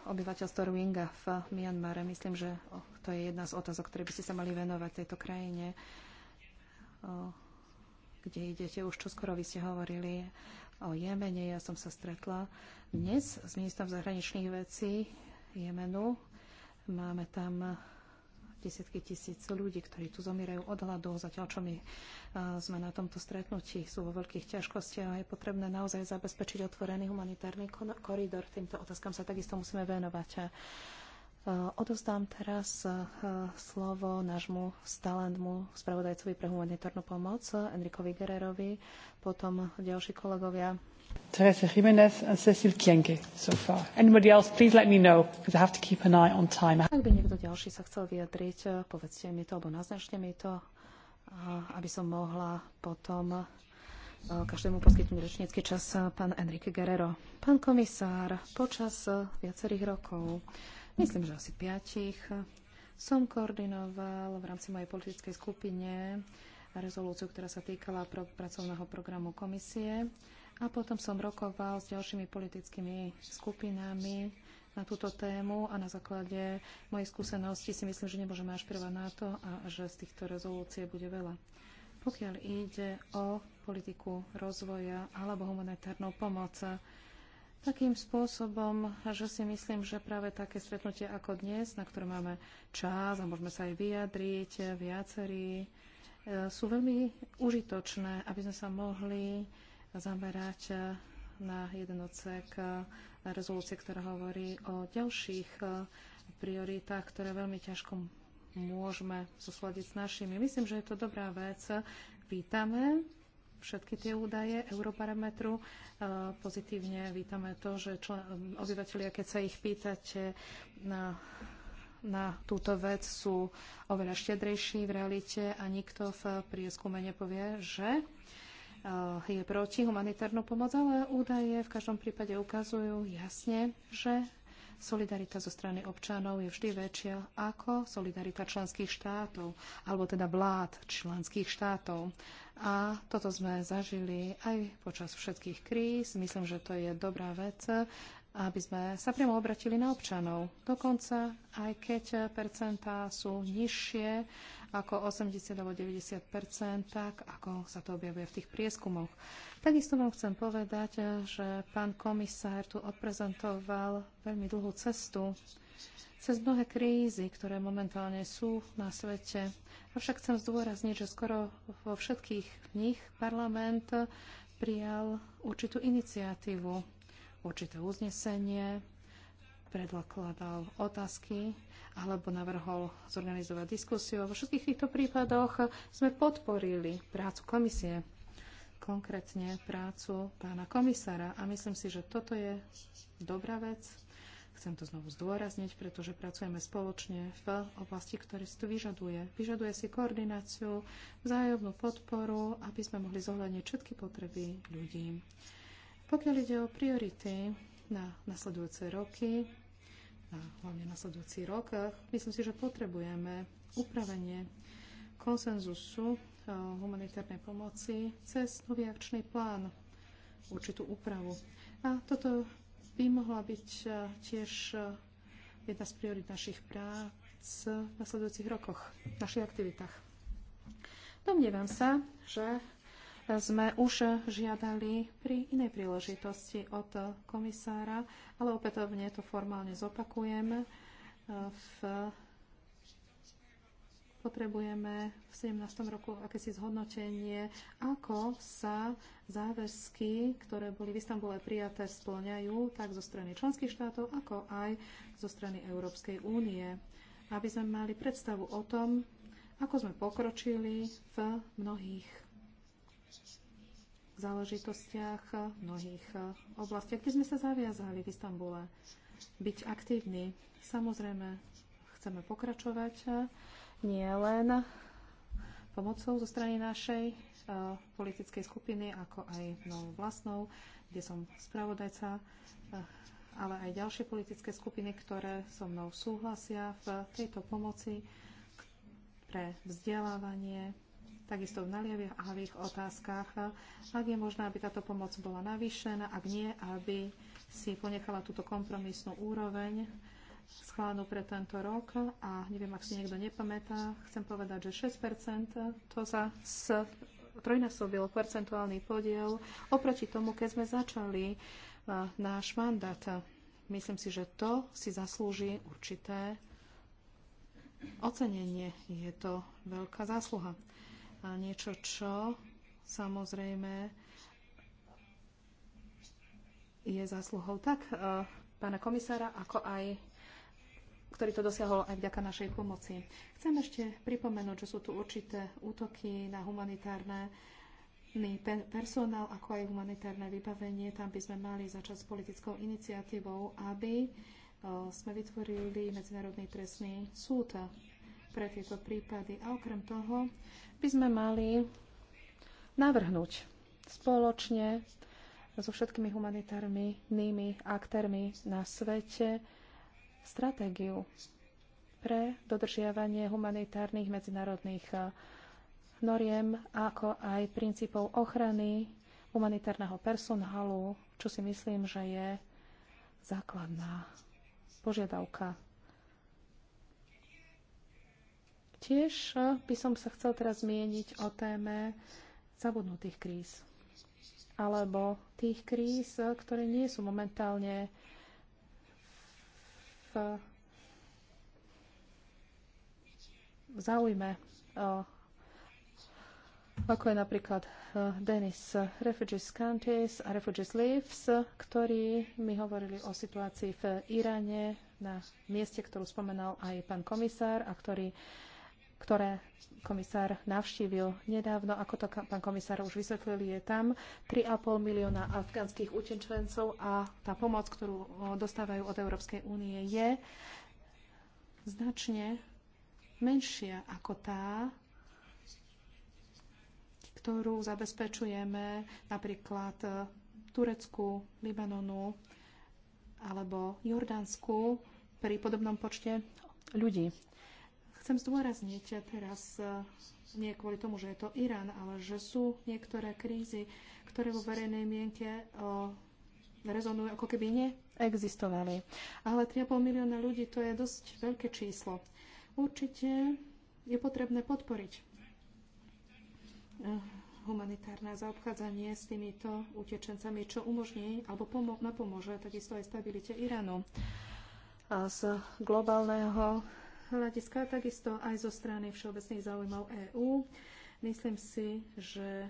obyvateľstvo Ruinga v Myanmare. Myslím, že to je jedna z otázok, ktoré by ste sa mali venovať tejto krajine kde idete. Už skoro vy ste hovorili o Jemene. Ja som sa stretla dnes s ministrom zahraničných vecí Jemenu. Máme tam desiatky tisíc ľudí, ktorí tu zomierajú od hladu, zatiaľ čo my sme na tomto stretnutí, sú vo veľkých ťažkostiach a je potrebné naozaj zabezpečiť otvorený humanitárny koridor. Týmto otázkam sa takisto musíme venovať. Eh, odovzdám teraz eh, slovo nášmu stalandmu spravodajcovi pre humanitárnu pomoc Enrikovi Gererovi, potom ďalší kolegovia. Teresa Jiménez and Cecil Kienke so far. Anybody else, please let me know, because I have to keep an eye on time. Ak by niekto ďalší sa chcel vyjadriť, eh, povedzte mi to, alebo naznačte mi to, aby som mohla potom každému poskytnúť rečnícky čas pán Enrique Guerrero. Pán komisár, počas viacerých rokov myslím, že asi piatich, som koordinoval v rámci mojej politickej skupine rezolúciu, ktorá sa týkala pro pracovného programu komisie a potom som rokoval s ďalšími politickými skupinami na túto tému a na základe mojej skúsenosti si myslím, že nemôžeme ašpirovať na to a že z týchto rezolúcií bude veľa. Pokiaľ ide o politiku rozvoja alebo humanitárnu pomoc, takým spôsobom, že si myslím, že práve také stretnutie ako dnes, na ktoré máme čas a môžeme sa aj vyjadriť viacerí, e, sú veľmi užitočné, aby sme sa mohli zamerať e, na jeden odsek e, rezolúcie, ktorá hovorí o ďalších prioritách, ktoré veľmi ťažko môžeme zosladiť s našimi. Myslím, že je to dobrá vec. Vítame všetky tie údaje Europarametru. E, pozitívne vítame to, že obyvateľia, keď sa ich pýtate na na túto vec sú oveľa štedrejší v realite a nikto v prieskume nepovie, že e, je proti humanitárnu pomoc, ale údaje v každom prípade ukazujú jasne, že Solidarita zo strany občanov je vždy väčšia ako solidarita členských štátov, alebo teda vlád členských štátov. A toto sme zažili aj počas všetkých kríz. Myslím, že to je dobrá vec, aby sme sa priamo obratili na občanov. Dokonca, aj keď percentá sú nižšie, ako 80 alebo 90 tak ako sa to objavuje v tých prieskumoch. Takisto vám chcem povedať, že pán komisár tu odprezentoval veľmi dlhú cestu cez mnohé krízy, ktoré momentálne sú na svete. Avšak chcem zdôrazniť, že skoro vo všetkých nich parlament prijal určitú iniciatívu, určité uznesenie, predokladal otázky alebo navrhol zorganizovať diskusiu. Vo všetkých týchto prípadoch sme podporili prácu komisie, konkrétne prácu pána komisára a myslím si, že toto je dobrá vec. Chcem to znovu zdôrazniť, pretože pracujeme spoločne v oblasti, ktoré si to vyžaduje. Vyžaduje si koordináciu, vzájomnú podporu, aby sme mohli zohľadniť všetky potreby ľudí. Pokiaľ ide o priority na nasledujúce roky, hlavne nasledujúci rok. Myslím si, že potrebujeme upravenie konsenzusu e, humanitárnej pomoci cez nový akčný plán, určitú úpravu. A toto by mohla byť e, tiež e, jedna z priorit našich prác v nasledujúcich rokoch, v našich aktivitách. Domnievam sa, že sme už žiadali pri inej príležitosti od komisára, ale opätovne to formálne zopakujem. V potrebujeme v 17. roku akési zhodnotenie, ako sa záväzky, ktoré boli v Istambule prijaté, splňajú tak zo strany členských štátov, ako aj zo strany Európskej únie, aby sme mali predstavu o tom, ako sme pokročili v mnohých záležitostiach, v mnohých eh, oblastiach, Keď sme sa zaviazali v Istambule byť aktívni. Samozrejme, chceme pokračovať eh, nie len pomocou zo strany našej eh, politickej skupiny, ako aj mnou vlastnou, kde som spravodajca, ale aj ďalšie politické skupiny, ktoré so mnou súhlasia v tejto pomoci pre vzdelávanie takisto v naliehavých otázkach, ak je možné, aby táto pomoc bola navýšená, ak nie, aby si ponechala túto kompromisnú úroveň schválenú pre tento rok a neviem, ak si niekto nepamätá, chcem povedať, že 6% to za s, trojnásobil percentuálny podiel oproti tomu, keď sme začali e, náš mandát. Myslím si, že to si zaslúži určité ocenenie. Je to veľká zásluha. A niečo, čo samozrejme je zásluhou tak e, pána komisára, ako aj ktorý to dosiahol aj vďaka našej pomoci. Chcem ešte pripomenúť, že sú tu určité útoky na humanitárne personál, ako aj humanitárne vybavenie. Tam by sme mali začať s politickou iniciatívou, aby e, sme vytvorili Medzinárodný trestný súd pre tieto prípady. A okrem toho by sme mali navrhnúť spoločne so všetkými humanitárnymi aktérmi na svete stratégiu pre dodržiavanie humanitárnych medzinárodných eh, noriem, ako aj princípov ochrany humanitárneho personálu, čo si myslím, že je základná požiadavka Tiež eh, by som sa chcel teraz zmieniť o téme zabudnutých kríz alebo tých kríz, eh, ktoré nie sú momentálne v záujme, eh, ako je napríklad Dennis Refugees Counties a Refugees Leaves, ktorí mi hovorili o situácii v Iráne na mieste, ktorú spomenal aj pán komisár a ktorý uh, ktoré komisár navštívil nedávno. Ako to pán komisár už vysvetlil, je tam 3,5 milióna afgánskych utečencov a tá pomoc, ktorú dostávajú od Európskej únie, je značne menšia ako tá, ktorú zabezpečujeme napríklad e, Turecku, Libanonu alebo Jordánsku pri podobnom počte ľudí. Chcem zdôrazniť teraz, eh, nie kvôli tomu, že je to Irán, ale že sú niektoré krízy, ktoré vo verejnej mienke eh, rezonujú, ako keby neexistovali. Ale 3,5 milióna ľudí to je dosť veľké číslo. Určite je potrebné podporiť eh, humanitárne zaobchádzanie s týmito utečencami, čo umožní alebo napomôže takisto aj stabilite Iránu. A z globálneho hľadiska, takisto aj zo strany všeobecných záujmov EÚ. Myslím si, že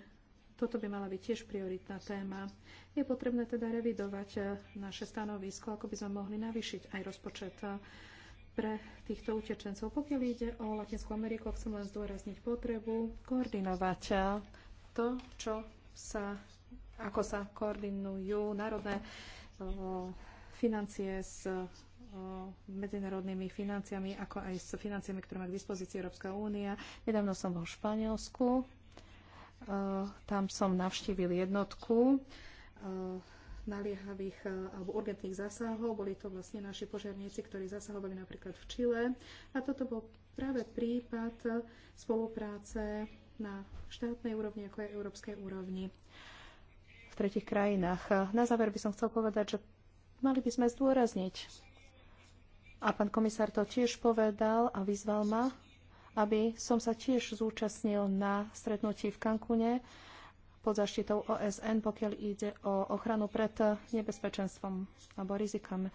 toto by mala byť tiež prioritná téma. Je potrebné teda revidovať e, naše stanovisko, ako by sme mohli navýšiť aj rozpočet e, pre týchto utečencov. Pokiaľ ide o Latinskú Ameriku, chcem len zdôrazniť potrebu koordinovať e, to, čo sa, ako sa koordinujú národné financie s medzinárodnými financiami, ako aj s financiami, ktoré má k dispozícii Európska únia. Nedávno som bol v Španielsku, e, tam som navštívil jednotku e, naliehavých e, alebo urgentných zásahov. Boli to vlastne naši požiarníci, ktorí zasahovali napríklad v Čile. A toto bol práve prípad spolupráce na štátnej úrovni, ako aj európskej úrovni v tretich krajinách. Na záver by som chcel povedať, že mali by sme zdôrazniť a pán komisár to tiež povedal a vyzval ma, aby som sa tiež zúčastnil na stretnutí v Kankune pod zaštitou OSN, pokiaľ ide o ochranu pred nebezpečenstvom alebo rizikami.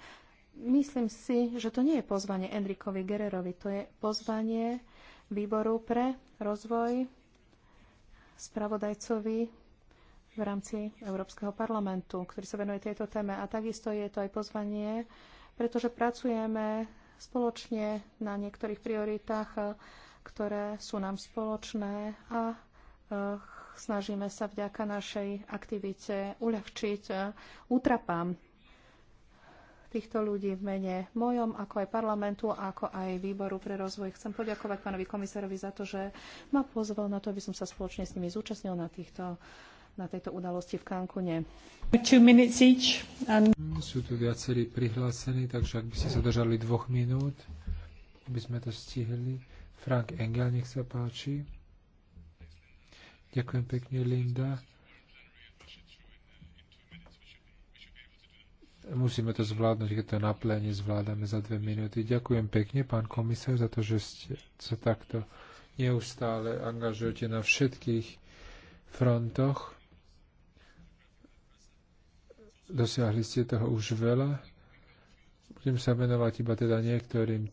Myslím si, že to nie je pozvanie Enrikovi Gererovi, to je pozvanie výboru pre rozvoj spravodajcovi v rámci Európskeho parlamentu, ktorý sa venuje tejto téme. A takisto je to aj pozvanie uh, pretože pracujeme spoločne na niektorých prioritách, eh, ktoré sú nám spoločné a eh, snažíme sa vďaka našej aktivite uľahčiť eh, útrapám týchto ľudí v mene mojom, ako aj parlamentu, ako aj výboru pre rozvoj. Chcem poďakovať pánovi komisárovi za to, že ma pozval na to, aby som sa spoločne s nimi zúčastnil na týchto uh, na tejto udalosti v Cancune. Sú tu viacerí prihlásení, takže ak by ste sa držali dvoch minút, by sme to stihli. Frank Engel, nech sa páči. Ďakujem pekne, Linda. Musíme to zvládnuť, keď to na pléne zvládame za dve minúty. Ďakujem pekne, pán komisár, za to, že ste sa takto neustále angažujete na všetkých frontoch. Dosiahli ste toho už veľa. Budem sa venovať iba teda niektorým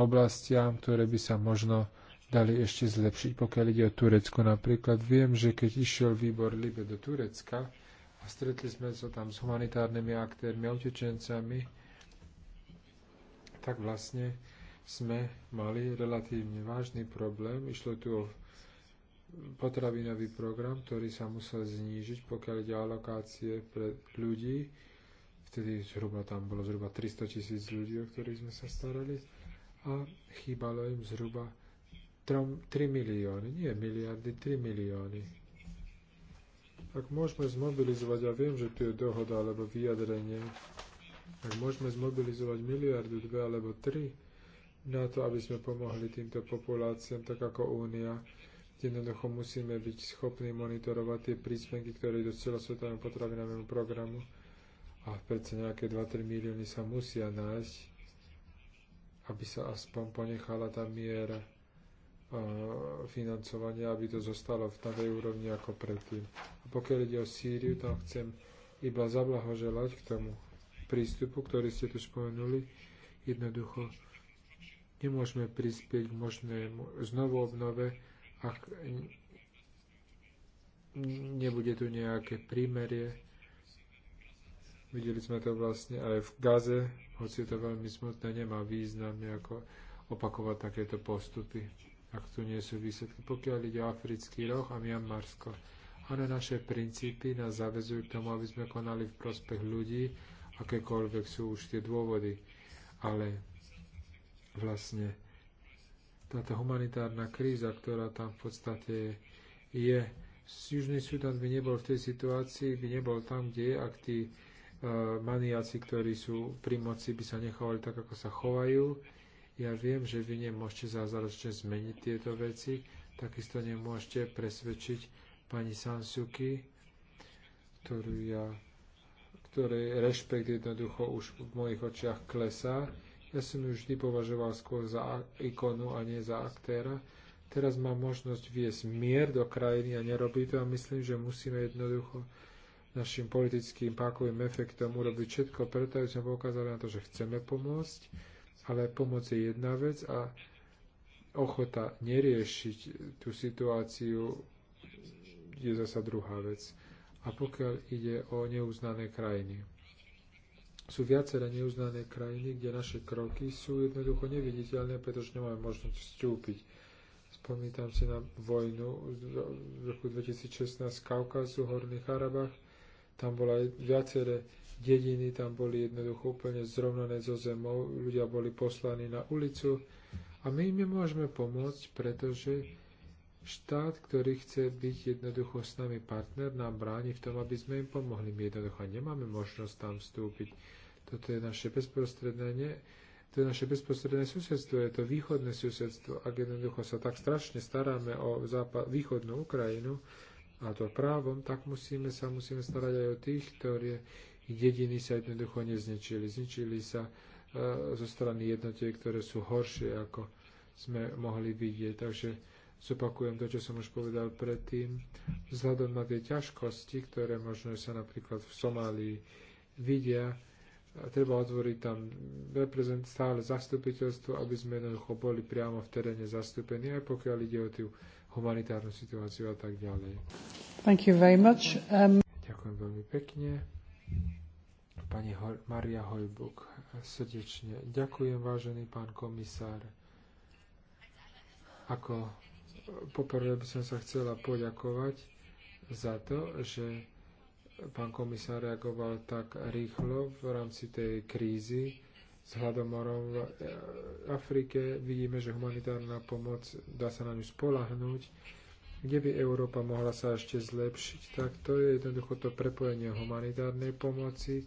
oblastiam, ktoré by sa možno dali ešte zlepšiť. Pokiaľ ide o Turecko napríklad, viem, že keď išiel výbor Libe do Turecka a stretli sme sa tam s humanitárnymi aktérmi a utečencami, tak vlastne sme mali relatívne vážny problém. Išlo tu o potravinový program, ktorý sa musel znížiť, pokiaľ ide o alokácie pre ľudí. Vtedy zhruba tam bolo zhruba 300 tisíc ľudí, o ktorých sme sa starali a chýbalo im zhruba 3, 3 milióny, nie miliardy, 3 milióny. Ak môžeme zmobilizovať, ja viem, že tu je dohoda alebo vyjadrenie, ak môžeme zmobilizovať miliardu, dve alebo tri na to, aby sme pomohli týmto populáciám, tak ako Únia, Jednoducho musíme byť schopní monitorovať tie prísmenky, ktoré idú z celosvetovému potravinovému programu a predsa nejaké 2-3 milióny sa musia nájsť, aby sa aspoň ponechala tá miera financovania, aby to zostalo v tej úrovni ako predtým. A pokiaľ ide o Sýriu, tam chcem iba zablahoželať k tomu prístupu, ktorý ste tu spomenuli. Jednoducho nemôžeme prispieť k možnému znovu obnove ak nebude tu nejaké prímerie. Videli sme to vlastne aj v Gaze, hoci je to veľmi smutné, nemá význam nejako opakovať takéto postupy, ak tu nie sú výsledky. Pokiaľ ide o africký roh a Mianmarsko, ale naše princípy nás zavezujú k tomu, aby sme konali v prospech ľudí, akékoľvek sú už tie dôvody. Ale vlastne táto humanitárna kríza, ktorá tam v podstate je. Južný Sudan by nebol v tej situácii, by nebol tam, kde je, ak tí uh, maniaci, ktorí sú pri moci, by sa nechovali tak, ako sa chovajú. Ja viem, že vy nemôžete zázračne zmeniť tieto veci, takisto nemôžete presvedčiť pani Sansuki, ktorú ja, ktorej rešpekt jednoducho už v mojich očiach klesá ja som ju vždy považoval skôr za ikonu a nie za aktéra. Teraz má možnosť viesť mier do krajiny a nerobí to a myslím, že musíme jednoducho našim politickým pákovým efektom urobiť všetko preto, aby sme poukázali na to, že chceme pomôcť, ale pomoc je jedna vec a ochota neriešiť tú situáciu je zasa druhá vec. A pokiaľ ide o neuznané krajiny sú viaceré neuznané krajiny, kde naše kroky sú jednoducho neviditeľné, pretože nemáme možnosť vstúpiť. Spomínam si na vojnu v roku 2016 v Kaukazu, Horných Karabach. Tam boli viaceré dediny, tam boli jednoducho úplne zrovnané so zemou, ľudia boli poslaní na ulicu a my im nemôžeme pomôcť, pretože štát, ktorý chce byť jednoducho s nami partner, nám bráni v tom, aby sme im pomohli. My jednoducho nemáme možnosť tam vstúpiť toto je naše bezprostredné, nie, to je naše bezprostredné susedstvo, je to východné susedstvo. Ak jednoducho sa tak strašne staráme o západ, východnú Ukrajinu, a to právom, tak musíme sa musíme starať aj o tých, ktoré dediny sa jednoducho nezničili. Zničili sa e, zo strany jednotiek, ktoré sú horšie, ako sme mohli vidieť. Takže zopakujem to, čo som už povedal predtým. Vzhľadom na tie ťažkosti, ktoré možno sa napríklad v Somálii vidia, treba otvoriť tam reprezent, stále zastupiteľstvo, aby sme jednoducho boli priamo v teréne zastúpení, aj pokiaľ ide o tú humanitárnu situáciu a tak ďalej. Thank you very much. Um... Ďakujem veľmi pekne. Pani Hor- Maria Hojbuk, srdečne ďakujem, vážený pán komisár. Ako poprvé by som sa chcela poďakovať za to, že pán komisár reagoval tak rýchlo v rámci tej krízy s hladomorom v e, Afrike. Vidíme, že humanitárna pomoc, dá sa na ňu spolahnúť. Kde by Európa mohla sa ešte zlepšiť, tak to je jednoducho to prepojenie humanitárnej pomoci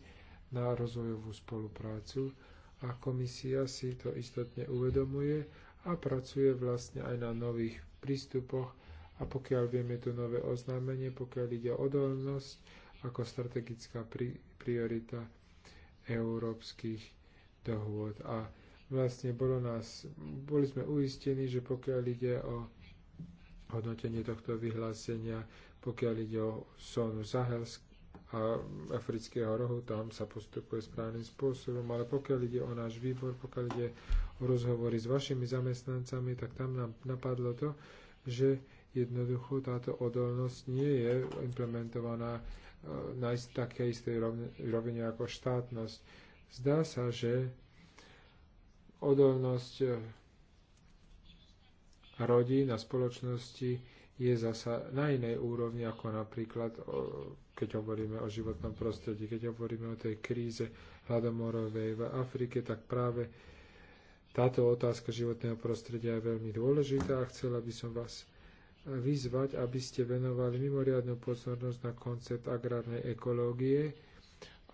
na rozvojovú spoluprácu a komisia si to istotne uvedomuje a pracuje vlastne aj na nových prístupoch a pokiaľ vieme to nové oznámenie, pokiaľ ide o odolnosť, ako strategická pri, priorita európskych dohôd. A vlastne bolo nás, boli sme uistení, že pokiaľ ide o hodnotenie tohto vyhlásenia, pokiaľ ide o zónu Sahelsk a Afrického rohu, tam sa postupuje správnym spôsobom, ale pokiaľ ide o náš výbor, pokiaľ ide o rozhovory s vašimi zamestnancami, tak tam nám napadlo to, že jednoducho táto odolnosť nie je implementovaná E, nájsť také isté rovine ako štátnosť. Zdá sa, že odolnosť e, rodín a spoločnosti je zasa na inej úrovni ako napríklad, keď hovoríme o životnom prostredí, keď hovoríme o tej kríze hladomorovej v Afrike, tak práve táto otázka životného prostredia je veľmi dôležitá a chcela by som vás vyzvať, aby ste venovali mimoriadnú pozornosť na koncept agrárnej ekológie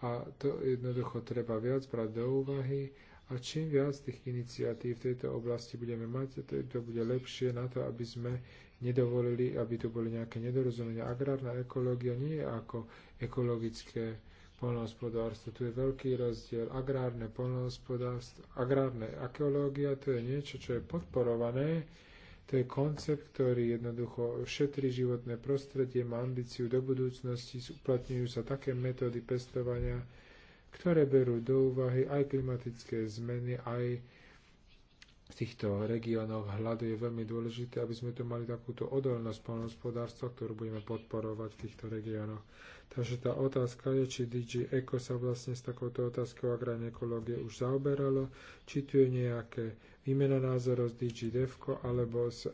a to jednoducho treba viac brať do úvahy a čím viac tých iniciatív v tejto oblasti budeme mať, to bude lepšie na to, aby sme nedovolili, aby tu boli nejaké nedorozumenia. Agrárna ekológia nie je ako ekologické polnohospodárstvo. Tu je veľký rozdiel. Agrárne polnohospodárstvo, agrárne ekológia, to je niečo, čo je podporované, to je koncept, ktorý jednoducho šetrí životné prostredie, má ambíciu do budúcnosti, uplatňujú sa také metódy pestovania, ktoré berú do úvahy aj klimatické zmeny, aj v týchto regiónoch hľadu je veľmi dôležité, aby sme tu mali takúto odolnosť poľnohospodárstva, ktorú budeme podporovať v týchto regiónoch. Takže tá otázka je, či DG Eco sa vlastne s takouto otázkou agrárnej ekológie už zaoberalo, či tu je nejaké výmena názorov s DG Devko alebo s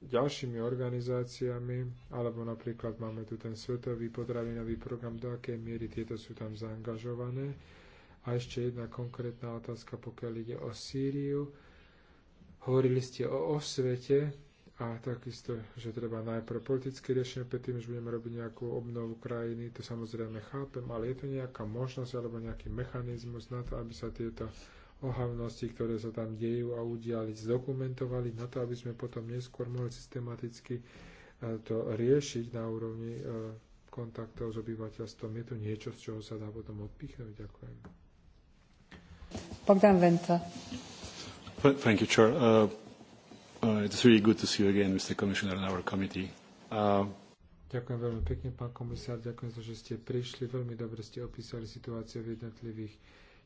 ďalšími organizáciami, alebo napríklad máme tu ten svetový potravinový program, do akej miery tieto sú tam zaangažované. A ešte jedna konkrétna otázka, pokiaľ ide o Sýriu. Hovorili ste o osvete, a takisto, že treba najprv politické riešenie, predtým, že budeme robiť nejakú obnovu krajiny, to samozrejme chápem, ale je to nejaká možnosť alebo nejaký mechanizmus na to, aby sa tieto ohavnosti, ktoré sa tam dejú a udiali, zdokumentovali na to, aby sme potom neskôr mohli systematicky e, to riešiť na úrovni e, kontaktov s obyvateľstvom. Je to niečo, z čoho sa dá potom odpichnúť? Ďakujem. Bogdan Venta. Thank you, Chair. Uh, Uh, it's really good to see you again, Mr. Commissioner, our committee. Uh, Ďakujem veľmi pekne, pán komisár. Ďakujem za, že ste prišli. Veľmi dobre ste opísali situáciu v jednotlivých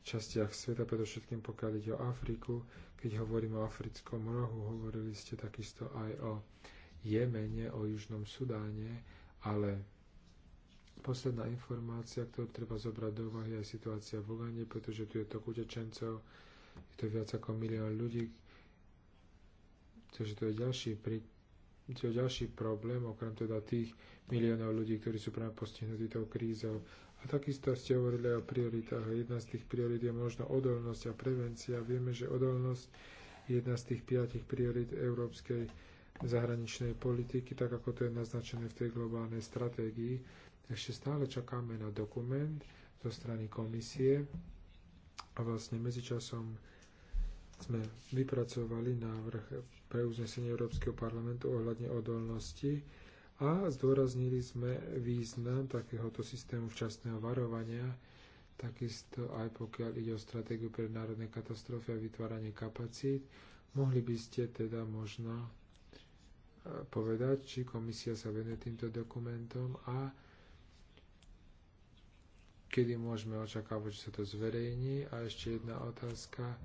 častiach sveta, predovšetkým pokiaľ ide o Afriku. Keď hovorím o africkom rohu, hovorili ste takisto aj o Jemene, o Južnom Sudáne, ale posledná informácia, ktorú treba zobrať do úvahy, je situácia v Ugande, pretože tu je to utečencov, je to viac ako milión ľudí, Takže to je ďalší, pri, to je ďalší problém, okrem teda tých miliónov ľudí, ktorí sú práve postihnutí tou krízou. A takisto ste hovorili o prioritách. Jedna z tých priorit je možno odolnosť a prevencia. Vieme, že odolnosť je jedna z tých piatich priorit európskej zahraničnej politiky, tak ako to je naznačené v tej globálnej stratégii. Ešte stále čakáme na dokument zo strany komisie a vlastne medzičasom sme vypracovali návrh pre uznesenie Európskeho parlamentu ohľadne odolnosti a zdôraznili sme význam takéhoto systému včasného varovania, takisto aj pokiaľ ide o stratégiu pre národné katastrofy a vytváranie kapacít. Mohli by ste teda možno e, povedať, či komisia sa venuje týmto dokumentom a kedy môžeme očakávať, že sa to zverejní. A ešte jedna otázka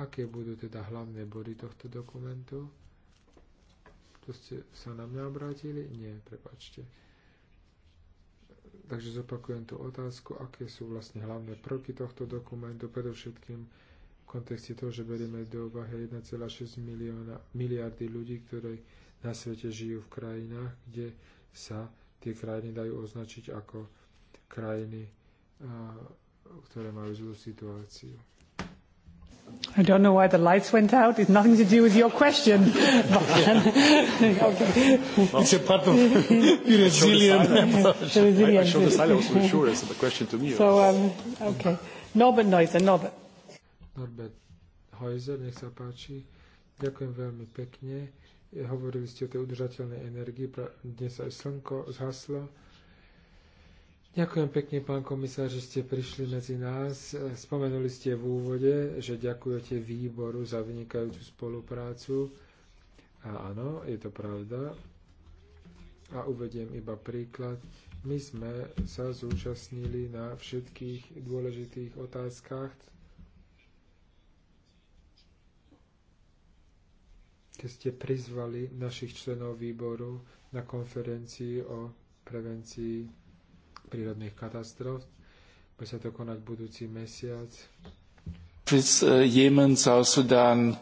aké budú teda hlavné body tohto dokumentu. To ste sa na mňa obrátili? Nie, prepačte. Takže zopakujem tú otázku, aké sú vlastne hlavné prvky tohto dokumentu, predovšetkým v kontexte toho, že berieme do úvahy 1,6 milióna, miliardy ľudí, ktorí na svete žijú v krajinách, kde sa tie krajiny dajú označiť ako krajiny, ktoré majú zlú situáciu. I don't know why the lights went out. It's nothing to do with your question. okay. It's a part of the resilience. I, I show the silence for sure. It's a question to me. So, um, okay. Norbert Neuser, Norbert. Norbert Heuser, nech sa páči. Ďakujem veľmi pekne. Hovorili ste o tej udržateľnej energii. Dnes aj slnko zhaslo Ďakujem pekne, pán komisár, že ste prišli medzi nás. Spomenuli ste v úvode, že ďakujete výboru za vynikajúcu spoluprácu. A áno, je to pravda. A uvediem iba príklad. My sme sa zúčastnili na všetkých dôležitých otázkach, keď ste prizvali našich členov výboru na konferencii o prevencii prírodných katastrof. Bude sa to konať budúci mesiac. It's uh, Yemen, South Sudan,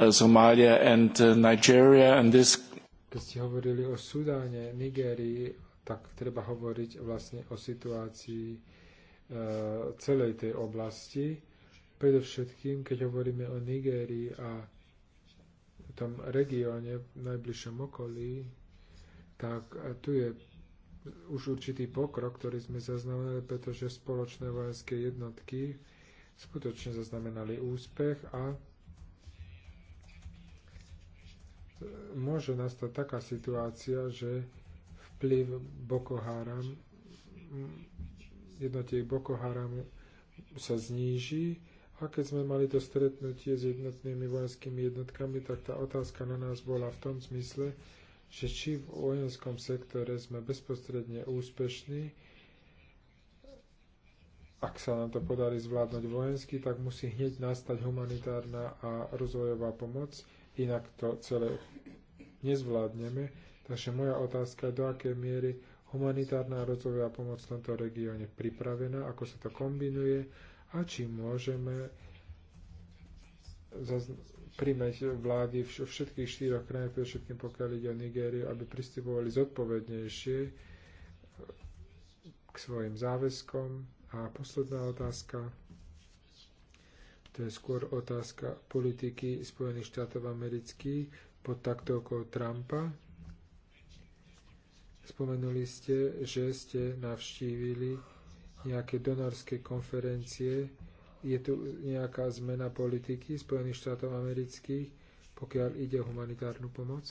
uh, Somalia and uh, Nigeria and this... Keď ste hovorili o Sudáne, Nigérii, tak treba hovoriť vlastne o situácii uh, celej tej oblasti. Predovšetkým, keď hovoríme o Nigérii a tom regióne, v najbližšom okolí, tak uh, tu je už určitý pokrok, ktorý sme zaznamenali, pretože spoločné vojenské jednotky skutočne zaznamenali úspech a môže nastať taká situácia, že vplyv Boko Haram, jednotiek Boko Haram sa zníži a keď sme mali to stretnutie s jednotnými vojenskými jednotkami, tak tá otázka na nás bola v tom zmysle, že či v vojenskom sektore sme bezprostredne úspešní, ak sa nám to podarí zvládnuť vojensky, tak musí hneď nastať humanitárna a rozvojová pomoc, inak to celé nezvládneme. Takže moja otázka je, do akej miery humanitárna a rozvojová pomoc v tomto regióne pripravená, ako sa to kombinuje a či môžeme primeť vlády všetkých štyroch krajín, predovšetkým pokiaľ ide o Nigériu, aby pristupovali zodpovednejšie k svojim záväzkom. A posledná otázka, to je skôr otázka politiky Spojených štátov amerických pod taktovkou Trumpa. Spomenuli ste, že ste navštívili nejaké donorské konferencie je tu nejaká zmena politiky Spojených štátov amerických, pokiaľ ide o humanitárnu pomoc?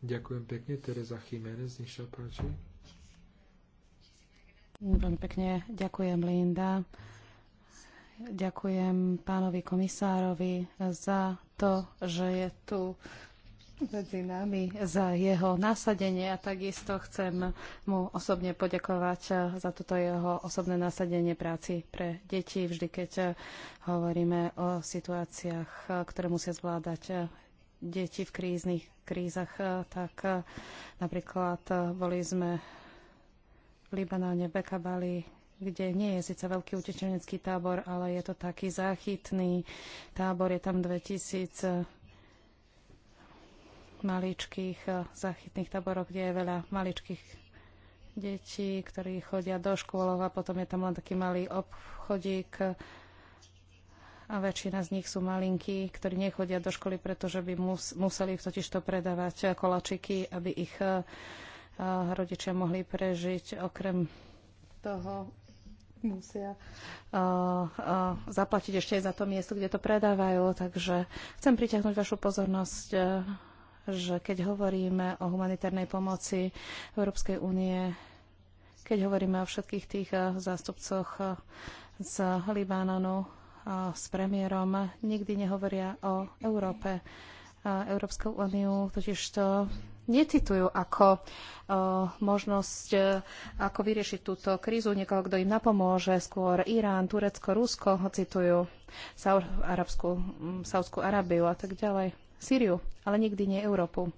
Ďakujem pekne. Teresa Jiménez, nech sa páči. Veľmi pekne ďakujem, Linda. Ďakujem pánovi komisárovi za to, že je tu medzi nami za jeho nasadenie a takisto chcem mu osobne poďakovať eh, za toto jeho osobné nasadenie práci pre deti, vždy keď eh, hovoríme o situáciách, eh, ktoré musia zvládať deti v kríznych krízach, tak napríklad boli sme v Libanáne Bekabali, kde nie je síce veľký utečenecký tábor, ale je to taký záchytný tábor, je tam 2000 maličkých eh, záchytných táborov, kde je veľa maličkých detí, ktorí chodia do škôlov a potom je tam len taký malý obchodík eh, a väčšina z nich sú malinkí, ktorí nechodia do školy, pretože by museli totižto predávať eh, kolačiky, aby ich rodičia mohli prežiť. Okrem toho musia uh, zaplatiť ešte aj za to miesto, kde to predávajú. Takže chcem priťahnuť vašu pozornosť že keď hovoríme o humanitárnej pomoci Európskej únie, keď hovoríme o všetkých tých eh, zástupcoch eh, z Libanonu, eh, s premiérom, nikdy nehovoria o Európe. Európskou úniu totiž to netitujú ako možnosť, ako vyriešiť túto krízu, niekoho, kto im napomôže, skôr Irán, Turecko, Rusko, ho citujú Saúdskú hm, Arabiu a tak ďalej. Syriu, ale nikdy nie Európu.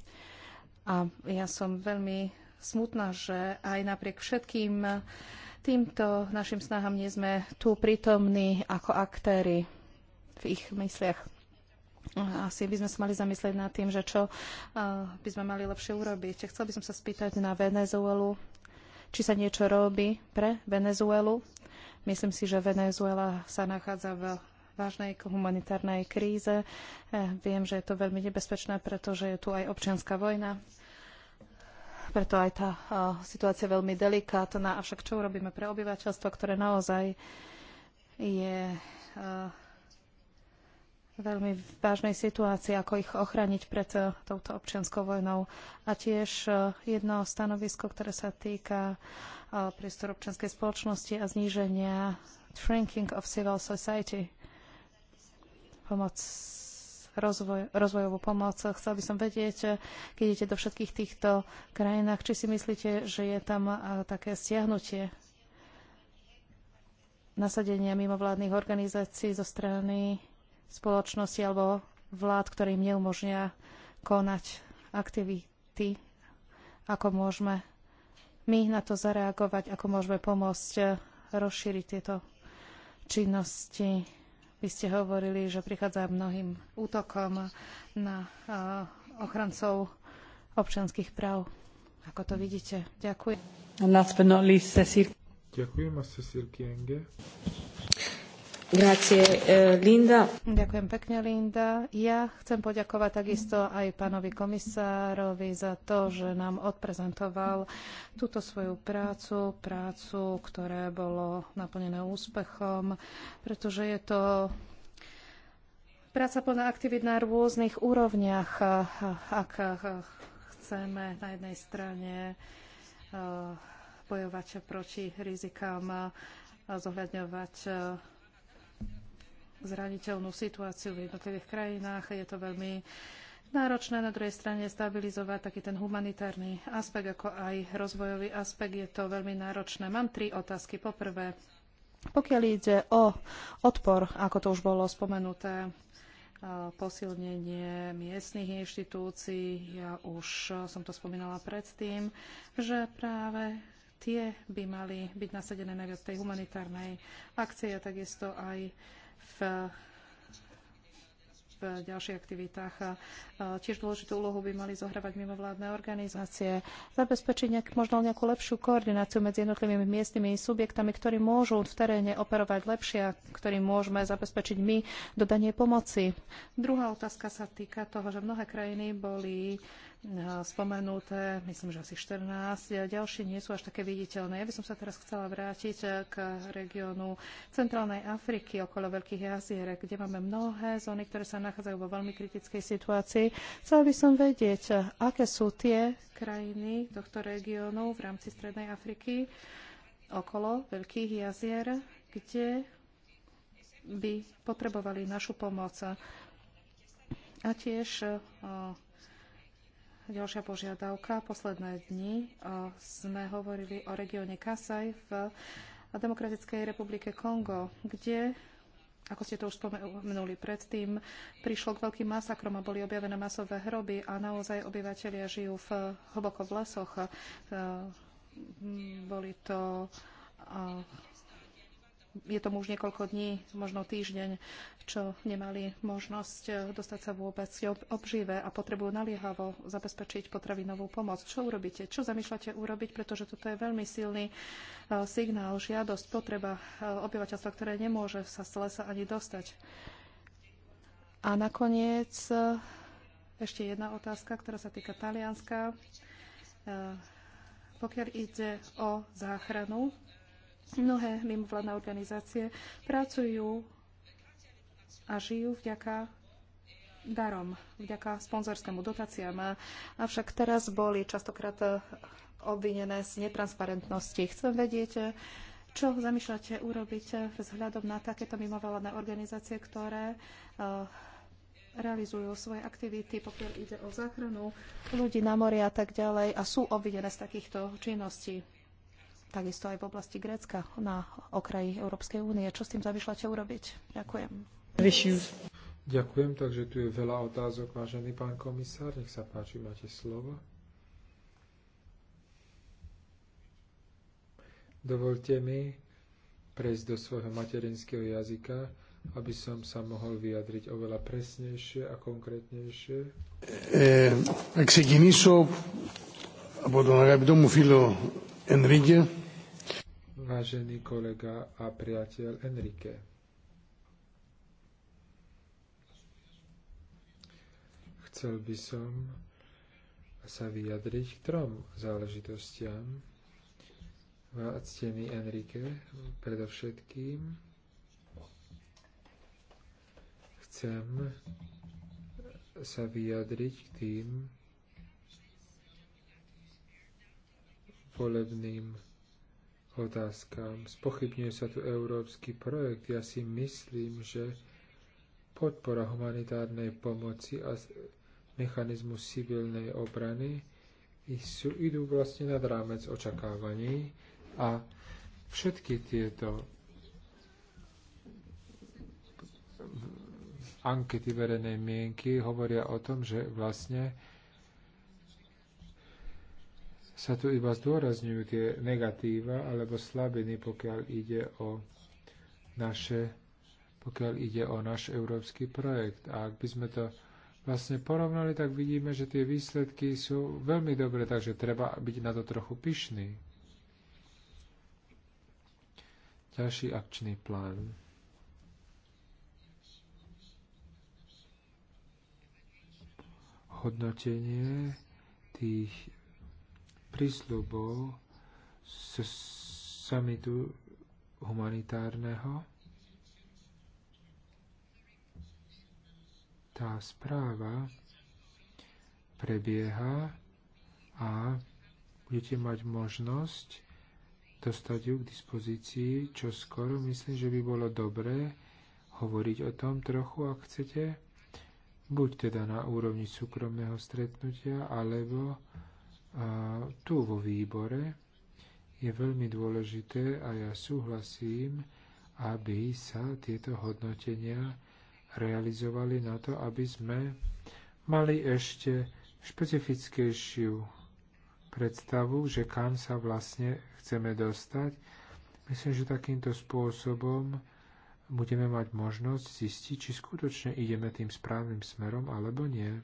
A ja som veľmi smutná, že aj napriek všetkým týmto našim snahám nie sme tu prítomní ako aktéry v ich mysliach. Asi by sme sa mali zamyslieť nad tým, že čo eh, by sme mali lepšie urobiť. Chcel by som sa spýtať na Venezuelu, či sa niečo robí pre Venezuelu. Myslím si, že Venezuela sa nachádza v vážnej humanitárnej kríze. Eh, viem, že je to veľmi nebezpečné, pretože je tu aj občianská vojna. Preto aj tá eh, situácia je veľmi delikátna. Avšak čo urobíme pre obyvateľstvo, ktoré naozaj je eh, veľmi vážnej situácii, ako ich ochrániť pred touto občianskou vojnou. A tiež jedno stanovisko, ktoré sa týka priestoru občianskej spoločnosti a zníženia shrinking of civil society pomoc rozvoj, rozvojovú pomoc. Chcel by som vedieť, keď idete do všetkých týchto krajinách, či si myslíte, že je tam také stiahnutie nasadenia mimovládnych organizácií zo strany spoločnosti alebo vlád, ktorým im neumožnia konať aktivity, ako môžeme my na to zareagovať, ako môžeme pomôcť eh, rozšíriť tieto činnosti vy ste hovorili, že prichádza mnohým útokom na ochrancov občanských práv. Ako to vidíte? Ďakujem. Ďakujem Ďakujem, Cecil Kienge. Grazie, eh, Linda. Ďakujem pekne, Linda. Ja chcem poďakovať takisto aj pánovi komisárovi za to, že nám odprezentoval túto svoju prácu, prácu, ktoré bolo naplnené úspechom, pretože je to práca plná aktivít na rôznych úrovniach, ak chceme na jednej strane e, bojovať proti rizikám, a zohľadňovať e, zraniteľnú situáciu v jednotlivých krajinách. Je to veľmi náročné na druhej strane stabilizovať taký ten humanitárny aspekt, ako aj rozvojový aspekt. Je to veľmi náročné. Mám tri otázky. Poprvé, pokiaľ ide o odpor, ako to už bolo spomenuté, posilnenie miestnych inštitúcií. Ja už som to spomínala predtým, že práve tie by mali byť nasadené najviac tej humanitárnej akcie a takisto aj v v ďalších aktivitách. a Tiež dôležitú úlohu by mali zohrávať mimovládne organizácie, zabezpečiť nejak, možno nejakú lepšiu koordináciu medzi jednotlivými miestnymi subjektami, ktorí môžu v teréne operovať lepšie a ktorým môžeme zabezpečiť my dodanie pomoci. Druhá otázka sa týka toho, že mnohé krajiny boli Eh, spomenuté, myslím, že asi 14. Eh, ďalšie nie sú až také viditeľné. Ja by som sa teraz chcela vrátiť eh, k regiónu Centrálnej Afriky okolo Veľkých jazierek, kde máme mnohé zóny, ktoré sa nachádzajú vo veľmi kritickej situácii. Chcela by som vedieť, aké sú tie krajiny tohto regiónu v rámci Strednej Afriky okolo Veľkých jazier, kde by potrebovali našu pomoc. A tiež Ďalšia požiadavka. Posledné dni e, sme hovorili o regióne Kasaj v Demokratickej republike Kongo, kde ako ste to už spomenuli predtým, prišlo k veľkým masakrom a boli objavené masové hroby a naozaj obyvateľia žijú v, hlboko v lesoch. E, boli to je tomu už niekoľko dní, možno týždeň, čo nemali možnosť eh, dostať sa vôbec obžive a potrebujú naliehavo zabezpečiť potravinovú pomoc. Čo urobíte? Čo zamýšľate urobiť? Pretože toto je veľmi silný eh, signál, žiadosť, potreba eh, obyvateľstva, ktoré nemôže sa z lesa ani dostať. A nakoniec ešte jedna otázka, ktorá sa týka Talianska. Pokiaľ ide o záchranu Mnohé mimovládne organizácie pracujú a žijú vďaka darom, vďaka sponzorskému dotáciám. Avšak teraz boli častokrát obvinené z netransparentnosti. Chcem vedieť, čo zamýšľate urobiť vzhľadom na takéto mimovládne organizácie, ktoré eh, realizujú svoje aktivity, pokiaľ ide o záchranu ľudí na mori a tak ďalej a sú obvinené z takýchto činností takisto aj v oblasti Grécka na okraji Európskej únie. Čo s tým zamýšľate urobiť? Ďakujem. Ďakujem, takže tu je veľa otázok, vážený pán komisár. Nech sa páči, máte slovo. Dovolte mi prejsť do svojho materinského jazyka, aby som sa mohol vyjadriť oveľa presnejšie a konkrétnejšie. E, ak ξεκινήσω από τον αγαπητό domu filo Enrique, vážený kolega a priateľ Enrique. Chcel by som sa vyjadriť k trom záležitostiam. Váctený Enrique, predovšetkým chcem sa vyjadriť k tým volebným otázkam. Spochybňuje sa tu európsky projekt. Ja si myslím, že podpora humanitárnej pomoci a mechanizmu civilnej obrany sú, idú vlastne nad rámec očakávaní a všetky tieto ankety verejnej mienky hovoria o tom, že vlastne sa tu iba zdôrazňujú tie negatíva alebo slabiny, pokiaľ ide o naše, pokiaľ ide o náš európsky projekt. A ak by sme to vlastne porovnali, tak vidíme, že tie výsledky sú veľmi dobré, takže treba byť na to trochu pyšný. Ďalší akčný plán. Hodnotenie tých prísľubov z samitu humanitárneho. Tá správa prebieha a budete mať možnosť dostať ju k dispozícii, čo skoro myslím, že by bolo dobré hovoriť o tom trochu, ak chcete, buď teda na úrovni súkromného stretnutia, alebo a tu vo výbore je veľmi dôležité a ja súhlasím, aby sa tieto hodnotenia realizovali na to, aby sme mali ešte špecifickejšiu predstavu, že kam sa vlastne chceme dostať. Myslím, že takýmto spôsobom budeme mať možnosť zistiť, či skutočne ideme tým správnym smerom alebo nie.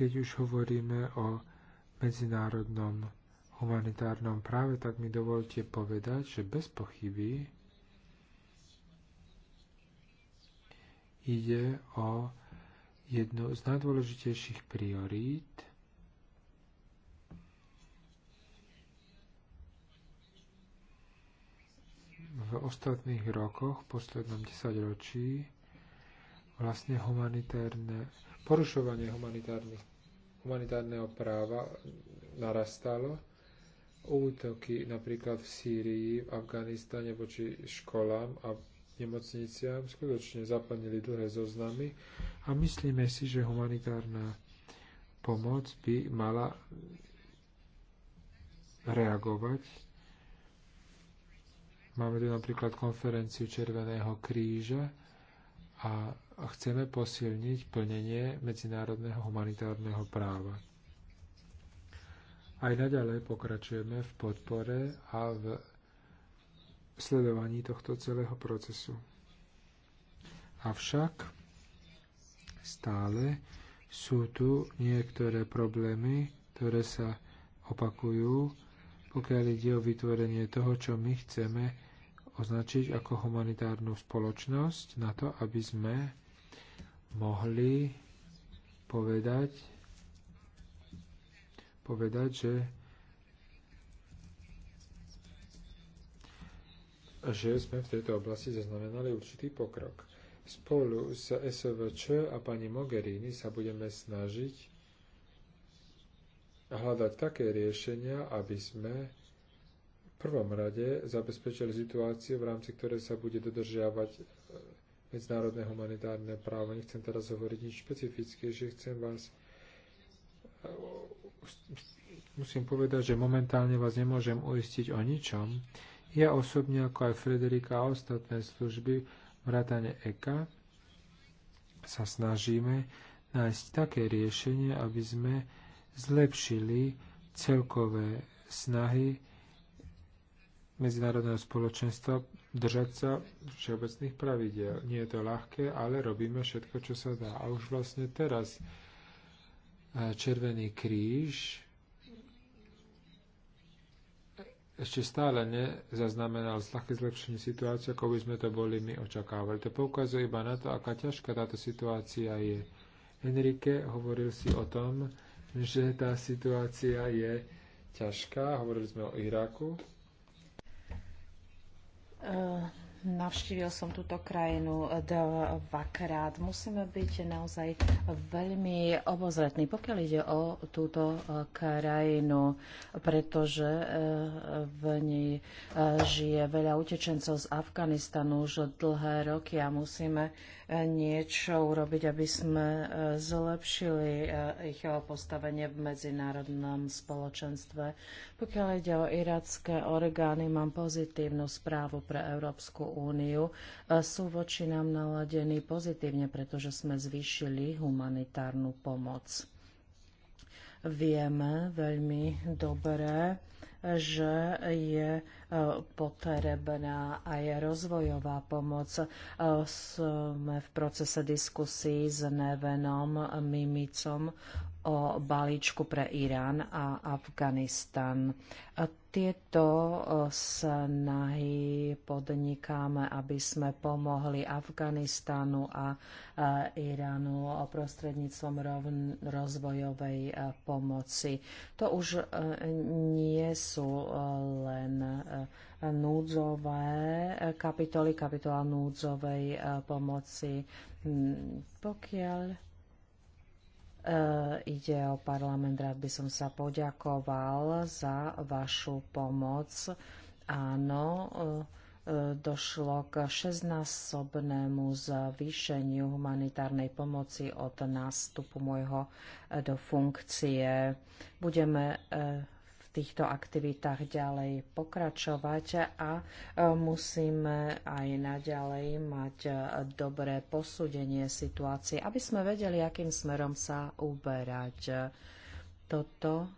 Keď už hovoríme o medzinárodnom humanitárnom práve, tak mi dovolte povedať, že bez pochyby ide o jednu z najdôležitejších priorít v ostatných rokoch, v poslednom desaťročí, vlastne humanitárne, porušovanie humanitárnych humanitárneho práva narastalo. Útoky napríklad v Sýrii, v Afganistane voči školám a nemocniciam skutočne zaplnili dlhé zoznamy a myslíme si, že humanitárna pomoc by mala reagovať. Máme tu napríklad konferenciu Červeného kríža a a chceme posilniť plnenie medzinárodného humanitárneho práva. Aj naďalej pokračujeme v podpore a v sledovaní tohto celého procesu. Avšak stále sú tu niektoré problémy, ktoré sa opakujú, pokiaľ ide o vytvorenie toho, čo my chceme označiť ako humanitárnu spoločnosť na to, aby sme mohli povedať, povedať, že že sme v tejto oblasti zaznamenali určitý pokrok. Spolu s SVČ a pani Mogherini sa budeme snažiť hľadať také riešenia, aby sme v prvom rade zabezpečili situáciu, v rámci ktorej sa bude dodržiavať medzinárodné humanitárne právo. Nechcem teraz hovoriť nič špecifické, že chcem vás musím povedať, že momentálne vás nemôžem uistiť o ničom. Ja osobne, ako aj Frederika a ostatné služby, vrátane EKA, sa snažíme nájsť také riešenie, aby sme zlepšili celkové snahy medzinárodného spoločenstva držať sa všeobecných pravidel. Nie je to ľahké, ale robíme všetko, čo sa dá. A už vlastne teraz e, Červený kríž ešte stále nezaznamenal také zlepšenie situácie, ako by sme to boli my očakávali. To poukazuje iba na to, aká ťažká táto situácia je. Enrique hovoril si o tom, že tá situácia je ťažká. Hovorili sme o Iraku, Eh, navštívil som túto krajinu dvakrát. Musíme byť naozaj veľmi obozretní, pokiaľ ide o túto eh, krajinu, pretože eh, v nej žije veľa utečencov z Afganistanu už dlhé roky a musíme niečo urobiť, aby sme e, zlepšili e, ich postavenie v medzinárodnom spoločenstve. Pokiaľ ide o iracké orgány, mám pozitívnu správu pre Európsku úniu. E, sú voči nám naladení pozitívne, pretože sme zvýšili humanitárnu pomoc. Vieme veľmi dobre, že je e, potrebná aj rozvojová pomoc. E, sme v procese diskusí s Nevenom Mimicom o balíčku pre Irán a Afganistan. Tieto e, snahy podnikáme, aby sme pomohli Afganistanu a e, Iránu prostredníctvom rozvojovej e, pomoci. To už nie sú len núdzové kapitoly, kapitola núdzovej pomoci. Hm, pokiaľ Eh, ide o parlament, rád by som sa poďakoval za vašu pomoc. Áno, eh, eh, došlo k 16-sobnému zvýšeniu humanitárnej pomoci od nástupu môjho do funkcie. Budeme týchto aktivitách ďalej pokračovať a e, musíme aj naďalej mať e, dobré posúdenie situácie, aby sme vedeli, akým smerom sa uberať. Toto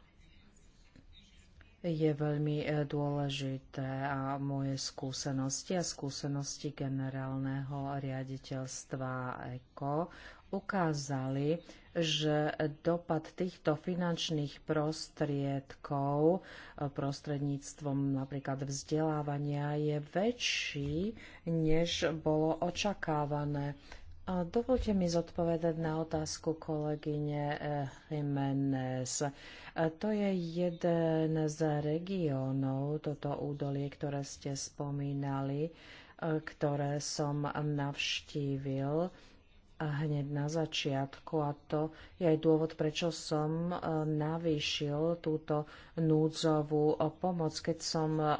je veľmi e, dôležité a moje skúsenosti a skúsenosti generálneho riaditeľstva ECO ukázali, že dopad týchto finančných prostriedkov e, prostredníctvom napríklad vzdelávania je väčší, než bolo očakávané. A dovolte mi zodpovedať na otázku kolegyne e, Jiménez. E, to je jeden z regiónov, toto údolie, ktoré ste spomínali, ktoré som navštívil hneď na začiatku a to je aj dôvod, prečo som e, navýšil túto núdzovú e, pomoc. Keď som e,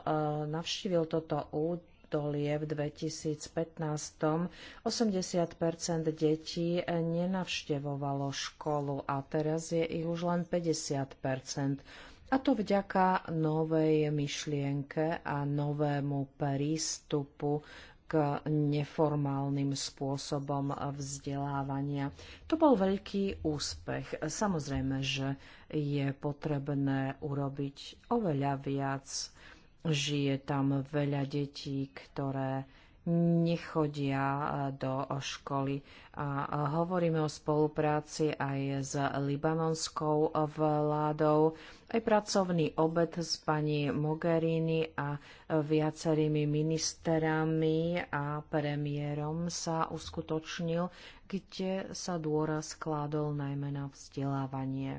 navštívil toto údolie v 2015 80 detí nenavštevovalo školu a teraz je ich už len 50 a to vďaka novej myšlienke a novému prístupu k neformálnym spôsobom vzdelávania. To bol veľký úspech. Samozrejme, že je potrebné urobiť oveľa viac. Žije tam veľa detí, ktoré nechodia e, do školy. A e, hovoríme o spolupráci aj s libanonskou vládou, aj pracovný obed s pani Mogherini a viacerými ministerami a premiérom sa uskutočnil, kde sa dôraz kládol najmä na vzdelávanie.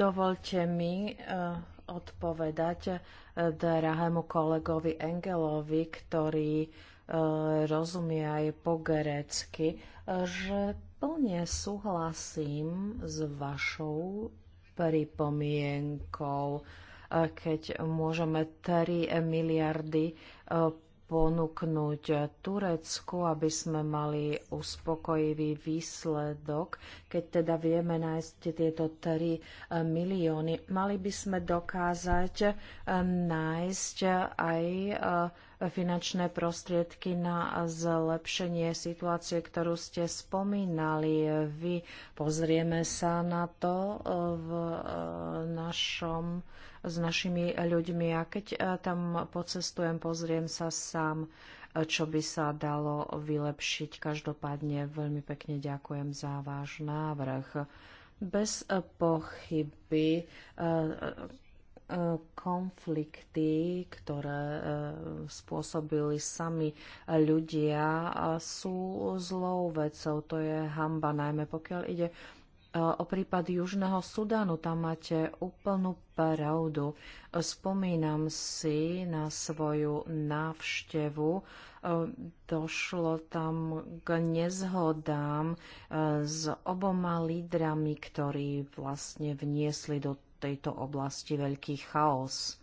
Dovolte mi eh, odpovedať eh, drahému kolegovi Engelovi, ktorý eh, rozumie aj po grécky, že plne súhlasím s vašou pripomienkou, keď môžeme 3 miliardy ponúknuť Turecku, aby sme mali uspokojivý výsledok, keď teda vieme nájsť tieto 3 eh, milióny. Mali by sme dokázať eh, nájsť aj eh, finančné prostriedky na zlepšenie situácie, ktorú ste spomínali. Vy pozrieme sa na to e, v e, našom, s našimi ľuďmi a keď e, tam pocestujem, pozriem sa sám, čo by sa dalo vylepšiť. Každopádne veľmi pekne ďakujem za váš návrh. Bez pochyby konflikty, ktoré e, spôsobili sami ľudia, sú zlou vecou. To je hamba, najmä pokiaľ ide e, o prípad Južného Sudánu. Tam máte úplnú pravdu. Spomínam si na svoju návštevu. E, došlo tam k nezhodám s oboma lídrami, ktorí vlastne vniesli do tejto oblasti veľký chaos.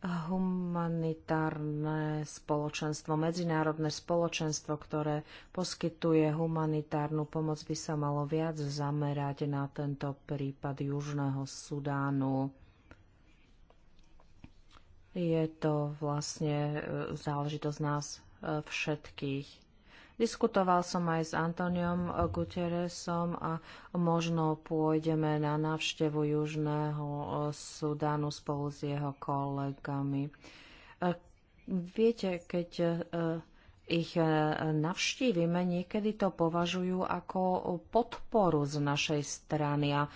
Humanitárne spoločenstvo, medzinárodné spoločenstvo, ktoré poskytuje humanitárnu pomoc, by sa malo viac zamerať na tento prípad Južného Sudánu. Je to vlastne e, záležitosť nás e, všetkých Diskutoval som aj s Antoniom Guterresom a možno pôjdeme na návštevu Južného eh, Sudánu spolu s jeho kolegami. Eh, viete, keď eh, ich navštívime, niekedy to považujú ako podporu z našej strany a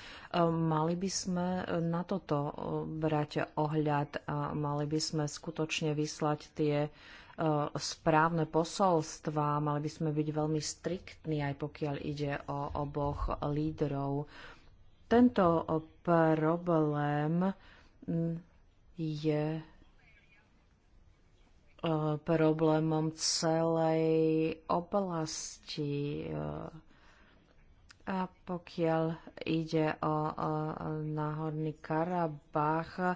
mali by sme na toto brať ohľad a mali by sme skutočne vyslať tie E, správne posolstva. Mali by sme byť veľmi striktní, aj pokiaľ ide o oboch lídrov. Tento problém je e, problémom celej oblasti e, a pokiaľ ide o, o náhodný Karabach, e,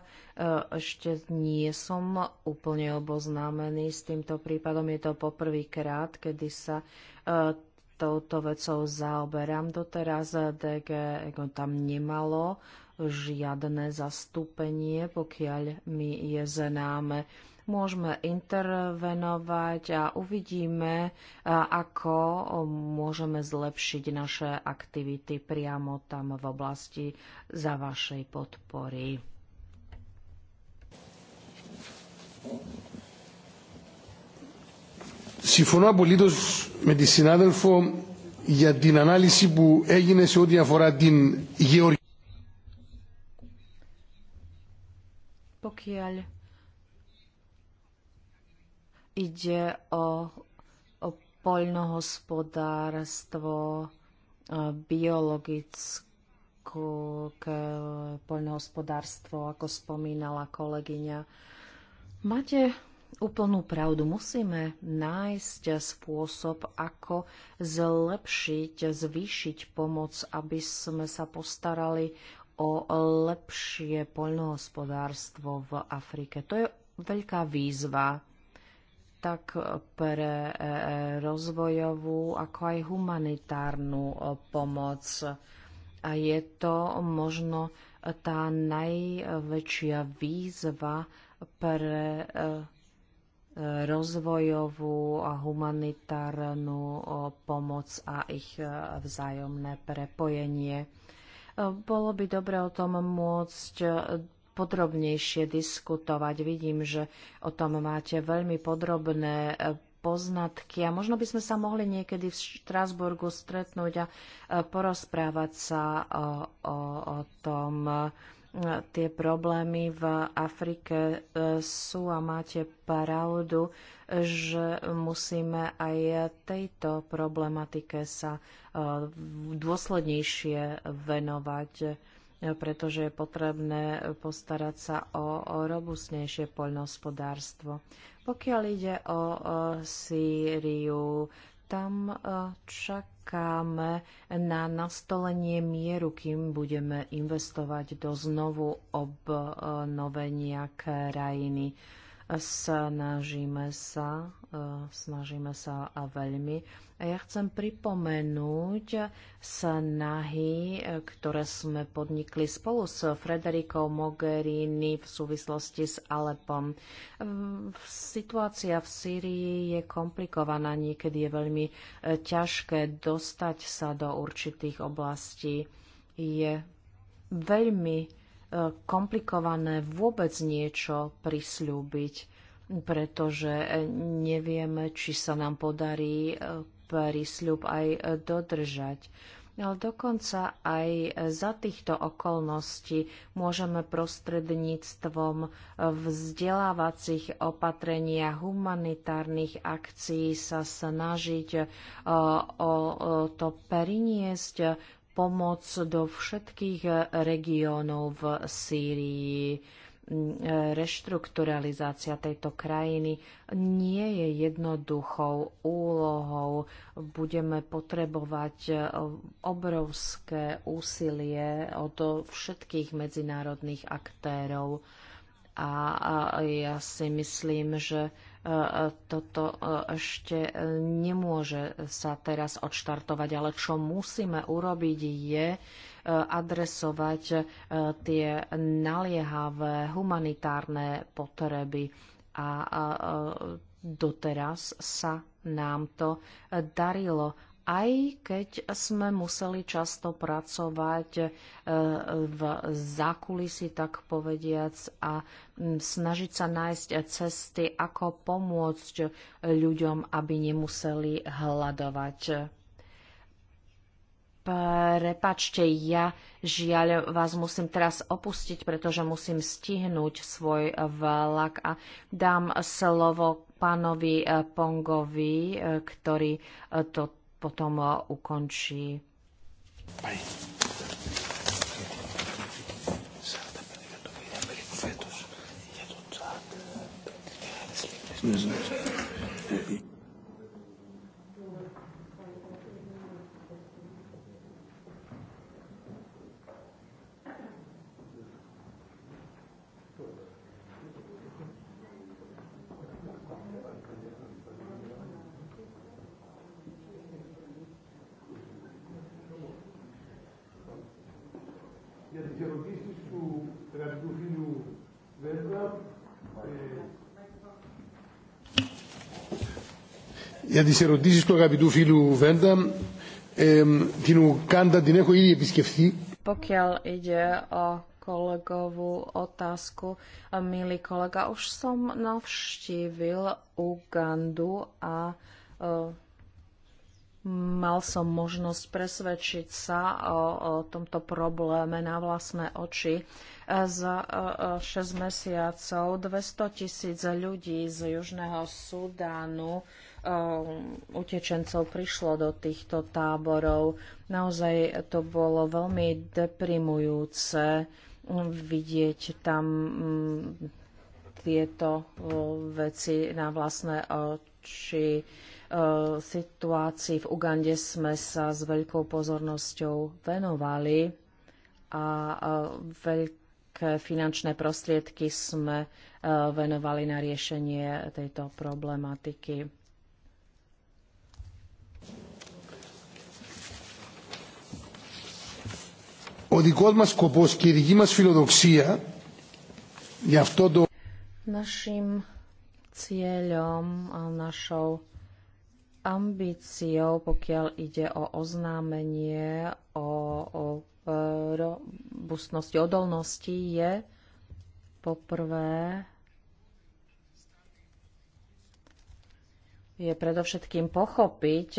ešte nie som úplne oboznámený s týmto prípadom. Je to poprvýkrát, kedy sa e, touto vecou zaoberám. Doteraz DG tam nemalo žiadne zastúpenie, pokiaľ mi je známe môžeme intervenovať a uvidíme, ako môžeme zlepšiť naše aktivity priamo tam v oblasti za vašej podpory. Συμφωνώ απολύτως με τη συνάδελφο για την ανάλυση που έγινε σε ό,τι αφορά την γεωργία ide o, o poľnohospodárstvo, e, biologickú poľnohospodárstvo, ako spomínala kolegyňa. Máte úplnú pravdu. Musíme nájsť spôsob, ako zlepšiť, zvýšiť pomoc, aby sme sa postarali o lepšie poľnohospodárstvo v Afrike. To je veľká výzva tak pre e, rozvojovú, ako aj humanitárnu e, pomoc. A je to možno tá najväčšia výzva pre e, rozvojovú a humanitárnu pomoc a ich vzájomné prepojenie. Bolo by dobre o tom môcť podrobnejšie diskutovať. Vidím, že o tom máte veľmi podrobné e, poznatky a možno by sme sa mohli niekedy v Štrásburgu stretnúť a e, porozprávať sa o, e, o, o tom. Tie problémy v Afrike sú a máte pravdu, že musíme aj tejto problematike sa dôslednejšie venovať pretože je potrebné eh, postarať sa o robustnejšie poľnohospodárstvo. Pokiaľ ide o eh, Sýriu, tam eh, čakáme na nastolenie mieru, kým budeme investovať do znovu obnovenia krajiny. Snažíme sa, e, snažíme sa a veľmi. A ja chcem pripomenúť snahy, e, ktoré sme podnikli spolu s Frederikou Mogherini v súvislosti s Alepom. E, situácia v Sýrii je komplikovaná, niekedy je veľmi ťažké dostať sa do určitých oblastí. Je veľmi komplikované vôbec niečo prisľúbiť, pretože nevieme, či sa nám podarí e, prísľub aj dodržať. Ale dokonca aj za týchto okolností môžeme prostredníctvom vzdelávacích opatrení a humanitárnych akcií sa snažiť e, o to priniesť pomoc do všetkých regiónov v Sýrii. Reštrukturalizácia tejto krajiny nie je jednoduchou úlohou. Budeme potrebovať obrovské úsilie od všetkých medzinárodných aktérov. A ja si myslím, že toto e, ešte e, nemôže sa teraz odštartovať, ale čo musíme urobiť je e, adresovať tie naliehavé humanitárne potreby a doteraz sa nám to darilo aj keď sme museli často pracovať e, v zákulisi, tak povediac, a snažiť sa nájsť cesty, ako pomôcť ľuďom, aby nemuseli hľadovať. Prepačte, ja žiaľ vás musím teraz opustiť, pretože musím stihnúť svoj vlak a dám slovo pánovi e, Pongovi, e, ktorý to potom eh, ukončí. Aj. για τις ερωτήσεις του αγαπητού φίλου Βέντα. Ε, την Ουκάντα την έχω ήδη επισκεφθεί. Pokiaľ ide o kolegovú otázku, milý kolega, už som navštívil Ugandu a uh, mal som možnosť presvedčiť sa o, o tomto probléme na vlastné oči e, za 6 e, e, mesiacov 200 tisíc ľudí z Južného Sudánu Um, utečencov prišlo do týchto táborov. Naozaj to bolo veľmi deprimujúce vidieť tam mm, tieto veci na vlastné oči. Situácii v Ugande sme sa s veľkou pozornosťou venovali a veľké finančné prostriedky sme venovali na riešenie tejto problematiky. Ο δικός μας σκοπός και η δική μας φιλοδοξία για αυτό το... Našim cieľom a našou ambíciou, pokiaľ ide o oznámenie o, o robustnosti, odolnosti, je poprvé je predovšetkým pochopiť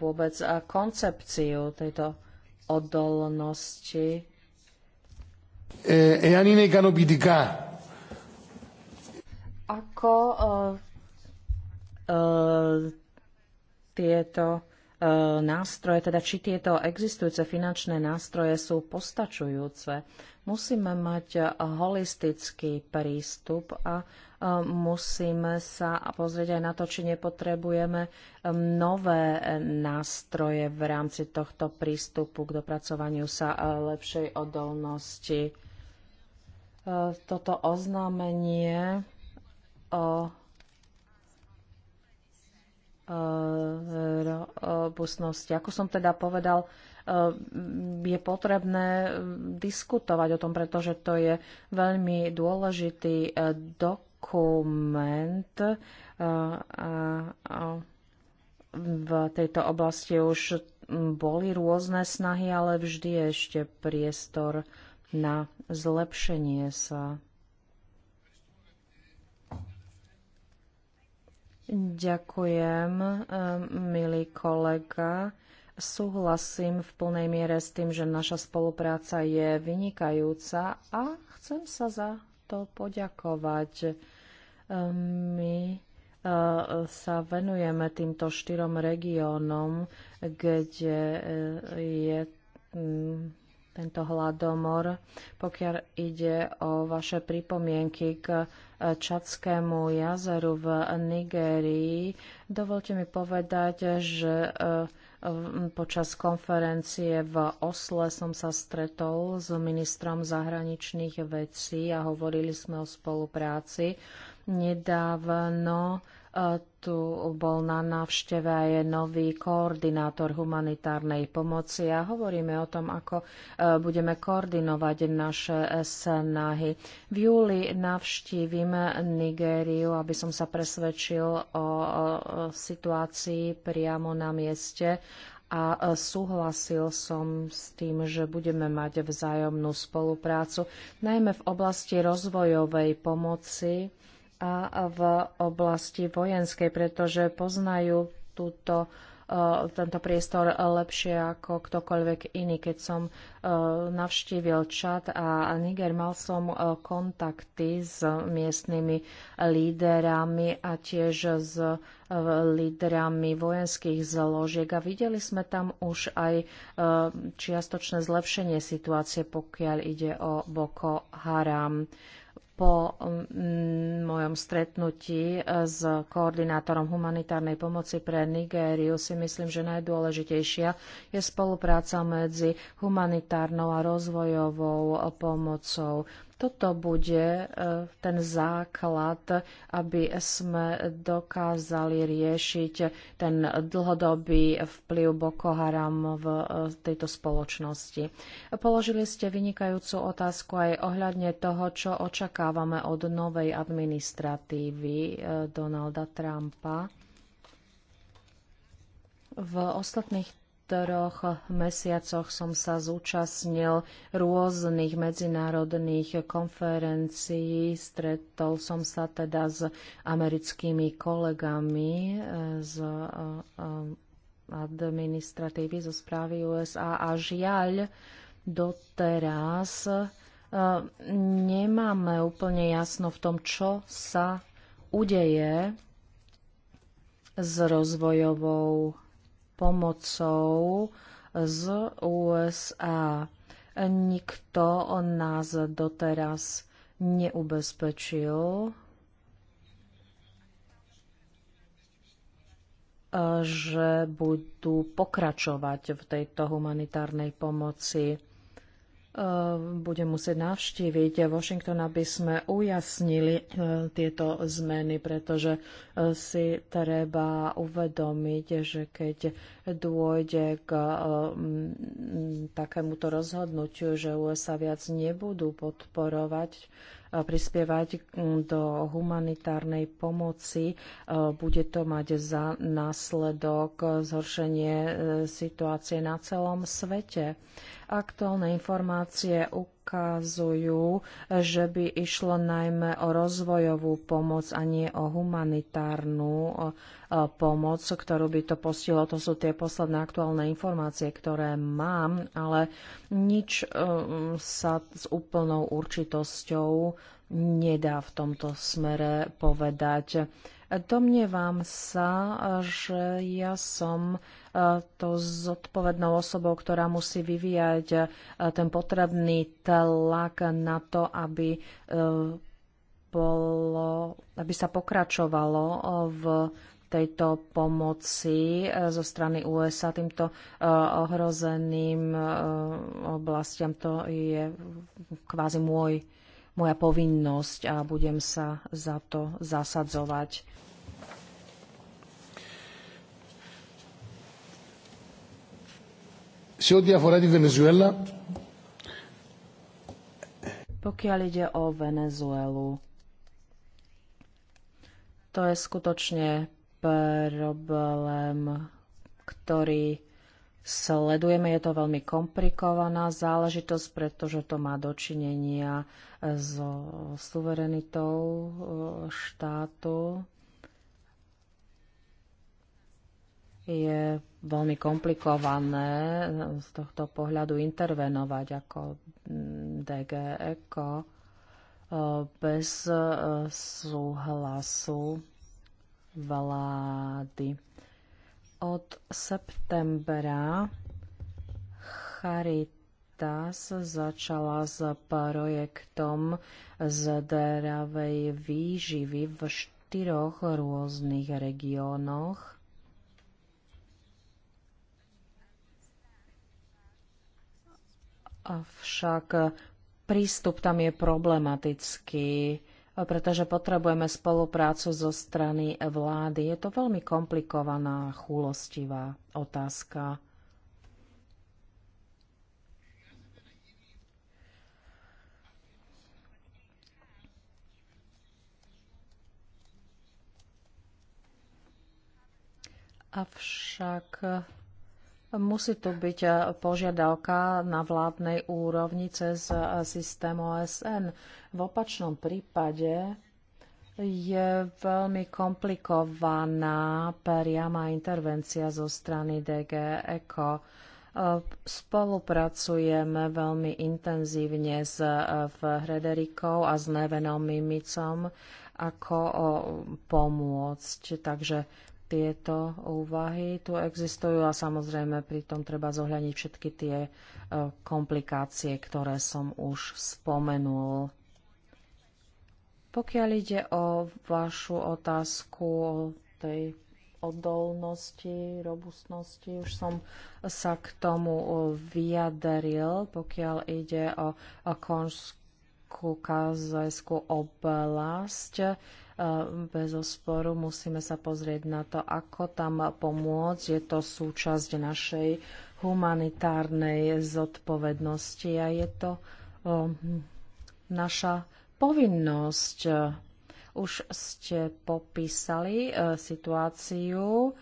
vôbec koncepciu tejto odolnosti. E, e ani nekanobidiká. Ako uh, tieto nástroje, teda či tieto existujúce finančné nástroje sú postačujúce. Musíme mať e, holistický prístup a e, musíme sa pozrieť aj na to, či nepotrebujeme e, nové nástroje v rámci tohto prístupu k dopracovaniu sa lepšej odolnosti. Toto oznámenie o robustnosti. Ako som teda povedal, Ehm, je potrebné ehm, diskutovať o tom, pretože to je veľmi dôležitý e, dokument. E, v tejto oblasti už boli rôzne snahy, ale vždy je ešte priestor na zlepšenie sa. Ďakujem, ehm, milý kolega. Súhlasím v plnej miere s tým, že naša spolupráca je vynikajúca a chcem sa za to poďakovať. Ehm, my e, sa venujeme týmto štyrom regiónom, kde e, je tento hladomor. Pokiaľ ide o vaše pripomienky k e, Čadskému jazeru v Nigérii, dovolte mi povedať, že Ehm, počas konferencie v Osle som sa stretol s ministrom zahraničných vecí a hovorili sme o spolupráci. Nedávno E, tu bol na návšteve aj je nový koordinátor humanitárnej pomoci a hovoríme o tom, ako e, budeme koordinovať naše snahy. V júli navštívim Nigériu, aby som sa presvedčil o situácii priamo na mieste a e, súhlasil som s tým, že budeme mať vzájomnú spoluprácu, najmä v oblasti rozvojovej pomoci a v oblasti vojenskej, pretože poznajú túto e, tento priestor lepšie ako ktokoľvek iný. Keď som e, navštívil Čad a Niger, mal som e, kontakty s miestnymi líderami a tiež s líderami vojenských zložiek a videli sme tam už aj čiastočné zlepšenie situácie, pokiaľ ide o Boko Haram po mm, mojom stretnutí e, s koordinátorom humanitárnej pomoci pre Nigériu si myslím, že najdôležitejšia je spolupráca medzi humanitárnou a rozvojovou pomocou. Toto bude e, ten základ, aby sme dokázali riešiť ten dlhodobý vplyv Boko Haram v e, tejto spoločnosti. Položili ste vynikajúcu otázku aj ohľadne toho, čo očakávame od novej administratívy e, Donalda Trumpa. V ostatných troch mesiacoch som sa zúčastnil rôznych medzinárodných konferencií. Stretol som sa teda s americkými kolegami eh, z eh, eh, administratívy zo správy USA a žiaľ doteraz nemáme úplne jasno v tom, čo sa udeje s rozvojovou pomocou z USA. Nikto nás doteraz neubezpečil, že budú pokračovať v tejto humanitárnej pomoci Eh, budem musieť navštíviť Washington, aby sme ujasnili eh, tieto zmeny, pretože eh, si treba uvedomiť, že keď dôjde k takémuto rozhodnutiu, že USA viac nebudú podporovať prispievať do humanitárnej pomoci. Bude to mať za následok zhoršenie e, situácie na celom svete. Aktuálne informácie ukazujú, ukazujú, že by išlo najmä o rozvojovú pomoc a nie o humanitárnu e, pomoc, ktorú by to postihlo. To sú tie posledné aktuálne informácie, ktoré mám, ale nič e, sa s úplnou určitosťou nedá v tomto smere povedať. Domnievam sa, že ja som e, to zodpovednou osobou, ktorá musí vyvíjať e, ten potrebný tlak na to, aby e, bolo, aby sa pokračovalo v tejto pomoci zo strany USA týmto ohrozeným oblastiam. To je kvázi môj moja povinnosť a budem sa za to zasadzovať. Pokiaľ ide o Venezuelu, to je skutočne problém, ktorý sledujeme. Je to veľmi komplikovaná záležitosť, pretože to má dočinenia eh, so suverenitou eh, štátu. Je veľmi komplikované eh, z tohto pohľadu intervenovať ako mm, DG Eco bez súhlasu vlády od septembra Charitas začala s projektom zdravej výživy v štyroch rôznych regiónoch. Avšak prístup tam je problematický pretože potrebujeme spoluprácu zo strany vlády. Je to veľmi komplikovaná, chulostivá otázka. Avšak Musí tu byť e, požiadavka na vládnej úrovni cez e, systém OSN. V opačnom prípade je veľmi komplikovaná priama intervencia zo strany DG ECO. E, spolupracujeme veľmi intenzívne s Frederikou a s Nevenom Mimicom, ako pomôcť. Takže tieto úvahy tu existujú a samozrejme pritom treba zohľadniť všetky tie e, komplikácie, ktoré som už spomenul. Pokiaľ ide o vašu otázku o tej odolnosti, robustnosti. Už som sa k tomu e, vyjadril, pokiaľ ide o konžskú kazajskú oblasť. E, bez osporu musíme sa pozrieť na to, ako tam pomôcť. Je to súčasť našej humanitárnej zodpovednosti a je to e, naša povinnosť. Už ste popísali e, situáciu,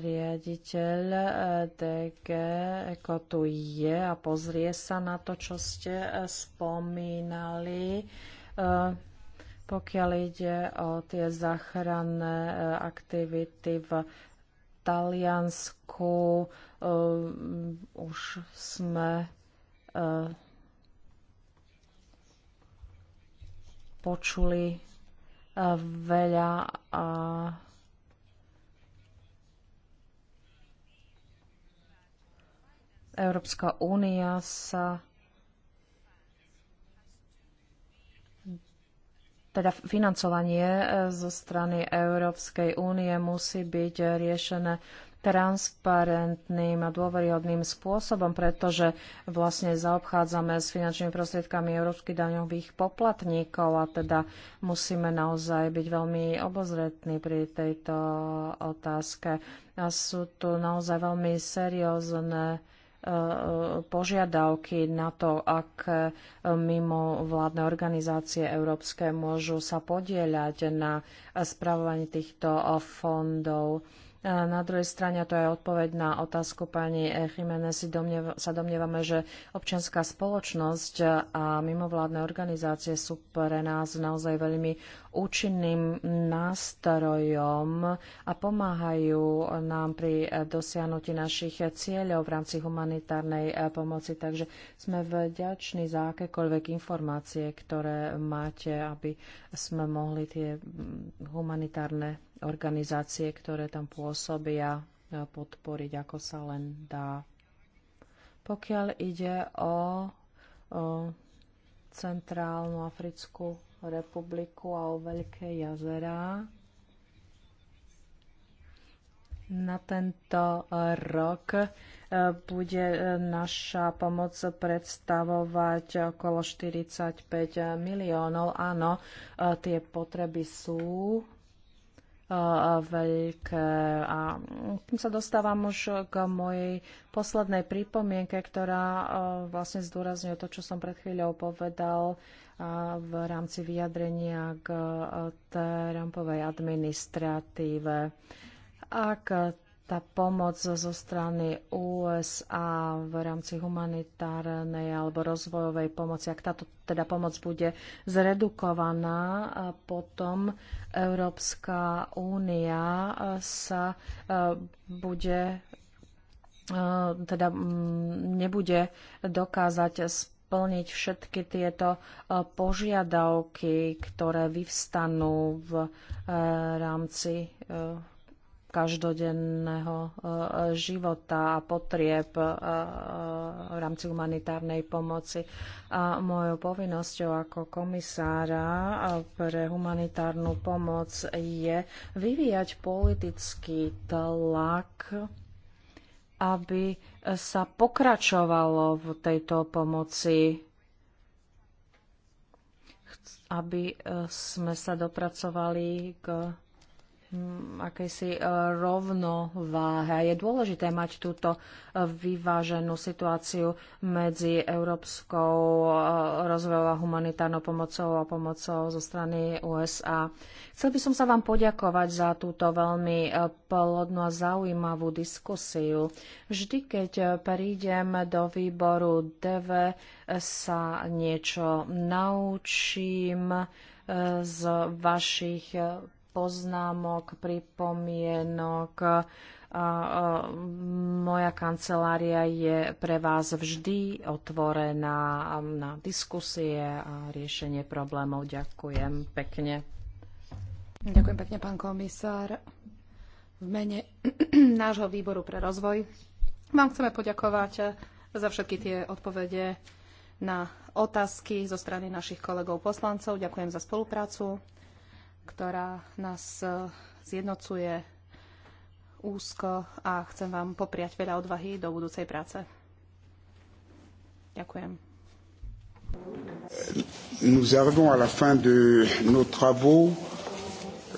riaditeľ DG ako tu je a pozrie sa na to, čo ste spomínali. Pokiaľ ide o tie záchranné e, aktivity v Taliansku, e, už sme e, počuli veľa a Európska únia sa teda financovanie e, zo strany Európskej únie musí byť riešené transparentným a dôveryhodným spôsobom, pretože vlastne zaobchádzame s finančnými prostriedkami európskych daňových poplatníkov a teda musíme naozaj byť veľmi obozretní pri tejto otázke. A sú tu naozaj veľmi seriózne požiadavky na to, ak mimo vládne organizácie európske môžu sa podieľať na spravovaní týchto fondov. Na druhej strane, to je odpoveď na otázku pani Jiménez, sa domnievame, že občianská spoločnosť a mimovládne organizácie sú pre nás naozaj veľmi účinným nástrojom a pomáhajú nám pri dosiahnutí našich cieľov v rámci humanitárnej pomoci. Takže sme vďační za akékoľvek informácie, ktoré máte, aby sme mohli tie humanitárne organizácie, ktoré tam pôsobia, e, podporiť, ako sa len dá. Pokiaľ ide o, o Centrálnu Africkú republiku a o Veľké jazera, na tento rok e, bude e, naša pomoc predstavovať okolo 45 miliónov. Áno, tie potreby sú veľké. A tým sa dostávam už k mojej poslednej pripomienke, ktorá vlastne zdôrazňuje to, čo som pred chvíľou povedal v rámci vyjadrenia k Trumpovej administratíve. Ak tá pomoc zo strany USA v rámci humanitárnej alebo rozvojovej pomoci, ak táto teda pomoc bude zredukovaná, a potom Európska únia sa e, bude e, teda nebude dokázať splniť všetky tieto e, požiadavky, ktoré vyvstanú v rámci každodenného eh, života a potrieb eh, eh, v rámci humanitárnej pomoci. A mojou povinnosťou ako komisára pre humanitárnu pomoc je vyvíjať politický tlak aby sa pokračovalo v tejto pomoci aby sme sa dopracovali k Mm, akejsi e, rovnováhe. Je dôležité mať túto e, vyváženú situáciu medzi európskou e, rozvojovou a humanitárnou pomocou a pomocou zo strany USA. Chcel by som sa vám poďakovať za túto veľmi plodnú a zaujímavú diskusiu. Vždy, keď prídem do výboru DV, sa niečo naučím z vašich poznámok, pripomienok. Moja kancelária je pre vás vždy otvorená na diskusie a riešenie problémov. Ďakujem pekne. Ďakujem pekne, pán komisár. V mene nášho výboru pre rozvoj vám chceme poďakovať za všetky tie odpovede na otázky zo strany našich kolegov poslancov. Ďakujem za spoluprácu ktorá nás e, zjednocuje úzko a chcem vám popriať veľa odvahy do budúcej práce. Ďakujem. Nous arrivons à la fin de nos travaux.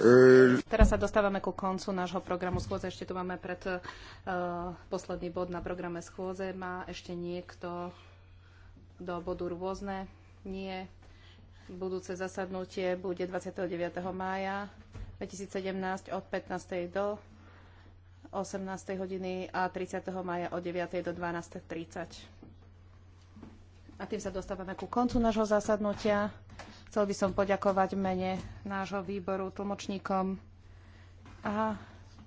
Euh, Teraz sa dostávame ku koncu nášho programu schôdze. Ešte tu máme pred uh, posledný bod na programe schôdze. Má ešte niekto do bodu rôzne? Nie. Budúce zasadnutie bude 29. mája 2017 od 15. do 18. hodiny a 30. maja od 9. do 12.30. A tým sa dostávame ku koncu nášho zasadnutia. Chcel by som poďakovať mene nášho výboru tlmočníkom a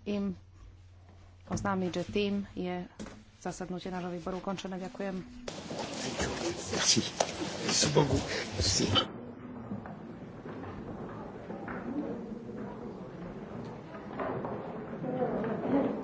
im oznámiť, že tým je zasadnutie nášho výboru ukončené. Ďakujem. Merci. Merci Merci.